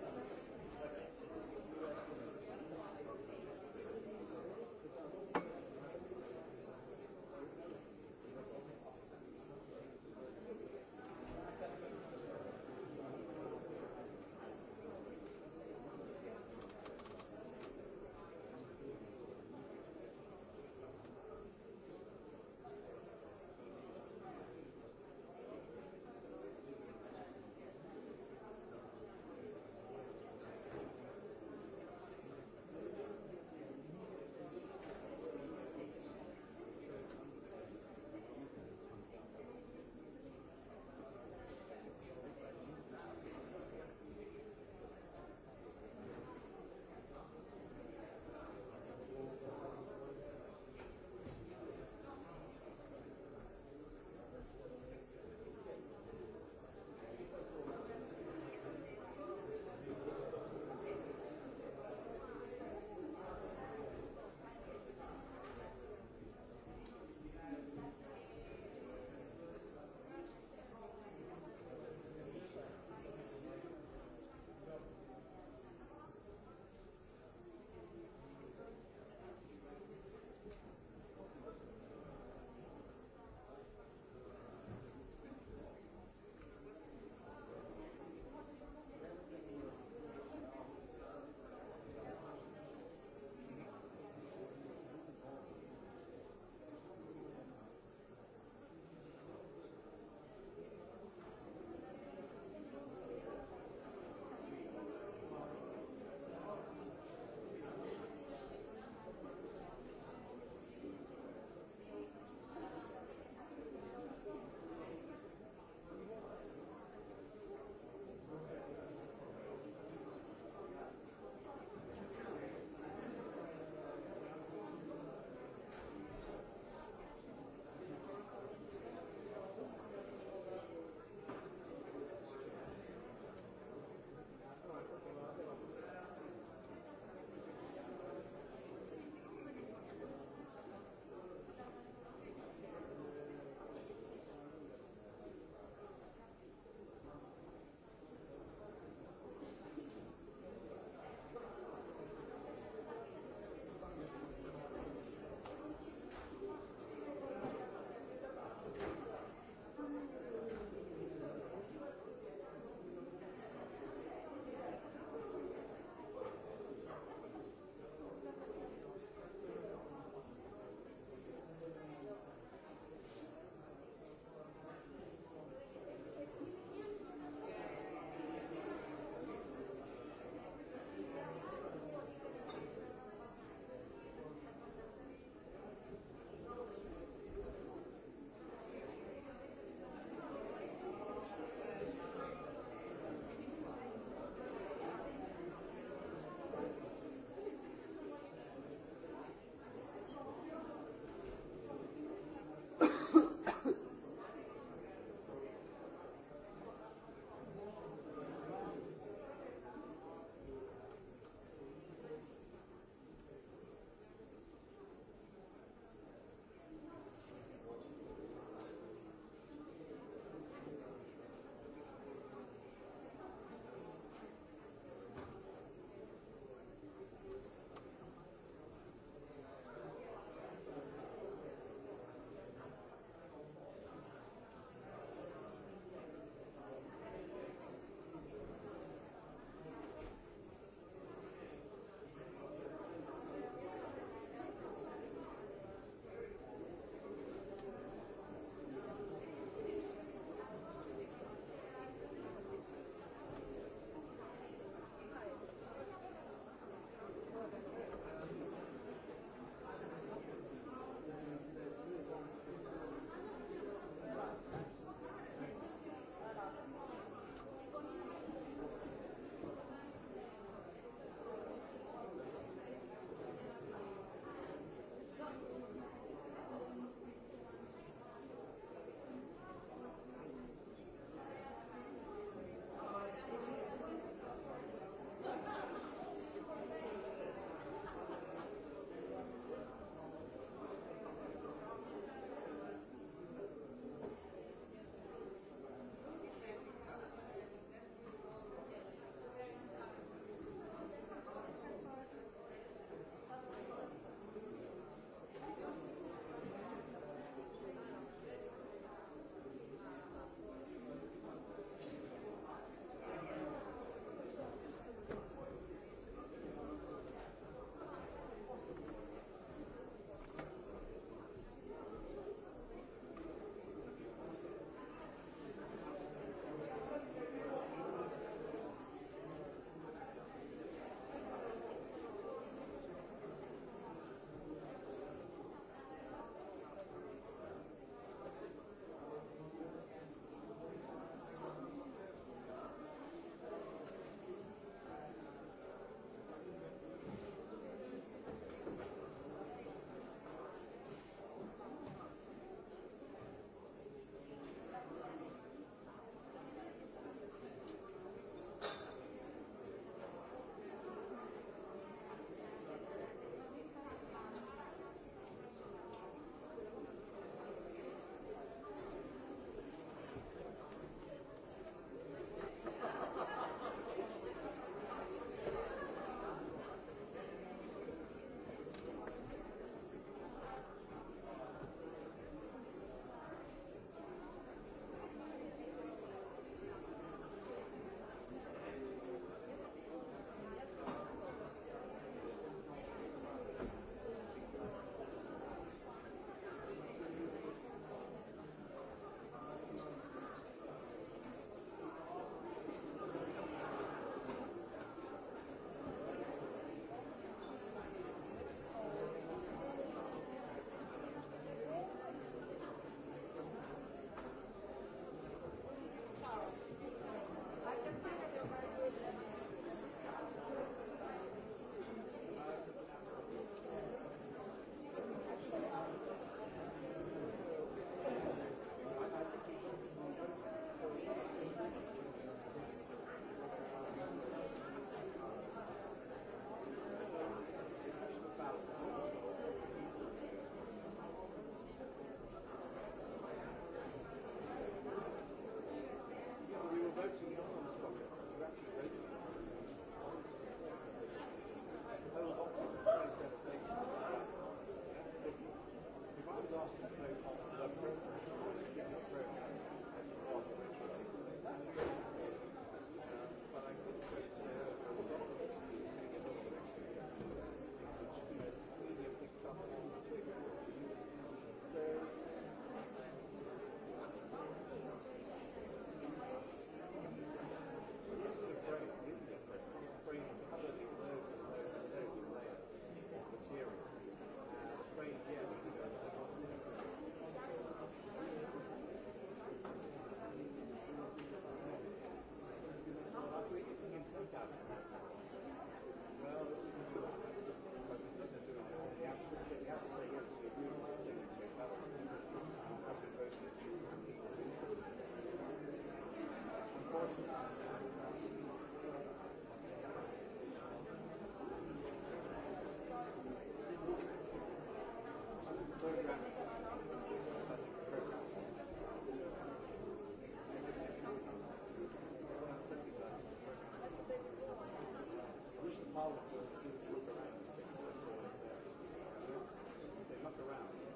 Thank you. Apollo, look around. They look around.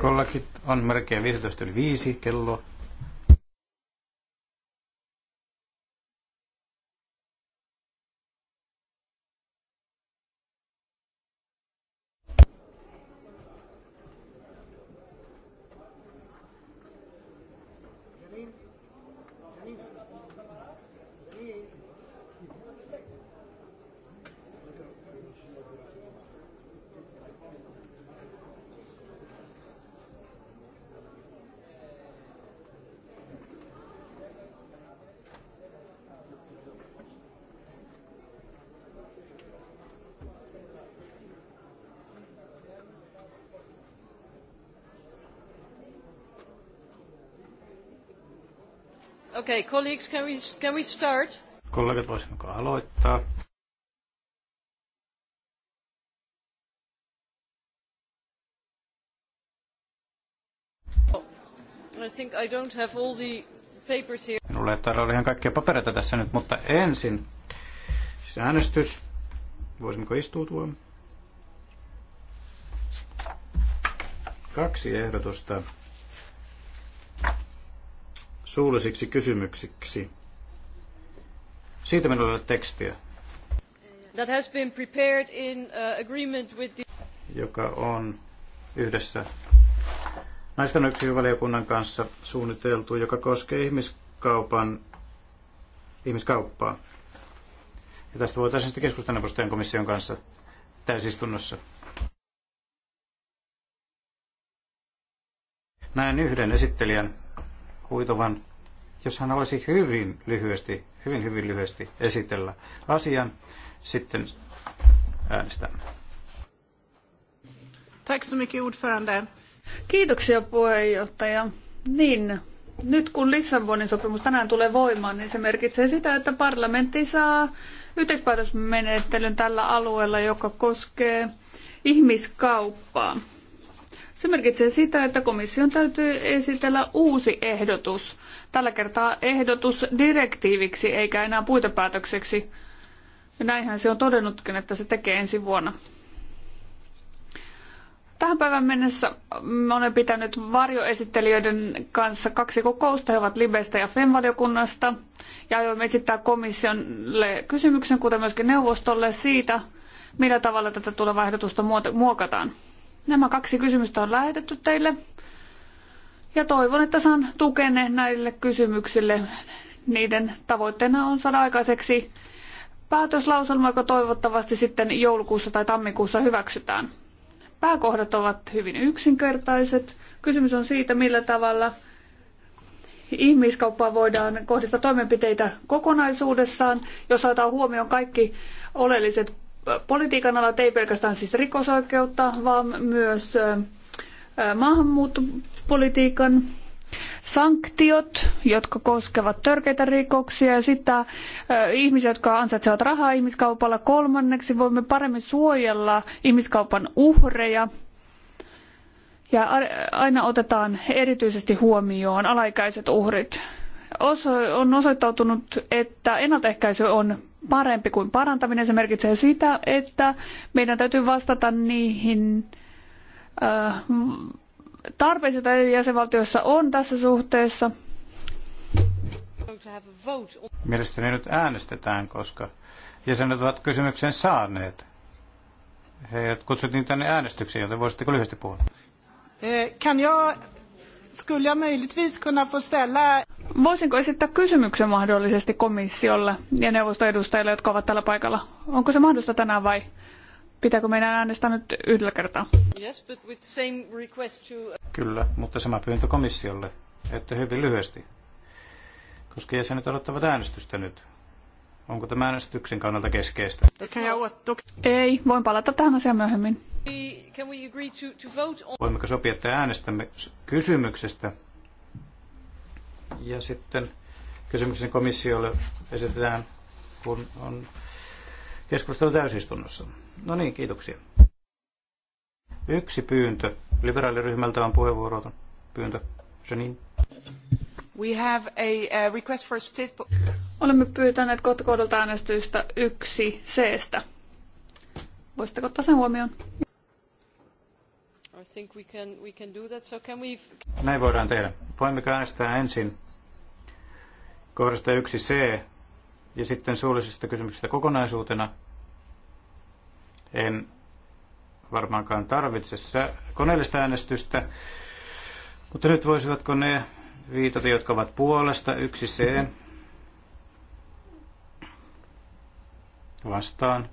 Kollegit on melkein viisitoista yli kello. Okay, colleagues, can we, can we start? Kollegat, aloittaa? I think I don't have all the papers here. Minulla ei tarvitse ihan kaikkia papereita tässä nyt, mutta ensin siis äänestys. Voisimmeko istuutua? Kaksi ehdotusta suullisiksi kysymyksiksi. Siitä minulla ei ole tekstiä. That has been prepared in uh, agreement with the... Joka on yhdessä naisten valiokunnan kanssa suunniteltu, joka koskee ihmiskaupan, ihmiskauppaa. Ja tästä voitaisiin sitten keskustella neuvostojen komission kanssa täysistunnossa. Näen yhden esittelijän Huitovan, jos hän olisi hyvin lyhyesti, hyvin hyvin lyhyesti esitellä asian, sitten äänestämme. Kiitoksia puheenjohtaja. Niin, nyt kun Lissabonin sopimus tänään tulee voimaan, niin se merkitsee sitä, että parlamentti saa yhteispäätösmenettelyn tällä alueella, joka koskee ihmiskauppaa. Se merkitsee sitä, että komission täytyy esitellä uusi ehdotus. Tällä kertaa ehdotus direktiiviksi eikä enää puitepäätökseksi. Ja näinhän se on todennutkin, että se tekee ensi vuonna. Tähän päivän mennessä olen pitänyt varjoesittelijöiden kanssa kaksi kokousta. He ovat Libestä ja FEM-valiokunnasta. Ja aiomme esittää komissiolle kysymyksen, kuten myöskin neuvostolle, siitä, millä tavalla tätä tulevaa ehdotusta muokataan. Nämä kaksi kysymystä on lähetetty teille ja toivon, että saan tukene näille kysymyksille. Niiden tavoitteena on saada aikaiseksi päätöslauselma, joka toivottavasti sitten joulukuussa tai tammikuussa hyväksytään. Pääkohdat ovat hyvin yksinkertaiset. Kysymys on siitä, millä tavalla ihmiskauppaa voidaan kohdistaa toimenpiteitä kokonaisuudessaan, jos otetaan huomioon kaikki oleelliset politiikan alat, ei pelkästään siis rikosoikeutta, vaan myös maahanmuuttopolitiikan sanktiot, jotka koskevat törkeitä rikoksia ja sitä ihmisiä, jotka ansaitsevat rahaa ihmiskaupalla. Kolmanneksi voimme paremmin suojella ihmiskaupan uhreja. Ja aina otetaan erityisesti huomioon alaikäiset uhrit. on osoittautunut, että ennaltaehkäisy on parempi kuin parantaminen. Se merkitsee sitä, että meidän täytyy vastata niihin tarpeisiin, joita jäsenvaltioissa on tässä suhteessa. Mielestäni nyt äänestetään, koska jäsenet ovat kysymyksen saaneet. Heidät kutsuttiin tänne äänestykseen, joten voisitteko lyhyesti puhua? Eh, kan jag Skulle jag möjligtvis kunna få ställa... Voisinko esittää kysymyksen mahdollisesti komissiolle ja neuvostoedustajille, jotka ovat tällä paikalla? Onko se mahdollista tänään vai pitääkö meidän äänestää nyt yhdellä kertaa? Yes, but with same to... Kyllä, mutta sama pyyntö komissiolle, että hyvin lyhyesti, koska jäsenet odottavat äänestystä nyt. Onko tämä äänestyksen kannalta keskeistä? Ei, voin palata tähän asiaan myöhemmin. Voimmeko sopia, että äänestämme kysymyksestä ja sitten kysymyksen komissiolle esitetään, kun on keskustelu täysistunnossa. No niin, kiitoksia. Yksi pyyntö. Liberaaliryhmältä on puheenvuoroton pyyntö. Janine. We have a, request for a split... Olemme pyytäneet kotkoodolta äänestystä yksi C-stä. Voisitteko ottaa sen huomioon? think we can, we can do that. So can we... Näin voidaan tehdä. Voimme äänestää ensin kohdasta 1c ja sitten suullisista kysymyksistä kokonaisuutena. En varmaankaan tarvitse koneellista äänestystä, mutta nyt voisivatko ne viitata, jotka ovat puolesta, 1 c vastaan,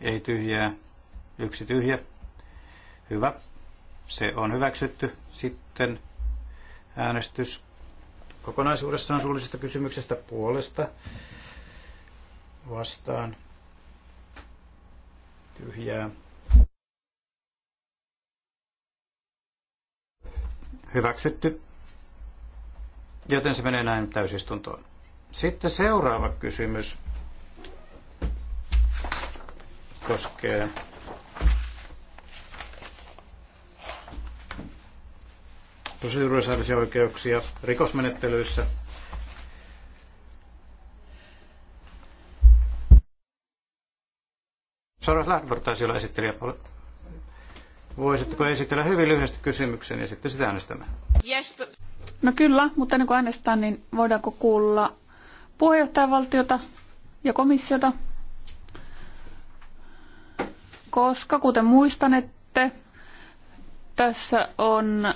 ei tyhjää, yksi tyhjä. Hyvä. Se on hyväksytty. Sitten äänestys kokonaisuudessaan suullisesta kysymyksestä puolesta vastaan tyhjää. Hyväksytty. Joten se menee näin täysistuntoon. Sitten seuraava kysymys koskee proseduurisäädöllisiä oikeuksia rikosmenettelyissä. Saras Lähdborg taisi olla esittelijä. Voisitteko esitellä hyvin lyhyesti kysymyksen ja sitten sitä äänestämme? Yes, but... No kyllä, mutta ennen kuin äänestetään, niin voidaanko kuulla puheenjohtajavaltiota ja komissiota? koska kuten muistanette, tässä on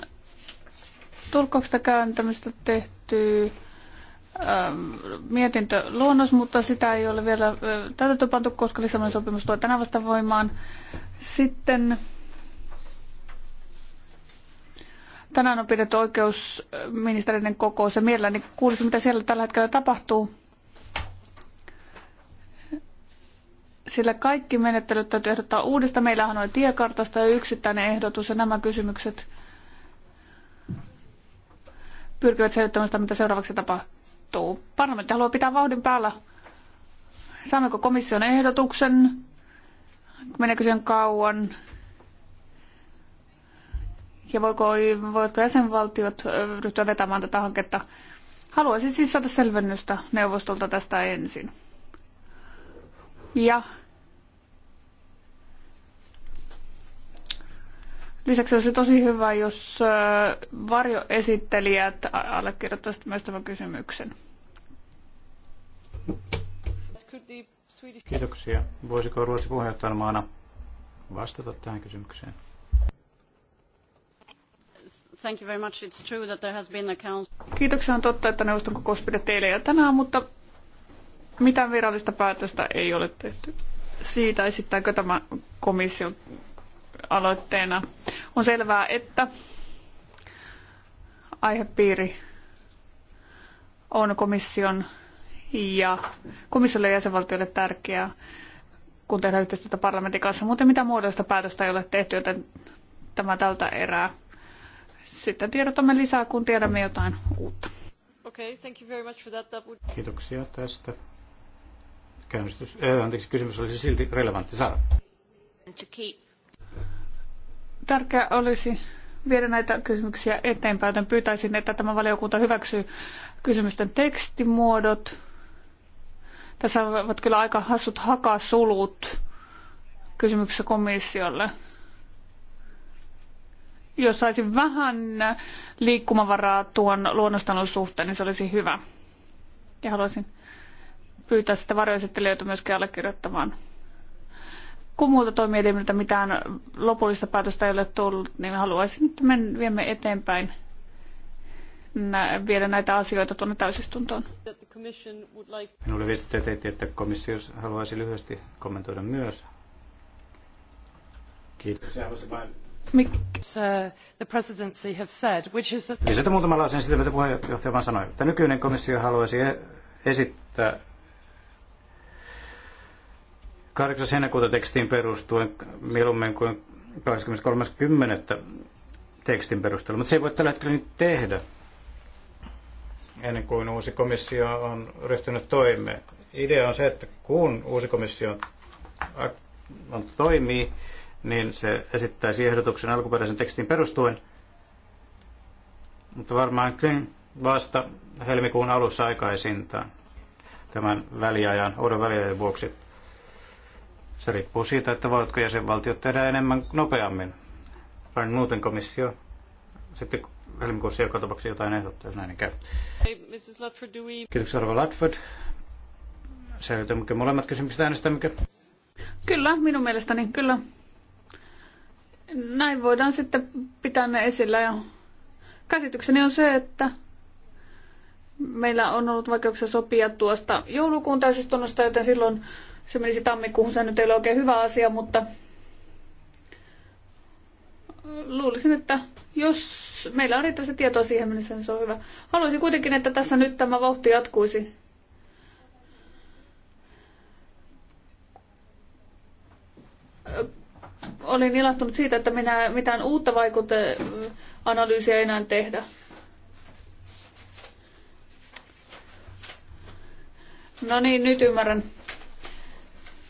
tulkoksta kääntämistä tehty ähm, mietintö, luonnos, mutta sitä ei ole vielä äh, pantu, koska Lissabonin sopimus tulee tänä vasta voimaan. Sitten tänään on pidetty oikeusministeriöiden kokous ja mielelläni kuulisin, mitä siellä tällä hetkellä tapahtuu. sillä kaikki menettelyt täytyy ehdottaa uudesta. Meillähän on tiekartasta ja yksittäinen ehdotus ja nämä kysymykset pyrkivät selvittämään sitä, mitä seuraavaksi tapahtuu. Parlamentti haluaa pitää vauhdin päällä. Saammeko komission ehdotuksen? Meneekö sen kauan? Ja voiko, voitko jäsenvaltiot ryhtyä vetämään tätä hanketta? Haluaisin siis saada selvennystä neuvostolta tästä ensin. Ja Lisäksi olisi tosi hyvä, jos äh, varjoesittelijät allekirjoittaisivat myös tämän kysymyksen. Kiitoksia. Voisiko Ruotsi puheenjohtajamaana vastata tähän kysymykseen? Kiitoksia on totta, että neuvoston kokous pidettiin eilen ja tänään, mutta mitään virallista päätöstä ei ole tehty siitä, esittääkö tämä komissio aloitteena. On selvää, että aihepiiri on komission ja komissiolle ja jäsenvaltioille tärkeää, kun tehdään yhteistyötä parlamentin kanssa. Muuten mitä muodollista päätöstä ei ole tehty, joten tämä tältä erää. Sitten tiedotamme lisää, kun tiedämme jotain uutta. Okay, thank you very much for that. That would... Kiitoksia tästä käynnistys, äh, anteeksi, kysymys olisi silti relevantti saada. Tärkeää olisi viedä näitä kysymyksiä eteenpäin, joten pyytäisin, että tämä valiokunta hyväksyy kysymysten tekstimuodot. Tässä ovat kyllä aika hassut hakasulut kysymyksessä komissiolle. Jos saisin vähän liikkumavaraa tuon luonnostelun suhteen, niin se olisi hyvä. Ja haluaisin pyytää sitä varjoesittelijöitä myöskin allekirjoittamaan. Kun muuta toimielimiltä mitään lopullista päätöstä ei ole tullut, niin haluaisin, että me viemme eteenpäin nä- viedä näitä asioita tuonne täysistuntoon. Minulle teitä, että komissio haluaisi lyhyesti kommentoida myös. Kiitos. Uh, the presidency said, which is... Lisätä muutama lauseen sitä, mitä puheenjohtaja vaan sanoi. Että nykyinen komissio haluaisi e- esittää 8. heinäkuuta tekstiin perustuen mieluummin kuin 23.10. tekstin perusteella, mutta se ei voi tällä hetkellä nyt tehdä ennen kuin uusi komissio on ryhtynyt toimeen. Idea on se, että kun uusi komissio on, toimii, niin se esittäisi ehdotuksen alkuperäisen tekstin perustuen, mutta varmaankin vasta helmikuun alussa aikaisintaan tämän väliajan, oudon väliajan vuoksi. Se riippuu siitä, että voitko jäsenvaltiot tehdä enemmän nopeammin. vain muuten komissio sitten helmikuussa joka tapauksessa jotain ehdottaa, jos näin käy. Hey, Mrs. Lutford, do we... Kiitoksia, Arva Latford. Selvitämmekö molemmat kysymykset äänestämmekö? Kyllä, minun mielestäni kyllä. Näin voidaan sitten pitää ne esillä. Ja käsitykseni on se, että meillä on ollut vaikeuksia sopia tuosta joulukuun täysistunnosta, joten silloin se menisi tammikuuhun, se nyt ei ole oikein hyvä asia, mutta luulisin, että jos meillä on riittävästi tietoa siihen mennessä, niin se on hyvä. Haluaisin kuitenkin, että tässä nyt tämä vauhti jatkuisi. Olin ilahtunut siitä, että minä mitään uutta vaikuteanalyysiä enää tehdä. No niin, nyt ymmärrän.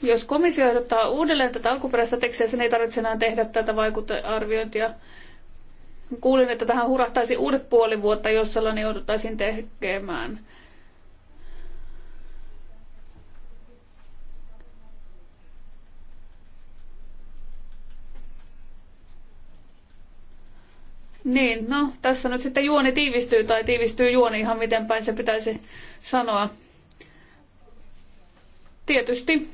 Jos komissio ehdottaa uudelleen tätä alkuperäistä tekstiä, sen ei tarvitse enää tehdä tätä vaikutearviointia. Kuulin, että tähän hurahtaisi uudet puoli vuotta, jos sellainen jouduttaisiin tekemään. Niin, no tässä nyt sitten juoni tiivistyy tai tiivistyy juoni ihan miten päin se pitäisi sanoa. Tietysti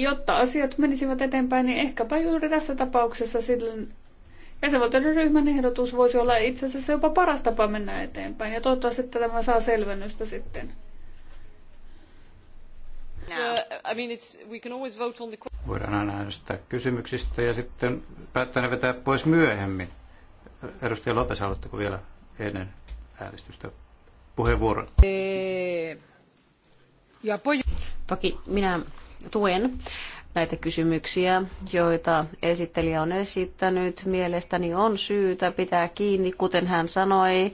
jotta asiat menisivät eteenpäin, niin ehkäpä juuri tässä tapauksessa silloin jäsenvaltioiden ryhmän ehdotus voisi olla itse asiassa jopa paras tapa mennä eteenpäin. Ja toivottavasti että tämä saa selvennystä sitten. Voidaan aina äänestää kysymyksistä ja sitten päättää ne vetää pois myöhemmin. Edustaja Lopes, haluatteko vielä ennen äänestystä puheenvuoron? Eh, Toki minä tuen näitä kysymyksiä, joita esittelijä on esittänyt. Mielestäni on syytä pitää kiinni, kuten hän sanoi,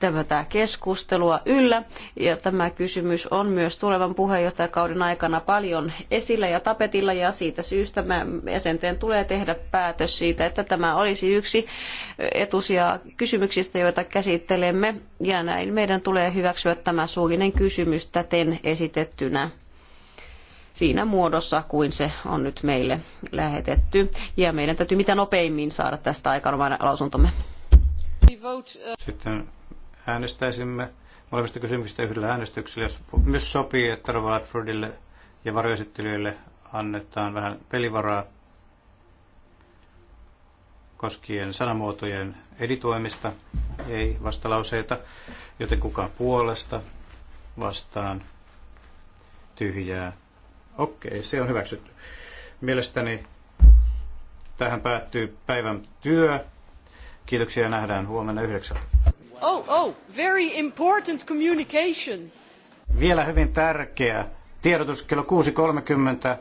tämä keskustelua yllä. Ja tämä kysymys on myös tulevan puheenjohtajakauden aikana paljon esillä ja tapetilla ja siitä syystä jäsenten tulee tehdä päätös siitä, että tämä olisi yksi etusia kysymyksistä, joita käsittelemme ja näin meidän tulee hyväksyä tämä suullinen kysymys täten esitettynä siinä muodossa kuin se on nyt meille lähetetty. Ja meidän täytyy mitä nopeimmin saada tästä aikaan oman lausuntomme. Sitten äänestäisimme molemmista kysymyksistä yhdellä äänestyksellä, jos myös sopii, että Robert ja varjoesittelijöille annetaan vähän pelivaraa koskien sanamuotojen editoimista, ei vastalauseita, joten kukaan puolesta vastaan tyhjää Okei, se on hyväksytty. Mielestäni tähän päättyy päivän työ. Kiitoksia ja nähdään huomenna yhdeksän. Oh, oh, very important communication. Vielä hyvin tärkeä tiedotus kello 6.30.